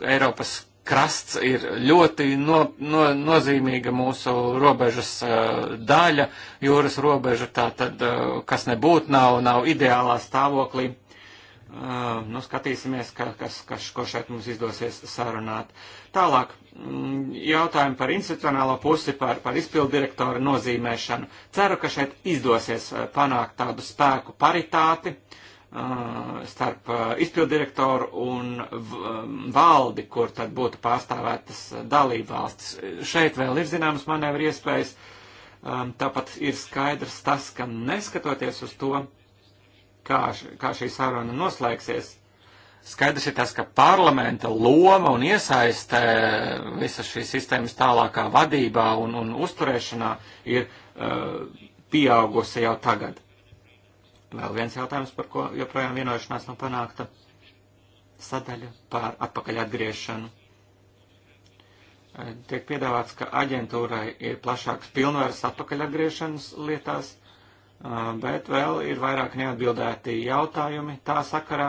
Eiropas krasts ir ļoti no, no, nozīmīga mūsu robežas uh, daļa, jūras robeža, tā tad, uh, kas nebūtu, nav, nav ideālā stāvoklī. Uh, nu, skatīsimies, ka, kas, kas, ko šeit mums izdosies sarunāt. Tālāk, mm, jautājumi par institucionālo pusi, par, par izpildirektoru nozīmēšanu. Ceru, ka šeit izdosies panākt tādu spēku paritāti starp izpildirektoru un valdi, kur tad būtu pārstāvētas dalībvalstis. Šeit vēl ir zināmas manevri iespējas, tāpat ir skaidrs tas, ka neskatoties uz to, kā, š, kā šī saruna noslēgsies. Skaidrs ir tas, ka parlamenta loma un iesaistē visa šīs sistēmas tālākā vadībā un, un uzturēšanā ir uh, pieaugusi jau tagad. Vēl viens jautājums, par ko joprojām vienošanās nav panākta - sadaļa par atpakaļ atgriešanu tiek piedāvāts, ka aģentūrai ir plašāks pilnvaras atpakaļatgriešanas lietās, Uh, bet vēl ir vairāk neatbildēti jautājumi tā sakarā,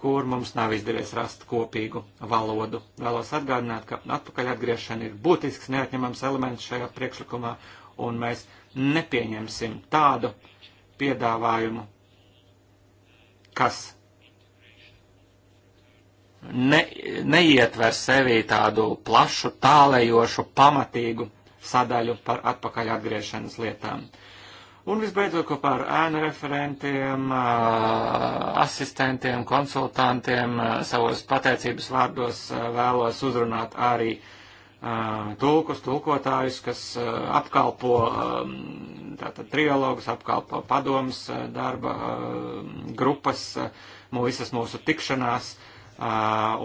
kur mums nav izdevies rast kopīgu valodu. Vēlos atgādināt, ka atpakaļ atgriešana ir būtisks neatņemams elements šajā priekšlikumā, un mēs nepieņemsim tādu piedāvājumu, kas ne, neietver sevī tādu plašu, tālējošu, pamatīgu sadaļu par atpakaļ atgriešanas lietām. Uh, Un visbeidzot kopā ar ēnu referentiem, asistentiem, konsultantiem savos pateicības vārdos vēlos uzrunāt arī tulkus, tulkotājus, kas apkalpo tātad trialogus, apkalpo padomus, darba grupas, visas mūsu tikšanās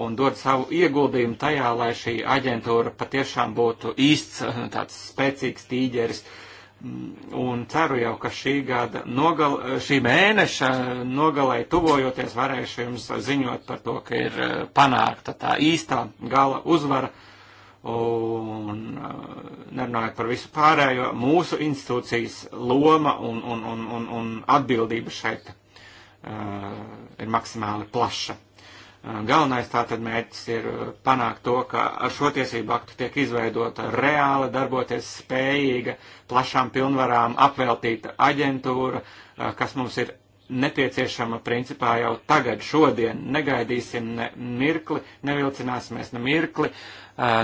un dod savu ieguldījumu tajā, lai šī aģentūra patiešām būtu īsts [LAUGHS] tāds spēcīgs tīģeris Mm, un ceru jau, ka šī gada, nogal, šī mēneša nogalai tuvojoties varēšu jums ziņot par to, ka ir eh, panākta tā īstā gala uzvara. Un eh, nerunājot par visu pārējo, mūsu institūcijas loma un, un, un, un, un atbildība šeit uh, ir maksimāli plaša. Uh, galvenais tātad mērķis ir uh, panākt to, ka ar šo tiesību aktu tiek izveidota reāla, darboties spējīga, plašām pilnvarām apveltīta aģentūra, uh, kas mums ir nepieciešama principā jau tagad, šodien. Negaidīsim ne mirkli, nevilcināsimies ne mirkli.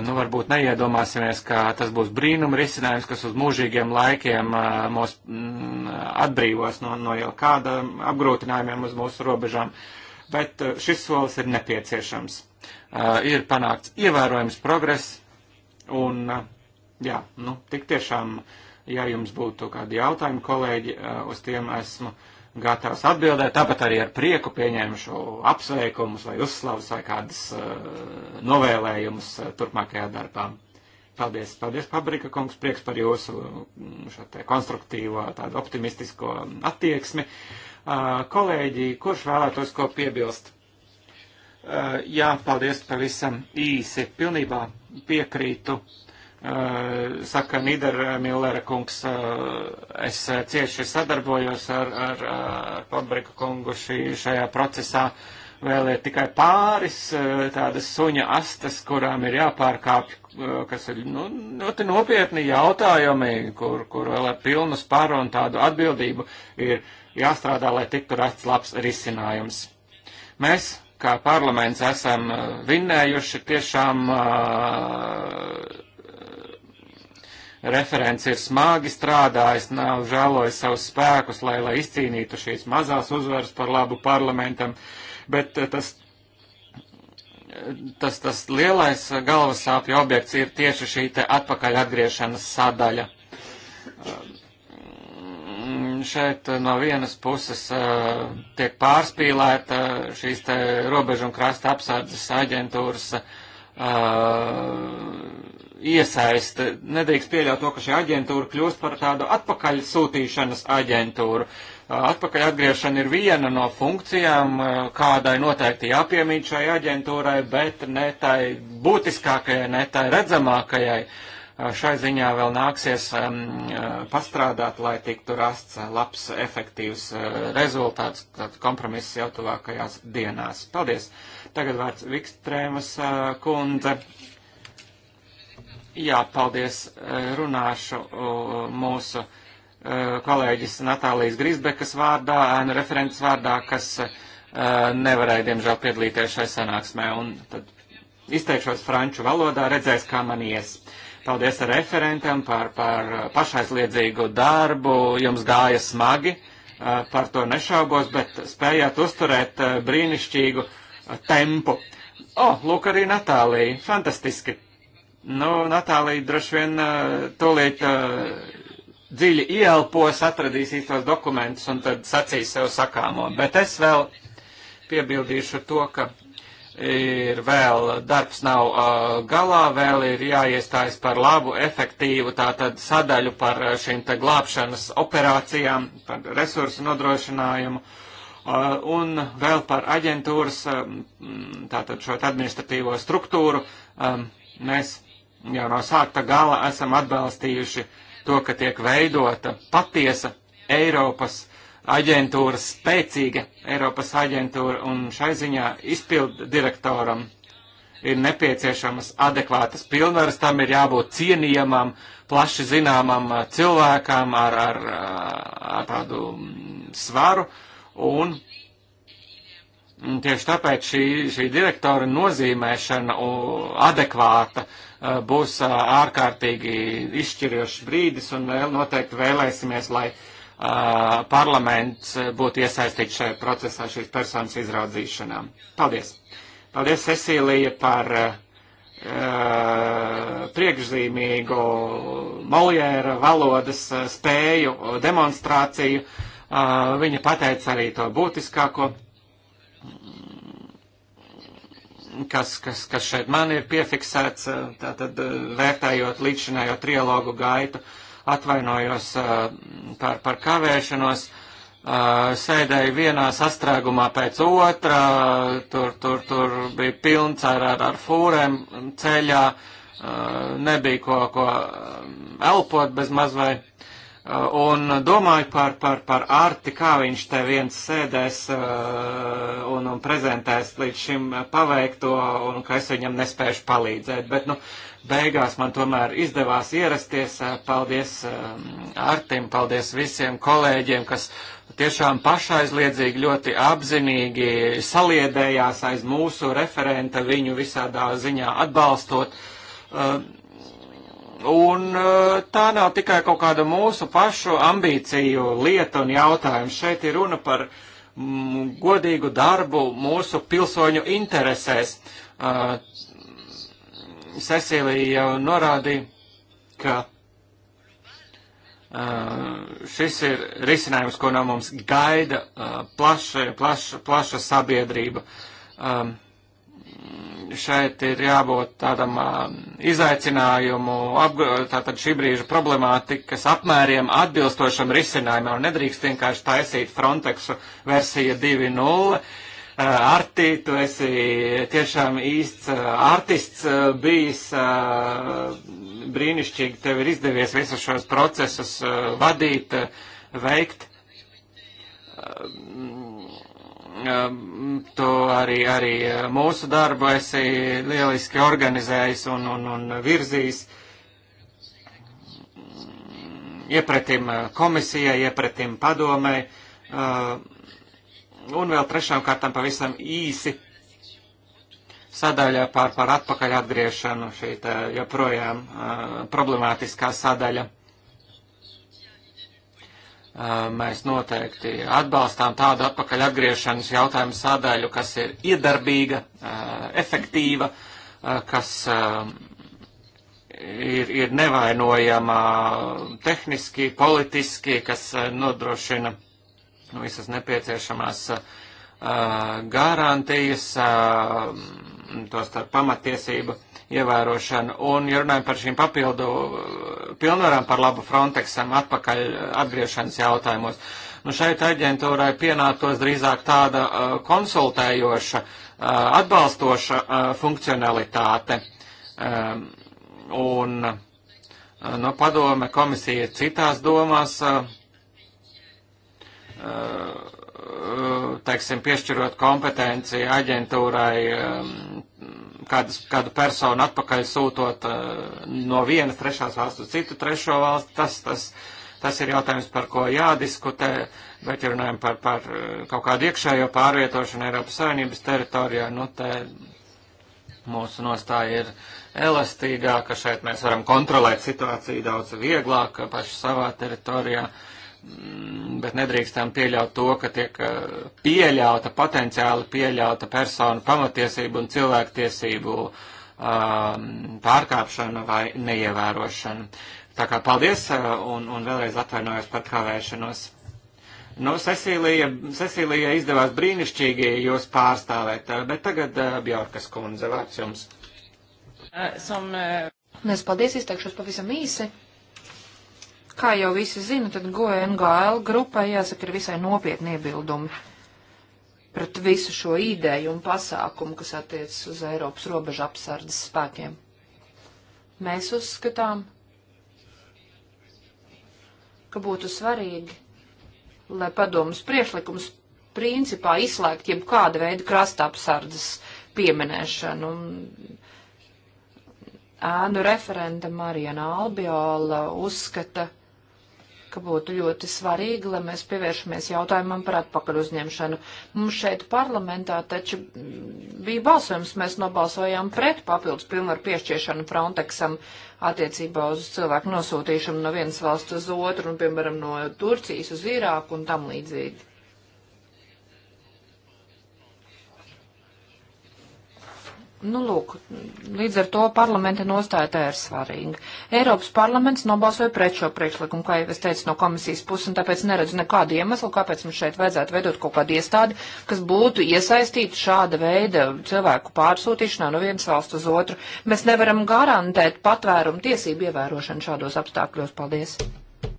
Nu, varbūt neiedomāsimies, ka tas būs brīnum risinājums, kas uz mūžīgiem laikiem mūs mm, atbrīvos no, no jau kāda apgrūtinājumiem uz mūsu robežām. Uh, bet uh, šis solis ir nepieciešams. Uh, ir panākts ievērojams progress, un uh, jā, nu, tik tiešām, ja jums būtu kādi jautājumi, kolēģi, uz tiem esmu gatavs atbildēt, tāpat arī ar prieku pieņemšu apsveikumus vai uzslavas vai kādas novēlējumus turpmākajā darbā. Paldies, paldies, Pabrika kungs, prieks par jūsu mm, konstruktīvo, tādu optimistisko attieksmi. Uh, Kolēģi, kurš vēlētos ko piebilst? Jā, paldies pavisam īsi. Pilnībā piekrītu. Saka Nidermillera kungs, es cieši sadarbojos ar, ar, ar Pabriku kungu šī, šajā procesā. Vēl ir tikai pāris tādas suņa astas, kurām ir jāpārkāpj, kas ir nu, ļoti nopietni jautājumi, kur, kur vēl ar pilnu spāru un tādu atbildību ir jāstrādā, lai tiktu rasts labs risinājums. Mēs, kā parlaments, esam uh, vinnējuši tiešām. Uh, referents ir smagi strādājis, nav žēlojis savus spēkus, lai, lai izcīnītu šīs mazās uzvaras par labu parlamentam, bet uh, tas, tas, tas lielais galvasāpju objekts ir tieši šī te atpakaļ atgriešanas sadaļa. Uh, un šeit no vienas puses uh, tiek pārspīlēta eh, šīs te robežu un krasta apsardzes aģentūras uh, iesaiste. Nedrīkst pieļaut to, ka šī aģentūra kļūst par tādu atpakaļ sūtīšanas aģentūru. Atpakaļ atgriešana ir viena no funkcijām, kādai noteikti jāpiemīt šai aģentūrai, bet ne tai būtiskākajai, ne tai redzamākajai. Uh, šai ziņā vēl nāksies um, pastrādāt, lai tiktu rasts labs, efektīvs rezultāts, kompromiss jau tuvākajās dienās. Paldies! Tagad vārds Vikstrēmas kundze. Jā, paldies. Runāšu mūsu kolēģis Natālijas Grisbekas vārdā, ēnu referents vārdā, kas nevarēja, diemžēl, piedalīties šai sanāksmē. Un tad izteikšos franču valodā, redzēs, kā man ies. Uh, Paldies referentam par, par pašaizliedzīgu darbu. Jums gāja smagi, par to nešaubos, bet spējāt uzturēt brīnišķīgu tempu. O, oh, lūk arī Natālija. Fantastiski. Nu, Natālija droši vien tūlīt dziļi ielpos, atradīsīs tos dokumentus un tad sacīs sev sakāmo. Bet es vēl piebildīšu to, ka ir vēl darbs nav uh, galā, vēl ir jāiestājas par labu, efektīvu tātad sadaļu par šīm te glābšanas operācijām, par resursu nodrošinājumu uh, un vēl par aģentūras, um, tātad šo administratīvo struktūru. Um, mēs jau no sākta gala esam atbalstījuši to, ka tiek veidota patiesa Eiropas aģentūra, spēcīga Eiropas aģentūra, un šai ziņā izpildu direktoram ir nepieciešamas adekvātas pilnvaras, tam ir jābūt cienījamam, plaši zināmam uh, cilvēkam ar, ar, uh, ar tādu mm, svaru, un mm, tieši tāpēc šī, šī direktora nozīmēšana adekvāta uh, būs ārkārtīgi izšķirjošs brīdis, un vēl noteikti vēlēsimies, lai uh, parlaments būtu iesaistīts šajā procesā šīs personas izraudzīšanā. Paldies! Paldies, Cecīlija, par uh, priekšzīmīgu Moliēra valodas spēju demonstrāciju. Uh, viņa pateica arī to būtiskāko, kas, kas, kas šeit man ir piefiksēts, tātad vērtējot līdzinējo trialogu gaitu. Uh, atvainojos eh, par, par kavēšanos. Eh, sēdēju vienā sastrēgumā pēc otrā, tur, tur, tur bija pilns ar, ar, ar fūrēm ceļā, eh, nebija ko, ko elpot bez mazvai. Eh, un domāju par, par, par Arti, kā viņš te viens sēdēs eh, un, un prezentēs līdz šim paveikto, un ka es viņam nespēšu palīdzēt. Bet, nu, beigās man tomēr izdevās ierasties. Eh, paldies Artim, paldies visiem kolēģiem, kas tiešām pašaizliedzīgi, ļoti apzinīgi saliedējās aiz mūsu referenta, viņu visādā ziņā atbalstot. Uh, Un eh, tā nav tikai kaut kāda mūsu pašu ambīciju lieta un jautājums. Šeit ir runa par m, mm, godīgu darbu mūsu pilsoņu interesēs. Uh, Cecīlija jau norādīja, ka uh, šis ir risinājums, ko no mums gaida uh, plaša, plaša, plaša sabiedrība. Um, šeit ir jābūt tādam um, izaicinājumu, apga, tātad šī brīža problemātikas apmēriem atbilstošam risinājumam. Nedrīkst vienkārši taisīt Frontex versija 2.0. Uh, Arti, tu esi tiešām īsts uh, artists uh, bijis, brīnišķīgi tev ir izdevies visus šos procesus vadīt, veikt Ehm, tu arī, arī eh, mūsu darbu esi lieliski organizējis un, un, un virzījis. Iepretim eh, komisijai, iepretim padomai. Ehm, un vēl trešām kārtām pavisam īsi sadaļa par, par atpakaļ atgriešanu, šī joprojām eh, problemātiskā sadaļa. Mēs noteikti atbalstām tādu atpakaļ atgriešanas jautājumu sādaļu, kas ir iedarbīga, efektīva, kas ir, ir nevainojama tehniski, politiski, kas nodrošina nu, visas nepieciešamās garantijas, tos ar pamatiesību ievērošanu. Un, ja runājam par šīm papildu pilnvarām par labu Frontexam atpakaļ atgriešanas jautājumos, nu šeit aģentūrai pienātos drīzāk tāda konsultējoša, atbalstoša funkcionalitāte. Un, no nu, padome komisija ir citās domās, teiksim, piešķirot kompetenci aģentūrai kādas, kādu personu atpakaļ sūtot eh, no vienas trešās valsts uz citu trešo valstu, tas, tas, tas ir jautājums, par ko jādiskutē, bet ja runājam par, par eh, kaut kādu iekšējo pārvietošanu Eiropas Savienības teritorijā, nu te mūsu nostāja ir elastīgāka, šeit mēs varam kontrolēt situāciju daudz vieglāk paši savā teritorijā. Uh, Mm, bet nedrīkstam pieļaut to, ka tiek eh, pieļauta, potenciāli pieļauta personu pamatiesību un cilvēktiesību ehm, pārkāpšana vai neievērošana. Tā kā paldies eh, un, un vēlreiz atvainojos par kavēšanos. Nu, Cecīlija, Cecīlija izdevās brīnišķīgi jūs pārstāvēt, eh, bet tagad Bjorkas kundze, vārds jums. Mēs paldies, izteikšos pavisam īsi. Kā jau visi zina, tad GNGL grupai jāsaka ir visai nopietni iebildumi pret visu šo ideju un pasākumu, kas attiecas uz Eiropas robežu apsardzes spēkiem. Mēs uzskatām, ka būtu svarīgi, lai padomus priešlikums principā izslēgt jebkāda veida krasta apsardzes pieminēšanu. Ēnu referenta Marijana Albiola uzskata, ka būtu ļoti svarīgi, lai mēs pievēršamies jautājumam par atpakaļ uzņemšanu. Mums šeit parlamentā taču mm, bija balsojums, mēs nobalsojām pret papildus pilnvaru piešķiešanu Frontexam attiecībā uz cilvēku nosūtīšanu no vienas valsts uz otru un, piemēram, no Turcijas uz Irāku un tam līdzīgi. Nu, lūk, līdz ar to parlamenta nostāja tā ir svarīga. Eiropas parlaments nobalsoja pret šo priekšlikumu, kā jau es teicu, no komisijas puses, un tāpēc neredzu nekādu iemeslu, kāpēc mums šeit vajadzētu veidot kaut kādu iestādi, kas būtu iesaistīta šāda veida cilvēku pārsūtīšanā no vienas valsts uz otru. Mēs nevaram garantēt patvērumu tiesību ievērošanu šādos apstākļos. Paldies!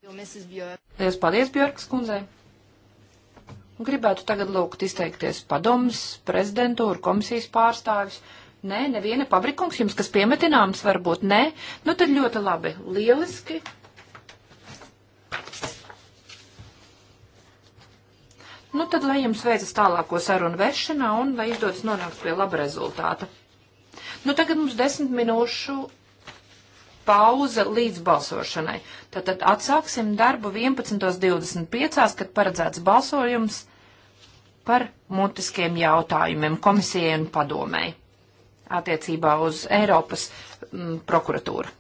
Lielas paldies, Bjorkas kundzei! Gribētu tagad lūgt izteikties padomus, prezidentūru, komisijas pārstāvis. Nē, neviena pabrikums jums, kas piemetināms, varbūt nē. Nu tad ļoti labi. Lieliski. Nu tad, lai jums veicas tālāko sarunu vešanā un lai izdodas nonākt pie laba rezultāta. Nu tagad mums desmit minūšu pauze līdz balsošanai. Tātad atsāksim darbu 11.25, kad paredzēts balsojums par mutiskiem jautājumiem komisijai un padomēji attiecībā uz Eiropas m, mm, prokuratūru.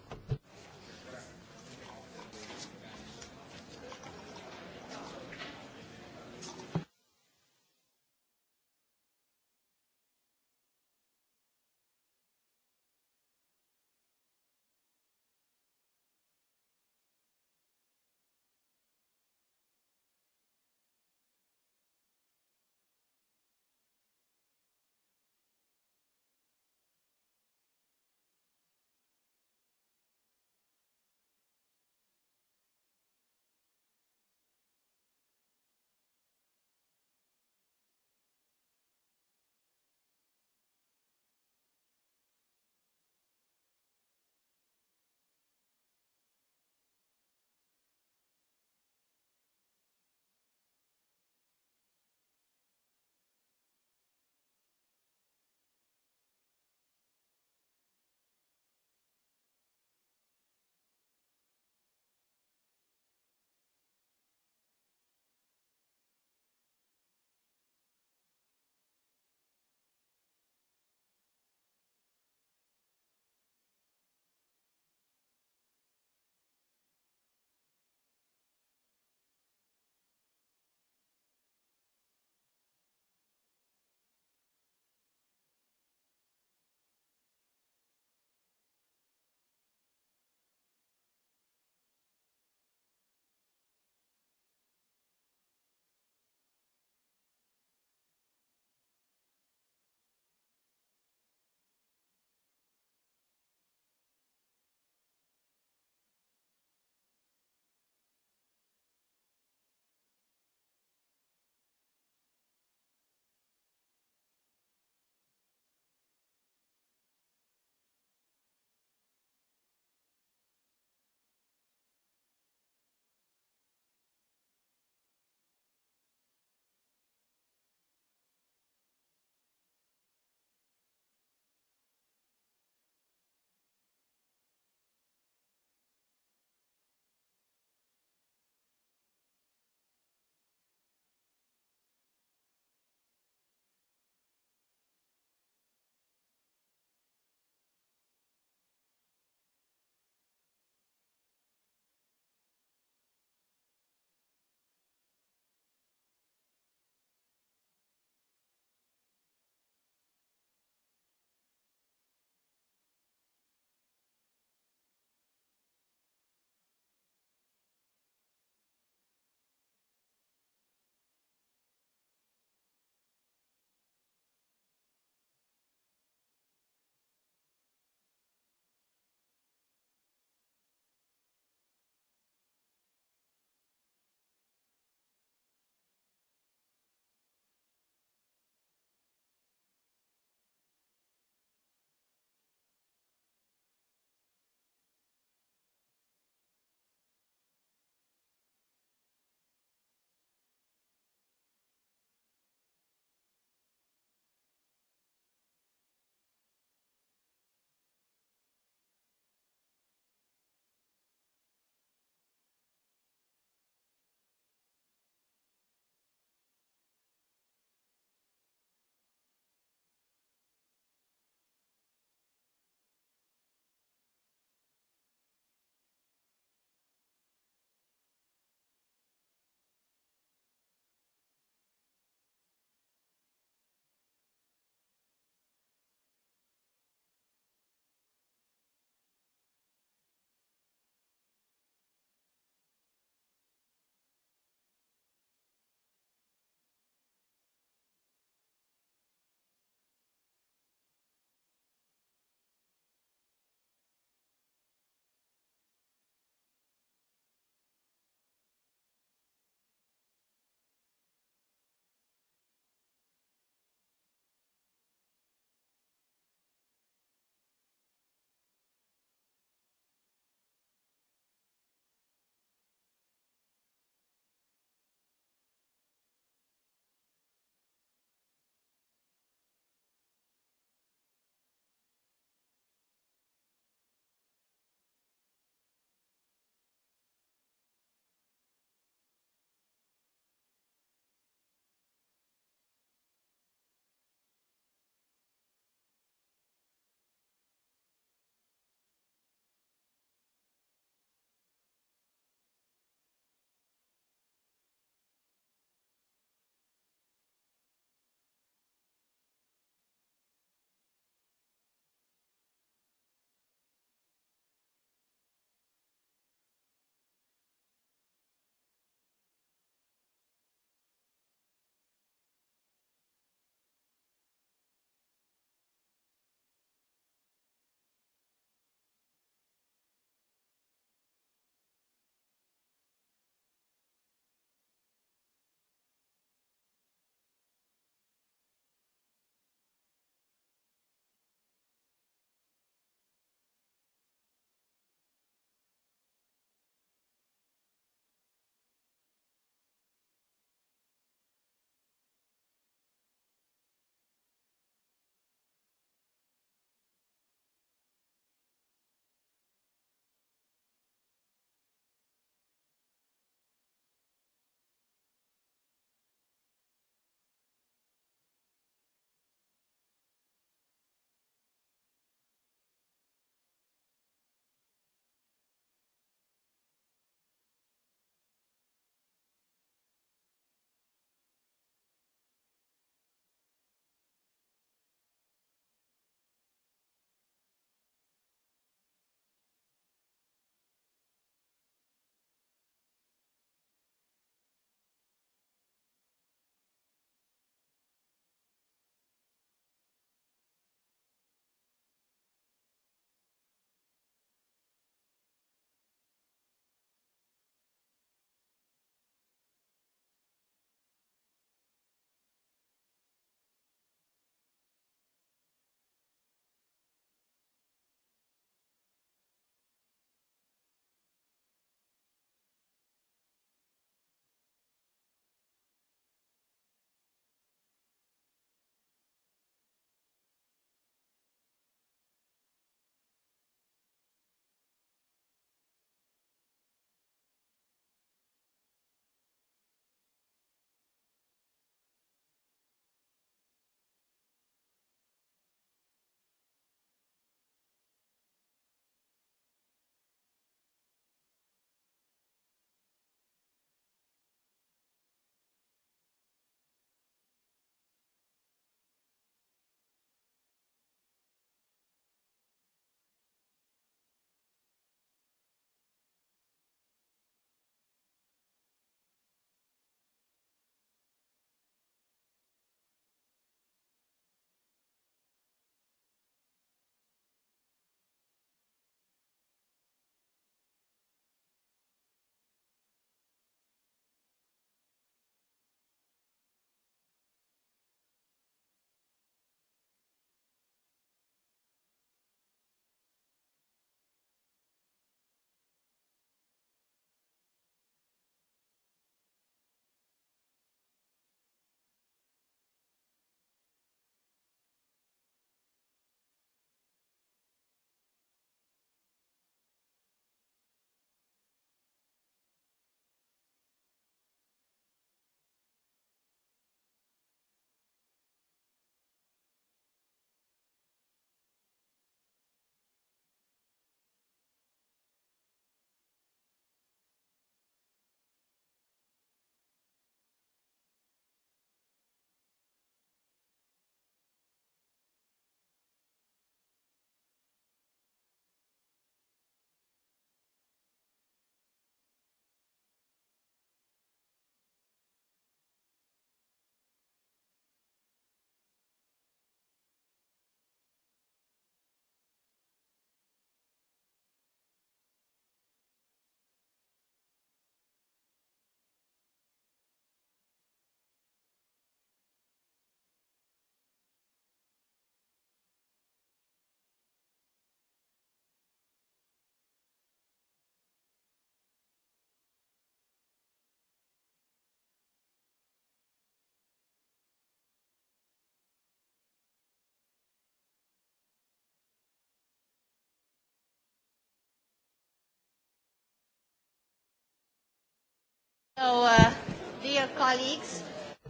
So, uh,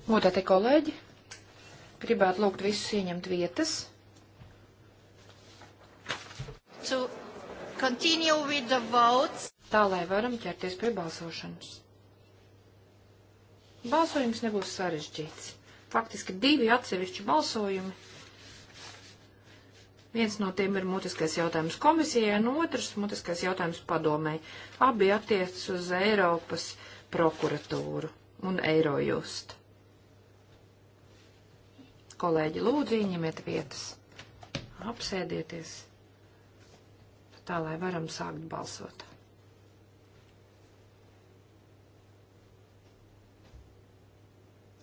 Godātie kolēģi, gribētu lūgt visus ieņemt vietas. Tā, lai varam ķerties pie balsošanas. Balsojums nebūs sarežģīts. Faktiski divi atsevišķi balsojumi. Viens no tiem ir mutiskais jautājums komisijai, un otrs mutiskais jautājums padomē. Abi attiecas uz Eiropas uh, prokuratūru un Eirojust. Kolēģi, lūdzu, ieņemiet vietas, apsēdieties, tā lai varam sākt balsot.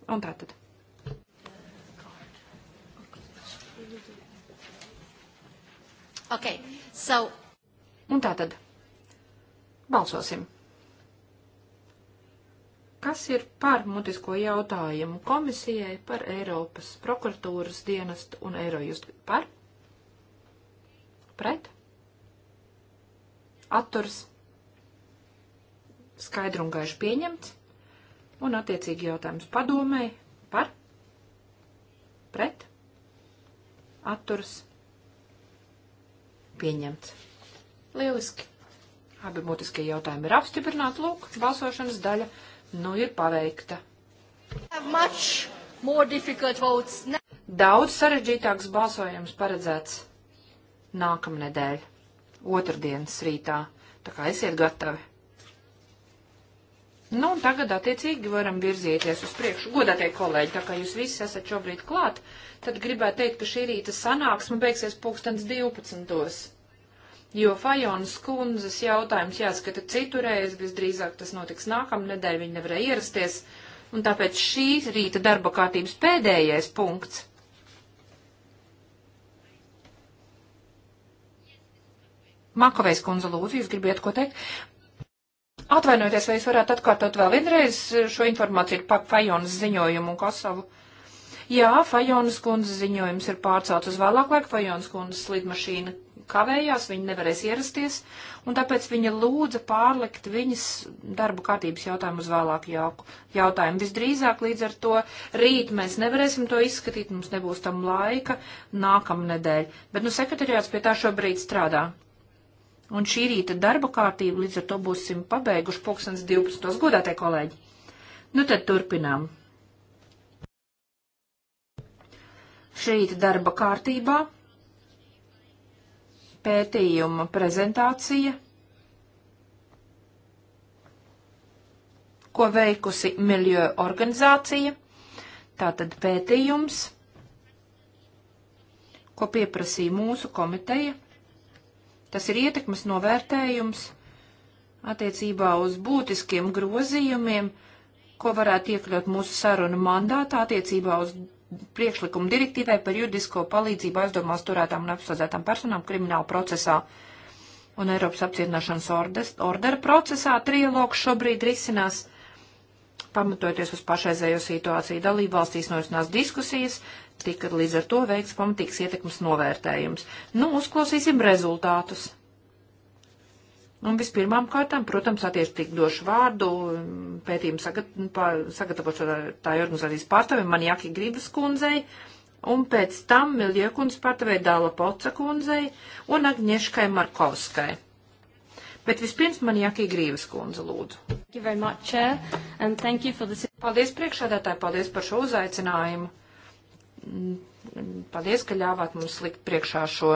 Un tā tad. Okay, so... Un tā tad. Balsosim. Kas ir par mutisko jautājumu komisijai par Eiropas prokuratūras dienestu un Eirojust par? Pret? Atturs? Skaidru un gaišu pieņemts? Un attiecīgi jautājums padomēji par? Pret? Atturs? Pieņemts. Lieliski! Abi mutiskie jautājumi ir apstiprināti. Lūk, balsošanas daļa nu ir paveikta. Daudz sarežģītāks balsojums paredzēts nākamnedēļ, otrdienas rītā, tā kā esiet gatavi. Nu, un tagad attiecīgi varam virzīties uz priekšu. Godātie kolēģi, tā kā jūs visi esat šobrīd klāt, tad gribētu teikt, ka šī rīta sanāksme beigsies pulkstens 12 jo Fajonas kundzes jautājums jāskata citurreiz, visdrīzāk tas notiks nākamnedēļ, viņa nevarēja ierasties, un tāpēc šī rīta darba kārtības pēdējais punkts. Makovejs kundze lūdzu, jūs gribiet ko teikt? Atvainojieties, vai jūs varētu atkārtot vēl vienreiz šo informāciju par Fajonas ziņojumu un Kosovu? Jā, Fajonas kundzes ziņojums ir pārcelts uz vēlāk laiku. Fajonas kundzes lidmašīna kavējās, viņi nevarēs ierasties, un tāpēc viņa lūdza pārlikt viņas darbu kārtības jautājumu uz vēlāku jauku jautājumu. Visdrīzāk līdz ar to rīt mēs nevarēsim to izskatīt, mums nebūs tam laika nākamnedēļ. Bet nu sekretariāts pie tā šobrīd strādā. Un šī rīta darba kārtība līdz ar to būsim pabeiguši pulkstens 12. godātie kolēģi. Nu tad turpinām. Šī rīta darba kārtībā pētījuma prezentācija, ko veikusi Miljo organizācija. Tātad pētījums, ko pieprasīja mūsu komiteja. Tas ir ietekmes novērtējums attiecībā uz būtiskiem grozījumiem, ko varētu iekļaut mūsu sarunu mandātā attiecībā uz priekšlikumu direktīvai par juridisko palīdzību aizdomās turētām un apsūdzētām personām krimināla procesā un Eiropas apcietināšanas ordes, ordera procesā. Trialogs šobrīd risinās, pamatojoties uz pašreizējo situāciju. Dalību valstīs norisinās diskusijas, tika līdz ar to veikts pamatīgs ietekmes novērtējums. Nu, uzklausīsim rezultātus. Un vispirmām kārtām, protams, attiecīgi došu vārdu pētījumu sagat, sagatavotāju organizācijas pārstāvim Manjaki Gribas kundzei, un pēc tam Milja kundze pārstāvēja Dāla Poca kundzei un Agnieškai Markovskai. Bet vispirms Manjaki Gribas kundze lūdzu. Much, Chair, this... Paldies priekšādātāji, paldies par šo uzaicinājumu Paldies, ka ļāvāt mums likt priekšā šo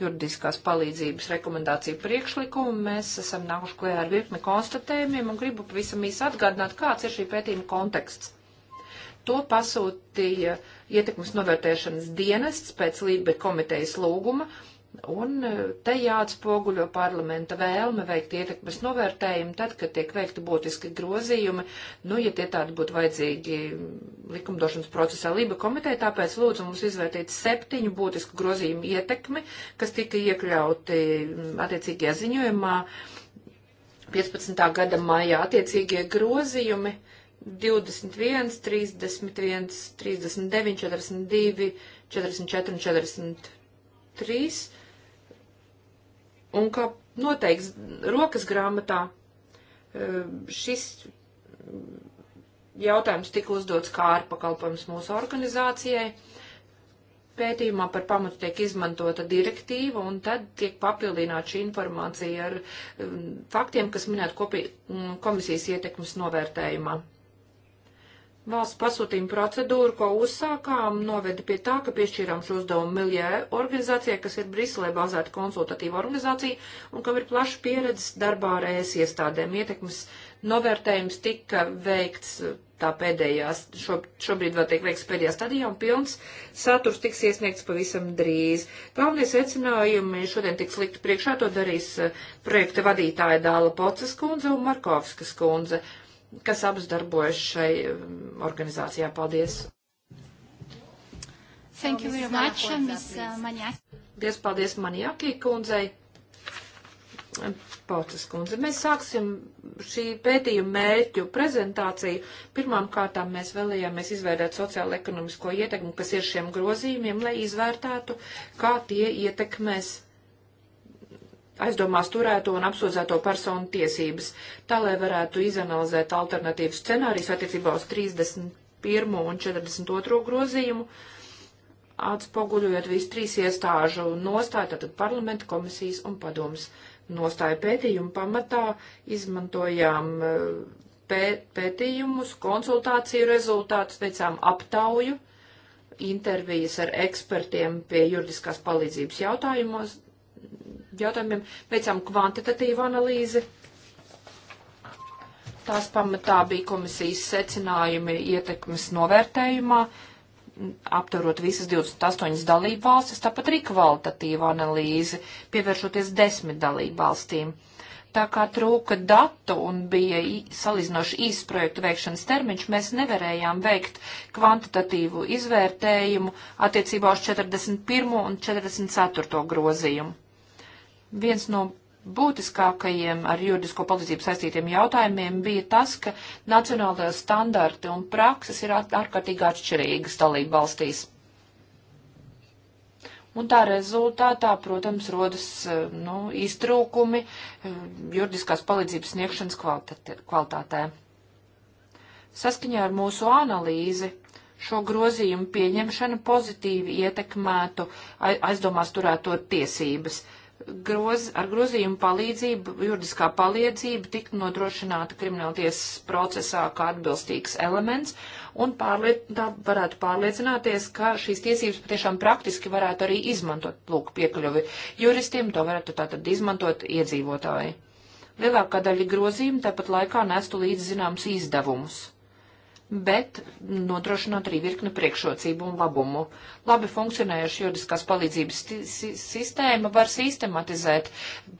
juridiskās palīdzības rekomendāciju priekšlikumu. Mēs esam nākuši klējā ar virkni konstatējumiem un gribu pavisam īsi atgādināt, kāds ir šī pētījuma konteksts. To pasūtīja ietekmes novērtēšanas dienests pēc Lībe komitejas lūguma Un eh, te jāatspoguļo parlamenta vēlme veikt ietekmes novērtējumu tad, kad tiek veikti būtiski grozījumi, nu, ja tie tādi būtu vajadzīgi likumdošanas procesā Lība komiteja, tāpēc lūdzu mums izvērtīt septiņu būtisku grozījumu ietekmi, kas tika iekļauti mm, attiecīgajā ziņojumā 15. gada maijā attiecīgie grozījumi 21, 31, 39, 42, 44 un 40. 3 un kā noteikts rokas grāmatā e, šis jautājums tika uzdots kā ārpakalpojums mūsu organizācijai. Pētījumā par pamatu tiek izmantota direktīva, un tad tiek papildināta šī informācija ar e, faktiem, kas minēta komisijas ietekmes novērtējumā. Valsts pasūtījuma procedūra, ko uzsākām, noveda pie tā, ka piešķīrām šo uzdevumu Miljē organizācijai, kas ir Briselē bāzēta konsultatīva organizācija un kam ir plaša pieredze darbā ar ES iestādēm. Ietekmes novērtējums tika veikts tā pēdējās, šo, šobrīd vēl tiek veikts pēdējā stadijā un pilns saturs tiks iesniegts pavisam drīz. Galvenie secinājumi šodien tiks likt priekšā, to darīs eh, projekta vadītāja Dāla Poces kundze un Markovskas kundze. Uh, kas abas darbojas šai um, organizācijā. Paldies! Thank you very much, uh, Ms. Uh, Maniaki. Paldies, paldies Maniaki kundzei. Paucas kundze, mēs sāksim šī pētījuma mērķu prezentāciju. Pirmām kārtām mēs vēlējāmies izvērtēt sociālo ekonomisko ietekmi, kas ir šiem grozījumiem, lai izvērtētu, kā tie ietekmēs aizdomās turēto un apsūdzēto personu tiesības, tā lai varētu izanalizēt alternatīvas scenārijas attiecībā uz 31. un 42. grozījumu, atspoguļojot visu trīs iestāžu nostāju, tātad parlamenta komisijas un padomas nostāju pētījumu pamatā, izmantojām eh, pētījumus, konsultāciju rezultātus, veicām aptauju intervijas ar ekspertiem pie juridiskās palīdzības jautājumos, jautājumiem, veicām kvantitatīvu analīzi. Tās pamatā bija komisijas secinājumi ietekmes novērtējumā, aptverot visas 28 dalību valstis, tāpat arī kvalitatīva analīze, pievēršoties desmit dalību valstīm tā kā trūka datu un bija salīdzinoši īsts projektu veikšanas termiņš, mēs nevarējām veikt kvantitatīvu izvērtējumu attiecībā uz 41. un 44. grozījumu viens no būtiskākajiem ar juridisko palīdzību saistītiem jautājumiem bija tas, ka nacionālajā standarti un prakses ir ārkārtīgi atšķirīgas dalība valstīs. Un tā rezultātā, protams, rodas eh, nu, iztrūkumi eh, juridiskās palīdzības sniegšanas kvalitātē. Saskaņā ar mūsu analīzi šo grozījumu pieņemšana pozitīvi ietekmētu aizdomās turēto tiesības groz, ar grozījumu palīdzību, juridiskā palīdzība tiktu nodrošināta krimināltiesas procesā kā atbilstīgs elements, un pārliet, tā varētu pārliecināties, ka šīs tiesības patiešām praktiski varētu arī izmantot, lūk, piekļuvi juristiem, to varētu tātad izmantot iedzīvotāji. Lielākā daļa grozījumu tāpat laikā nestu līdz zināms izdevumus bet nodrošinot arī virkni priekšrocību un labumu. Labi funkcionējuši juridiskās palīdzības sistēma var sistematizēt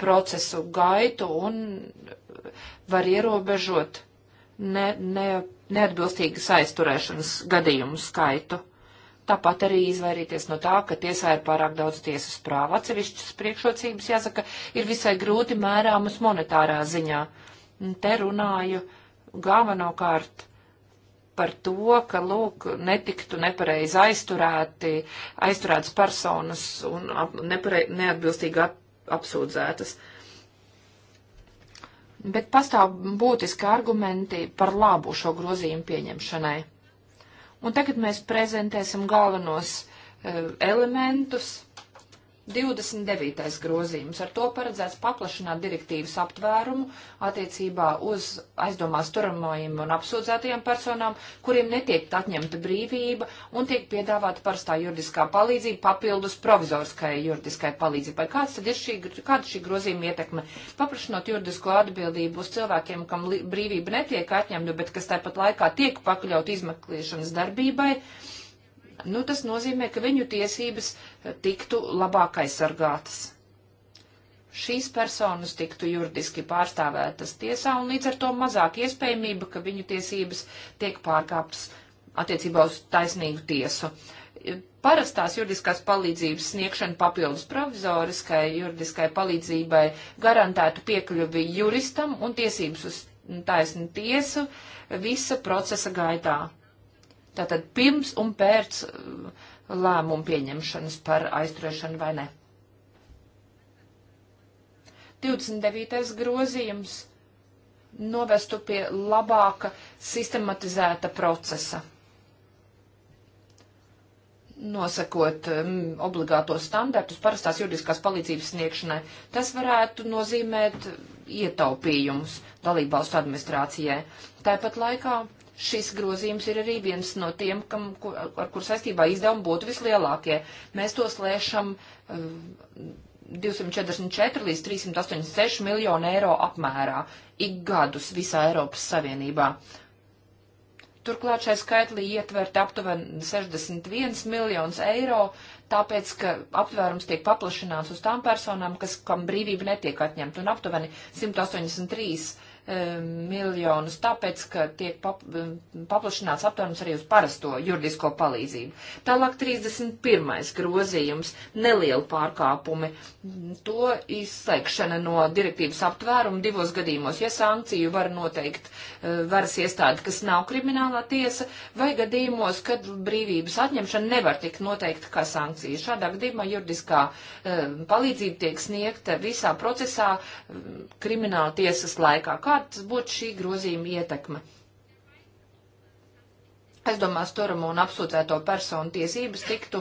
procesu gaitu un var ierobežot ne, ne, neatbilstīgas aizturēšanas gadījumu skaitu. Tāpat arī izvairīties no tā, ka tiesā ir pārāk daudz tiesas prāva. Atsevišķas priekšrocības, jāsaka, ir visai grūti mērāmas monetārā ziņā. Te runāju galvenokārt par to, ka, lūk, netiktu nepareizi aizturēti, aizturētas personas un neparei, neatbilstīgi ap, apsūdzētas. Bet pastāv būtiski argumenti par labu šo grozījumu pieņemšanai. Un tagad mēs prezentēsim galvenos uh, elementus 29. grozījums. Ar to paredzēts paplašināt direktīvas aptvērumu attiecībā uz aizdomās turamajiem un apsūdzētajiem personām, kuriem netiek atņemta brīvība un tiek piedāvāta parastā juridiskā palīdzība papildus provizoriskajai juridiskai palīdzībai. Kāds tad ir šī, kāda šī grozījuma ietekme? Paplašinot juridisko atbildību uz cilvēkiem, kam brīvība netiek atņemta, bet kas tāpat laikā tiek pakļaut izmeklēšanas darbībai nu, tas nozīmē, ka viņu tiesības eh, tiktu labāk aizsargātas. Šīs personas tiktu juridiski pārstāvētas tiesā un līdz ar to mazāk iespējamība, ka viņu tiesības tiek pārkāptas attiecībā uz taisnīgu tiesu. Parastās juridiskās palīdzības sniegšana papildus provizoriskai juridiskai palīdzībai garantētu piekļuvi juristam un tiesības uz taisnu tiesu visa procesa gaitā Tātad pirms un pēc uh, lēmumu pieņemšanas par aizturēšanu vai ne. 29. grozījums novestu pie labāka sistematizēta procesa nosakot um, obligātos standartus parastās juridiskās palīdzības sniegšanai, tas varētu nozīmēt ietaupījumus dalībvalstu administrācijai. Tāpat laikā šis grozījums ir arī viens no tiem, kam, kur, ar kur saistībā izdevumi būtu vislielākie. Mēs tos lēšam uh, 244 līdz 386 miljonu eiro apmērā ik gadus visā Eiropas Savienībā. Turklāt šai skaitlī ietvert aptuveni 61 miljonus eiro, tāpēc, ka aptvērums tiek paplašināts uz tām personām, kas, kam brīvība netiek atņemta, un aptuveni 183 Um, miljonus, tāpēc, ka tiek pap, um, paplašināts aptvērums arī uz parasto juridisko palīdzību. Tālāk 31. grozījums - nelieli pārkāpumi. To izslēgšana no direktīvas aptvēruma divos gadījumos, ja sankciju var noteikt uh, varas iestāde, kas nav kriminālā tiesa, vai gadījumos, kad brīvības atņemšana nevar tikt noteikta kā sankcija. Šādā gadījumā juridiskā um, palīdzība tiek sniegta visā procesā krimināla tiesas laikā. Kā kāds būtu šī grozījuma ietekme. Aizdomās turamu un apsūdzēto personu tiesības tiktu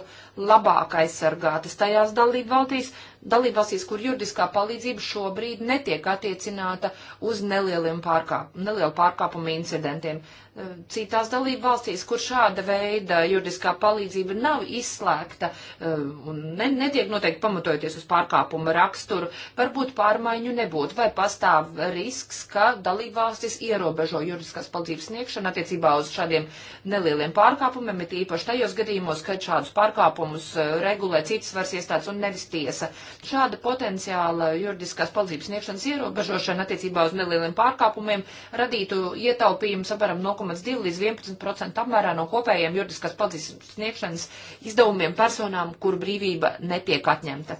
labāk aizsargātas tajās dalību valstīs, dalībvalstīs, kur juridiskā palīdzība šobrīd netiek attiecināta uz nelieliem pārkāp, nelielu pārkāpumu incidentiem. Eh, citās dalībvalstīs, kur šāda veida juridiskā palīdzība nav izslēgta eh, un ne, netiek noteikti pamatojoties uz pārkāpuma raksturu, varbūt pārmaiņu nebūtu vai pastāv risks, ka dalībvalstis ierobežo juridiskās palīdzības sniegšanu attiecībā uz šādiem nelieliem pārkāpumiem, it īpaši tajos gadījumos, kad šādus pārkāpumus eh, regulē citas varas iestādes un nevis tiesa. Šāda potenciāla juridiskās palīdzības sniegšanas ierobežošana attiecībā uz nelieliem pārkāpumiem radītu ietaupījumus apmēram 0,2 līdz 11% apmērā no kopējiem juridiskās palīdzības sniegšanas izdevumiem personām, kur brīvība netiek atņemta.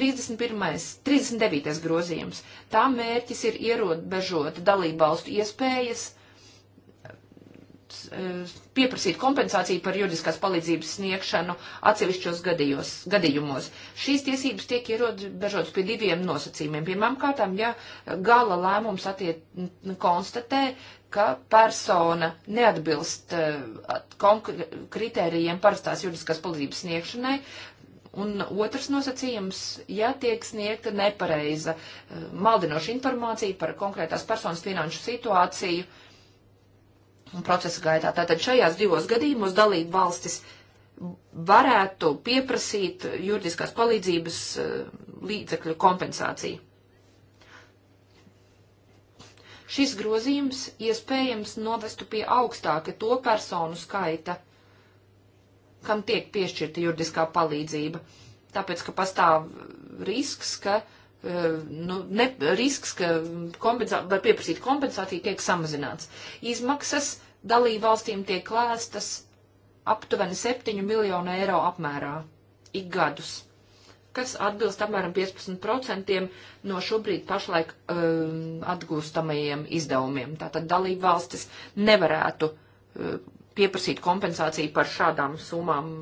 31. 39. grozījums. Tā mērķis ir ierobežot dalībvalstu iespējas Eh, pieprasīt kompensāciju par juridiskās palīdzības sniegšanu atsevišķos gadījos, gadījumos. Šīs tiesības tiek ierobežotas pie diviem nosacījumiem. Pirmām kārtām, ja gala lēmums attiet, konstatē, ka persona neatbilst eh, kritērijiem parastās juridiskās palīdzības sniegšanai, Un otrs nosacījums, ja tiek sniegta nepareiza eh, maldinoša informācija par konkrētās personas finanšu situāciju, uh, un procesa gaitā. Tātad šajās divos gadījumos dalību valstis varētu pieprasīt juridiskās palīdzības eh, līdzekļu kompensāciju. Šis grozījums iespējams novestu pie augstāka to personu skaita, kam tiek piešķirta juridiskā palīdzība, tāpēc, ka pastāv risks, ka uh, Eh, nu, ne, risks, ka kompensā, var pieprasīt kompensāciju, tiek samazināts. Izmaksas dalību valstīm tiek lēstas aptuveni 7 miljonu eiro apmērā ik gadus, kas atbilst apmēram 15% no šobrīd pašlaik um, atgūstamajiem izdevumiem. Tātad dalību valstis nevarētu um, pieprasīt kompensāciju par šādām summām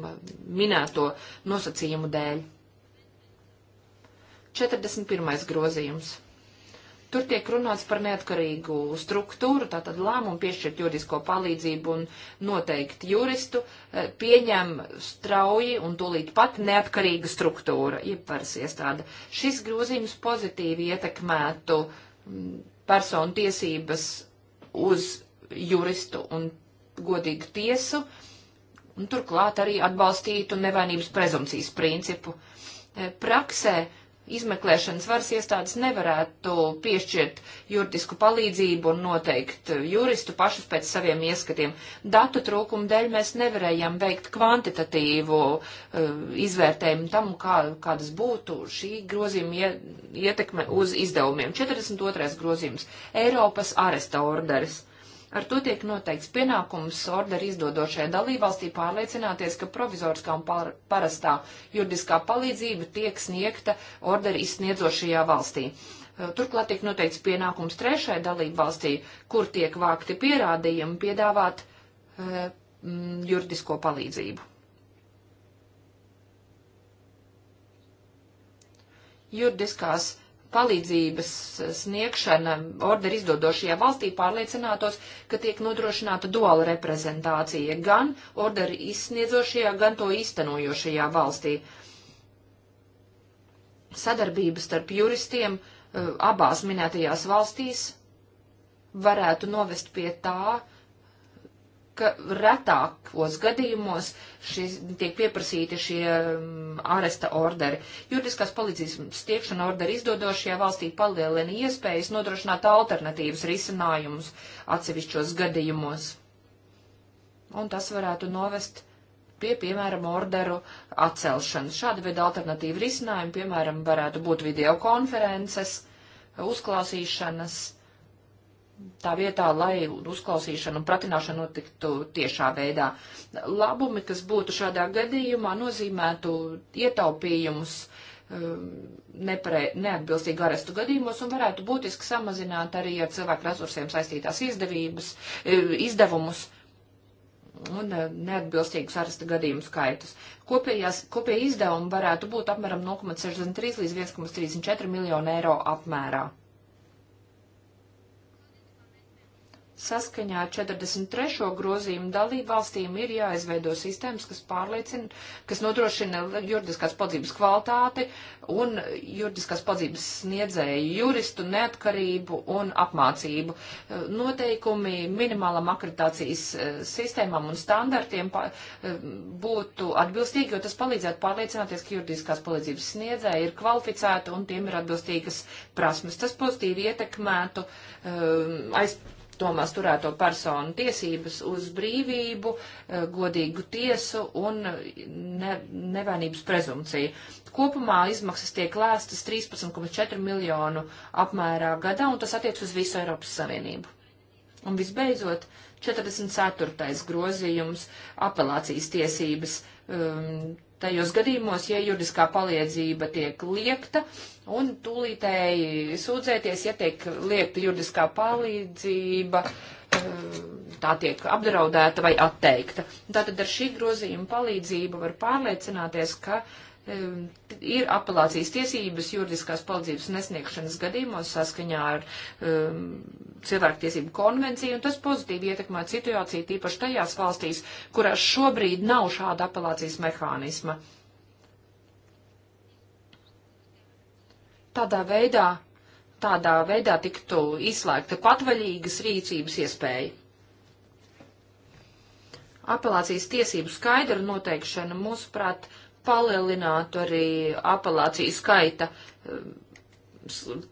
minēto nosacījumu dēļ. 41. grozījums. Tur tiek runāts par neatkarīgu struktūru, tātad lēmumu piešķirt juridisko palīdzību un noteikti juristu eh, pieņem strauji un tūlīt pat neatkarīga struktūra, jebvaras iestāde. Šis grozījums pozitīvi ietekmētu mm, personu tiesības uz juristu un godīgu tiesu, un turklāt arī atbalstītu nevainības prezumcijas principu. Eh, praksē izmeklēšanas varas iestādes nevarētu piešķirt juridisku palīdzību un noteikt juristu pašus pēc saviem ieskatiem. Datu trūkuma dēļ mēs nevarējām veikt kvantitatīvu uh, izvērtējumu tam, kā, kādas būtu šī grozījuma ietekme uz izdevumiem. 42. grozījums - Eiropas aresta orders. Uh, Ar to tiek noteikts pienākums orderi izdodošajai dalībvalstī pārliecināties, ka provizoriskā un par, parastā juridiskā palīdzība tiek sniegta orderi izsniedzošajā valstī. Eh, turklāt tiek noteikts pienākums trešajai dalībvalstī, kur tiek vākti pierādījumi piedāvāt e, juridisko palīdzību. Juridiskās palīdzības sniegšana orderu izdodošajā valstī pārliecinātos, ka tiek nodrošināta duāla reprezentācija gan orderu izsniedzošajā, gan to īstenojošajā valstī. Sadarbība starp juristiem eh, abās minētajās valstīs varētu novest pie tā, ka retākos gadījumos šis, tiek pieprasīti šie um, mm, aresta orderi. Juridiskās palīdzības stiekšana orderi izdodošajā valstī palielina iespējas nodrošināt alternatīvas risinājumus atsevišķos gadījumos. Un tas varētu novest pie, piemēram, orderu atcelšanas. Šāda veida alternatīva risinājumi, piemēram, varētu būt videokonferences, uzklausīšanas tā vietā, lai uzklausīšana un pratināšana notiktu tiešā veidā. Labumi, kas būtu šādā gadījumā, nozīmētu ietaupījumus um, nepre, neatbilstīgu arestu gadījumos un varētu būtiski samazināt arī ar cilvēku resursiem saistītās izdevības, eh, izdevumus un eh, neatbilstīgus aresta gadījumu skaitus. Kopējās, kopēji izdevumi varētu būt apmēram 0,63 līdz 1,34 miljonu eiro apmērā. Saskaņā ar 43. grozījumu dalību valstīm ir jāizveido sistēmas, kas pārliecina, kas nodrošina juridiskās padzības kvalitāti un juridiskās padzības sniedzēju juristu neatkarību un apmācību. Noteikumi minimālam akreditācijas eh, sistēmām un standartiem eh, būtu atbilstīgi, jo tas palīdzētu pārliecināties, ka juridiskās palīdzības sniedzēji ir kvalificēti un tiem ir atbilstīgas prasmes. Tas pozitīvi ietekmētu um, aiz tomās turēto personu tiesības uz brīvību, eh, godīgu tiesu un eh, ne, nevainības prezumciju. Kopumā izmaksas tiek lēstas 13,4 miljonu apmērā gadā, un tas attiec uz visu Eiropas Savienību. Un visbeidzot, 44. grozījums apelācijas tiesības. Um, tajos gadījumos, ja juridiskā palīdzība tiek liekta un tūlītēji sūdzēties, ja tiek liekta juridiskā palīdzība, eh, tā tiek apdraudēta vai atteikta. Tātad ar šī grozījuma palīdzību var pārliecināties, ka uh, ir apelācijas tiesības juridiskās palīdzības nesniegšanas gadījumos saskaņā ar um, cilvēktiesību konvenciju, un tas pozitīvi ietekmē situāciju tīpaši tajās valstīs, kurās šobrīd nav šāda apelācijas mehānisma. Tādā veidā, tādā veidā tiktu izslēgta patvaļīgas rīcības iespēja. Apelācijas tiesību skaidra noteikšana, mūsuprāt, uh, palielinātu arī apelāciju skaita, um,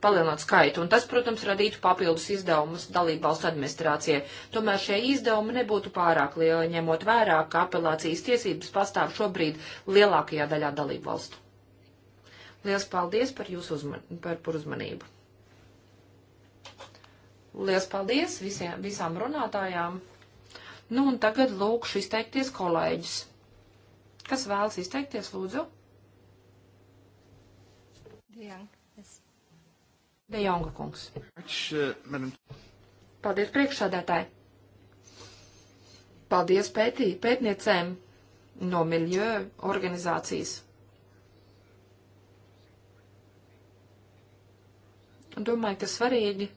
palielināt skaitu, un tas, protams, radītu papildus izdevumus dalībvalstu administrācijai. Tomēr šie izdevumi nebūtu pārāk lieli, ņemot vērā, ka apelācijas tiesības pastāv šobrīd lielākajā daļā dalībvalstu. Lielas paldies par jūsu uzman par, par uzmanību. Lielas paldies visiem, visām runātājām. Nu, un tagad lūkšu izteikties kolēģis. Kas vēlas izteikties, lūdzu? De Jonga kungs. Eh, Paldies priekšsādātāji. Paldies pētī, pētniecēm no miljö organizācijas. Domāju, ka svarīgi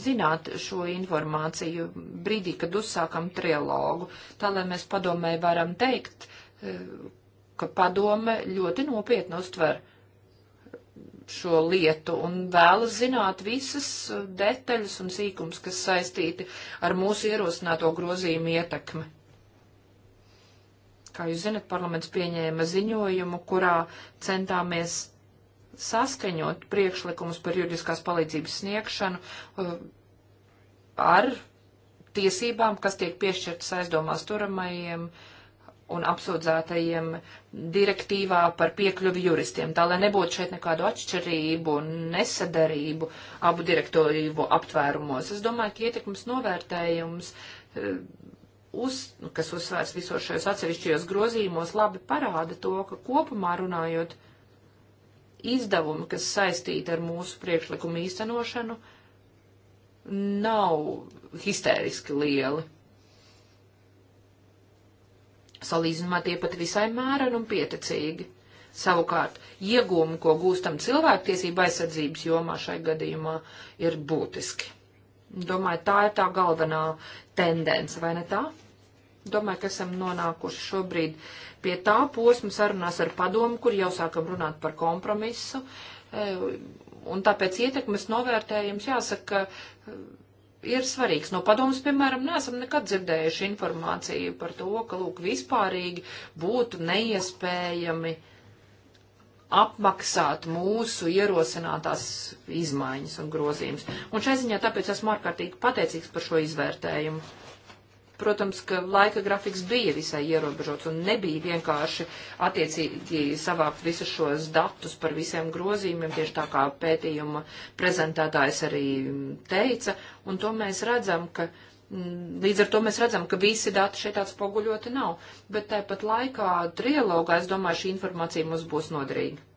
zināt šo informāciju brīdī, kad uzsākam trilogu, tā lai mēs padomē varam teikt, e, ka padome ļoti nopietni uztver šo lietu un vēlas zināt visas e, detaļas un sīkums, kas saistīti ar mūsu ierosināto grozījumu ietekmi. Kā jūs zinat, parlaments pieņēma ziņojumu, kurā centāmies saskaņot priekšlikumus par juridiskās palīdzības sniegšanu eh, ar tiesībām, kas tiek piešķirtas aizdomās turamajiem un apsūdzētajiem direktīvā par piekļuvi juristiem, tā lai nebūtu šeit nekādu atšķirību un nesadarību abu direktīvu aptvērumos. Es domāju, ka ietekmes novērtējums, eh, uz, kas uzsvērts visos šajos atsevišķajos grozījumos, labi parāda to, ka kopumā runājot, uh, izdevumi, kas saistīti ar mūsu priekšlikumu īstenošanu, nav histēriski lieli. Salīdzinājumā tie pat visai mēreni un pieticīgi. Savukārt, iegūmi, ko gūstam cilvēktiesība aizsardzības jomā šai gadījumā, ir būtiski. Domāju, tā ir tā galvenā tendence, vai ne tā? Domāju, ka esam nonākuši šobrīd pie tā posma sarunās ar padomu, kur jau sākam runāt par kompromisu. E, un tāpēc ietekmes novērtējums jāsaka, e, ir svarīgs. No padomus, piemēram, neesam nekad dzirdējuši informāciju par to, ka, lūk, vispārīgi būtu neiespējami apmaksāt mūsu ierosinātās izmaiņas un grozījumus. Un šai ziņā tāpēc esmu ārkārtīgi pateicīgs par šo izvērtējumu. Protams, ka laika grafiks bija visai ierobežots un nebija vienkārši attiecīgi savākt visus šos datus par visiem grozījumiem, tieši tā kā pētījuma prezentētājs arī teica. Un to mēs redzam, ka. Mm, līdz ar to mēs redzam, ka visi dati šeit atspoguļoti nav, bet tāpat laikā trialogā, es domāju, šī informācija mums būs noderīga.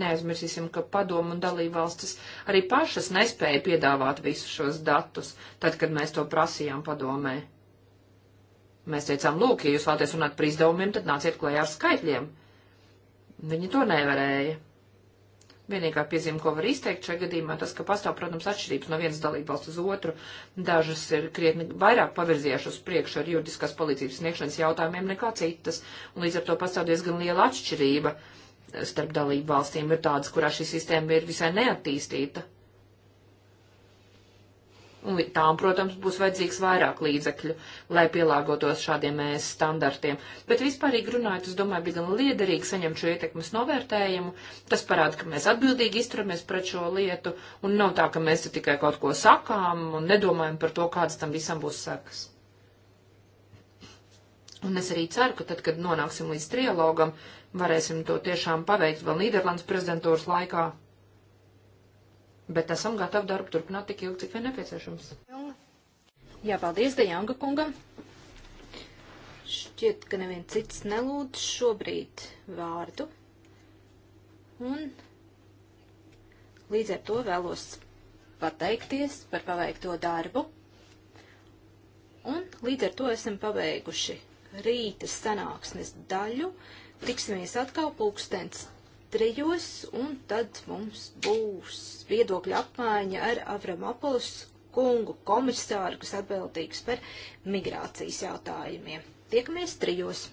Neaizmirsīsim, ka padomu un dalībvalstis arī pašas nespēja piedāvāt visus šos datus, tad, kad mēs to prasījām padomē. Mēs teicām, lūk, ja jūs vēlaties runāt par izdevumiem, tad nāciet klajā ar skaitļiem. Viņi to nevarēja. Vienīgā piezīme, ko var izteikt šajā gadījumā, tas, ka pastāv, protams, atšķirības no vienas dalībvalsts uz otru. Dažas ir krietni vairāk pavirzījušas uz priekšu ar juridiskās palīdzības sniegšanas jautājumiem nekā citas, un līdz ar to pastāv diezgan liela atšķirība starp dalību valstīm. Ir tādas, kurā šī sistēma ir visai neattīstīta. Un tām, protams, būs vajadzīgs vairāk līdzekļu, lai pielāgotos šādiem mēs standartiem. Bet vispārīgi runājot, es domāju, bija gan liederīgi saņemt šo ietekmes novērtējumu. Tas parāda, ka mēs atbildīgi izturamies pret šo lietu, un nav tā, ka mēs tikai kaut ko sakām un nedomājam par to, kādas tam visam būs sekas. Un es arī ceru, ka tad, kad nonāksim līdz trialogam, varēsim to tiešām paveikt vēl Nīderlandes prezidentūras laikā. Bet esam gatavi darbu turpināt tik ilgi, cik vien nepieciešams. Jā, paldies Dejanga kungam. Šķiet, ka neviens cits nelūdz šobrīd vārdu. Un līdz ar to vēlos pateikties par paveikto darbu. Un līdz ar to esam pabeiguši rīta sanāksmes daļu. Tiksimies atkal pulkstens trijos, un tad mums būs viedokļa apmaiņa ar Avramopolus kungu komisāru, kas atbildīgs par migrācijas jautājumiem. Tiekamies trijos!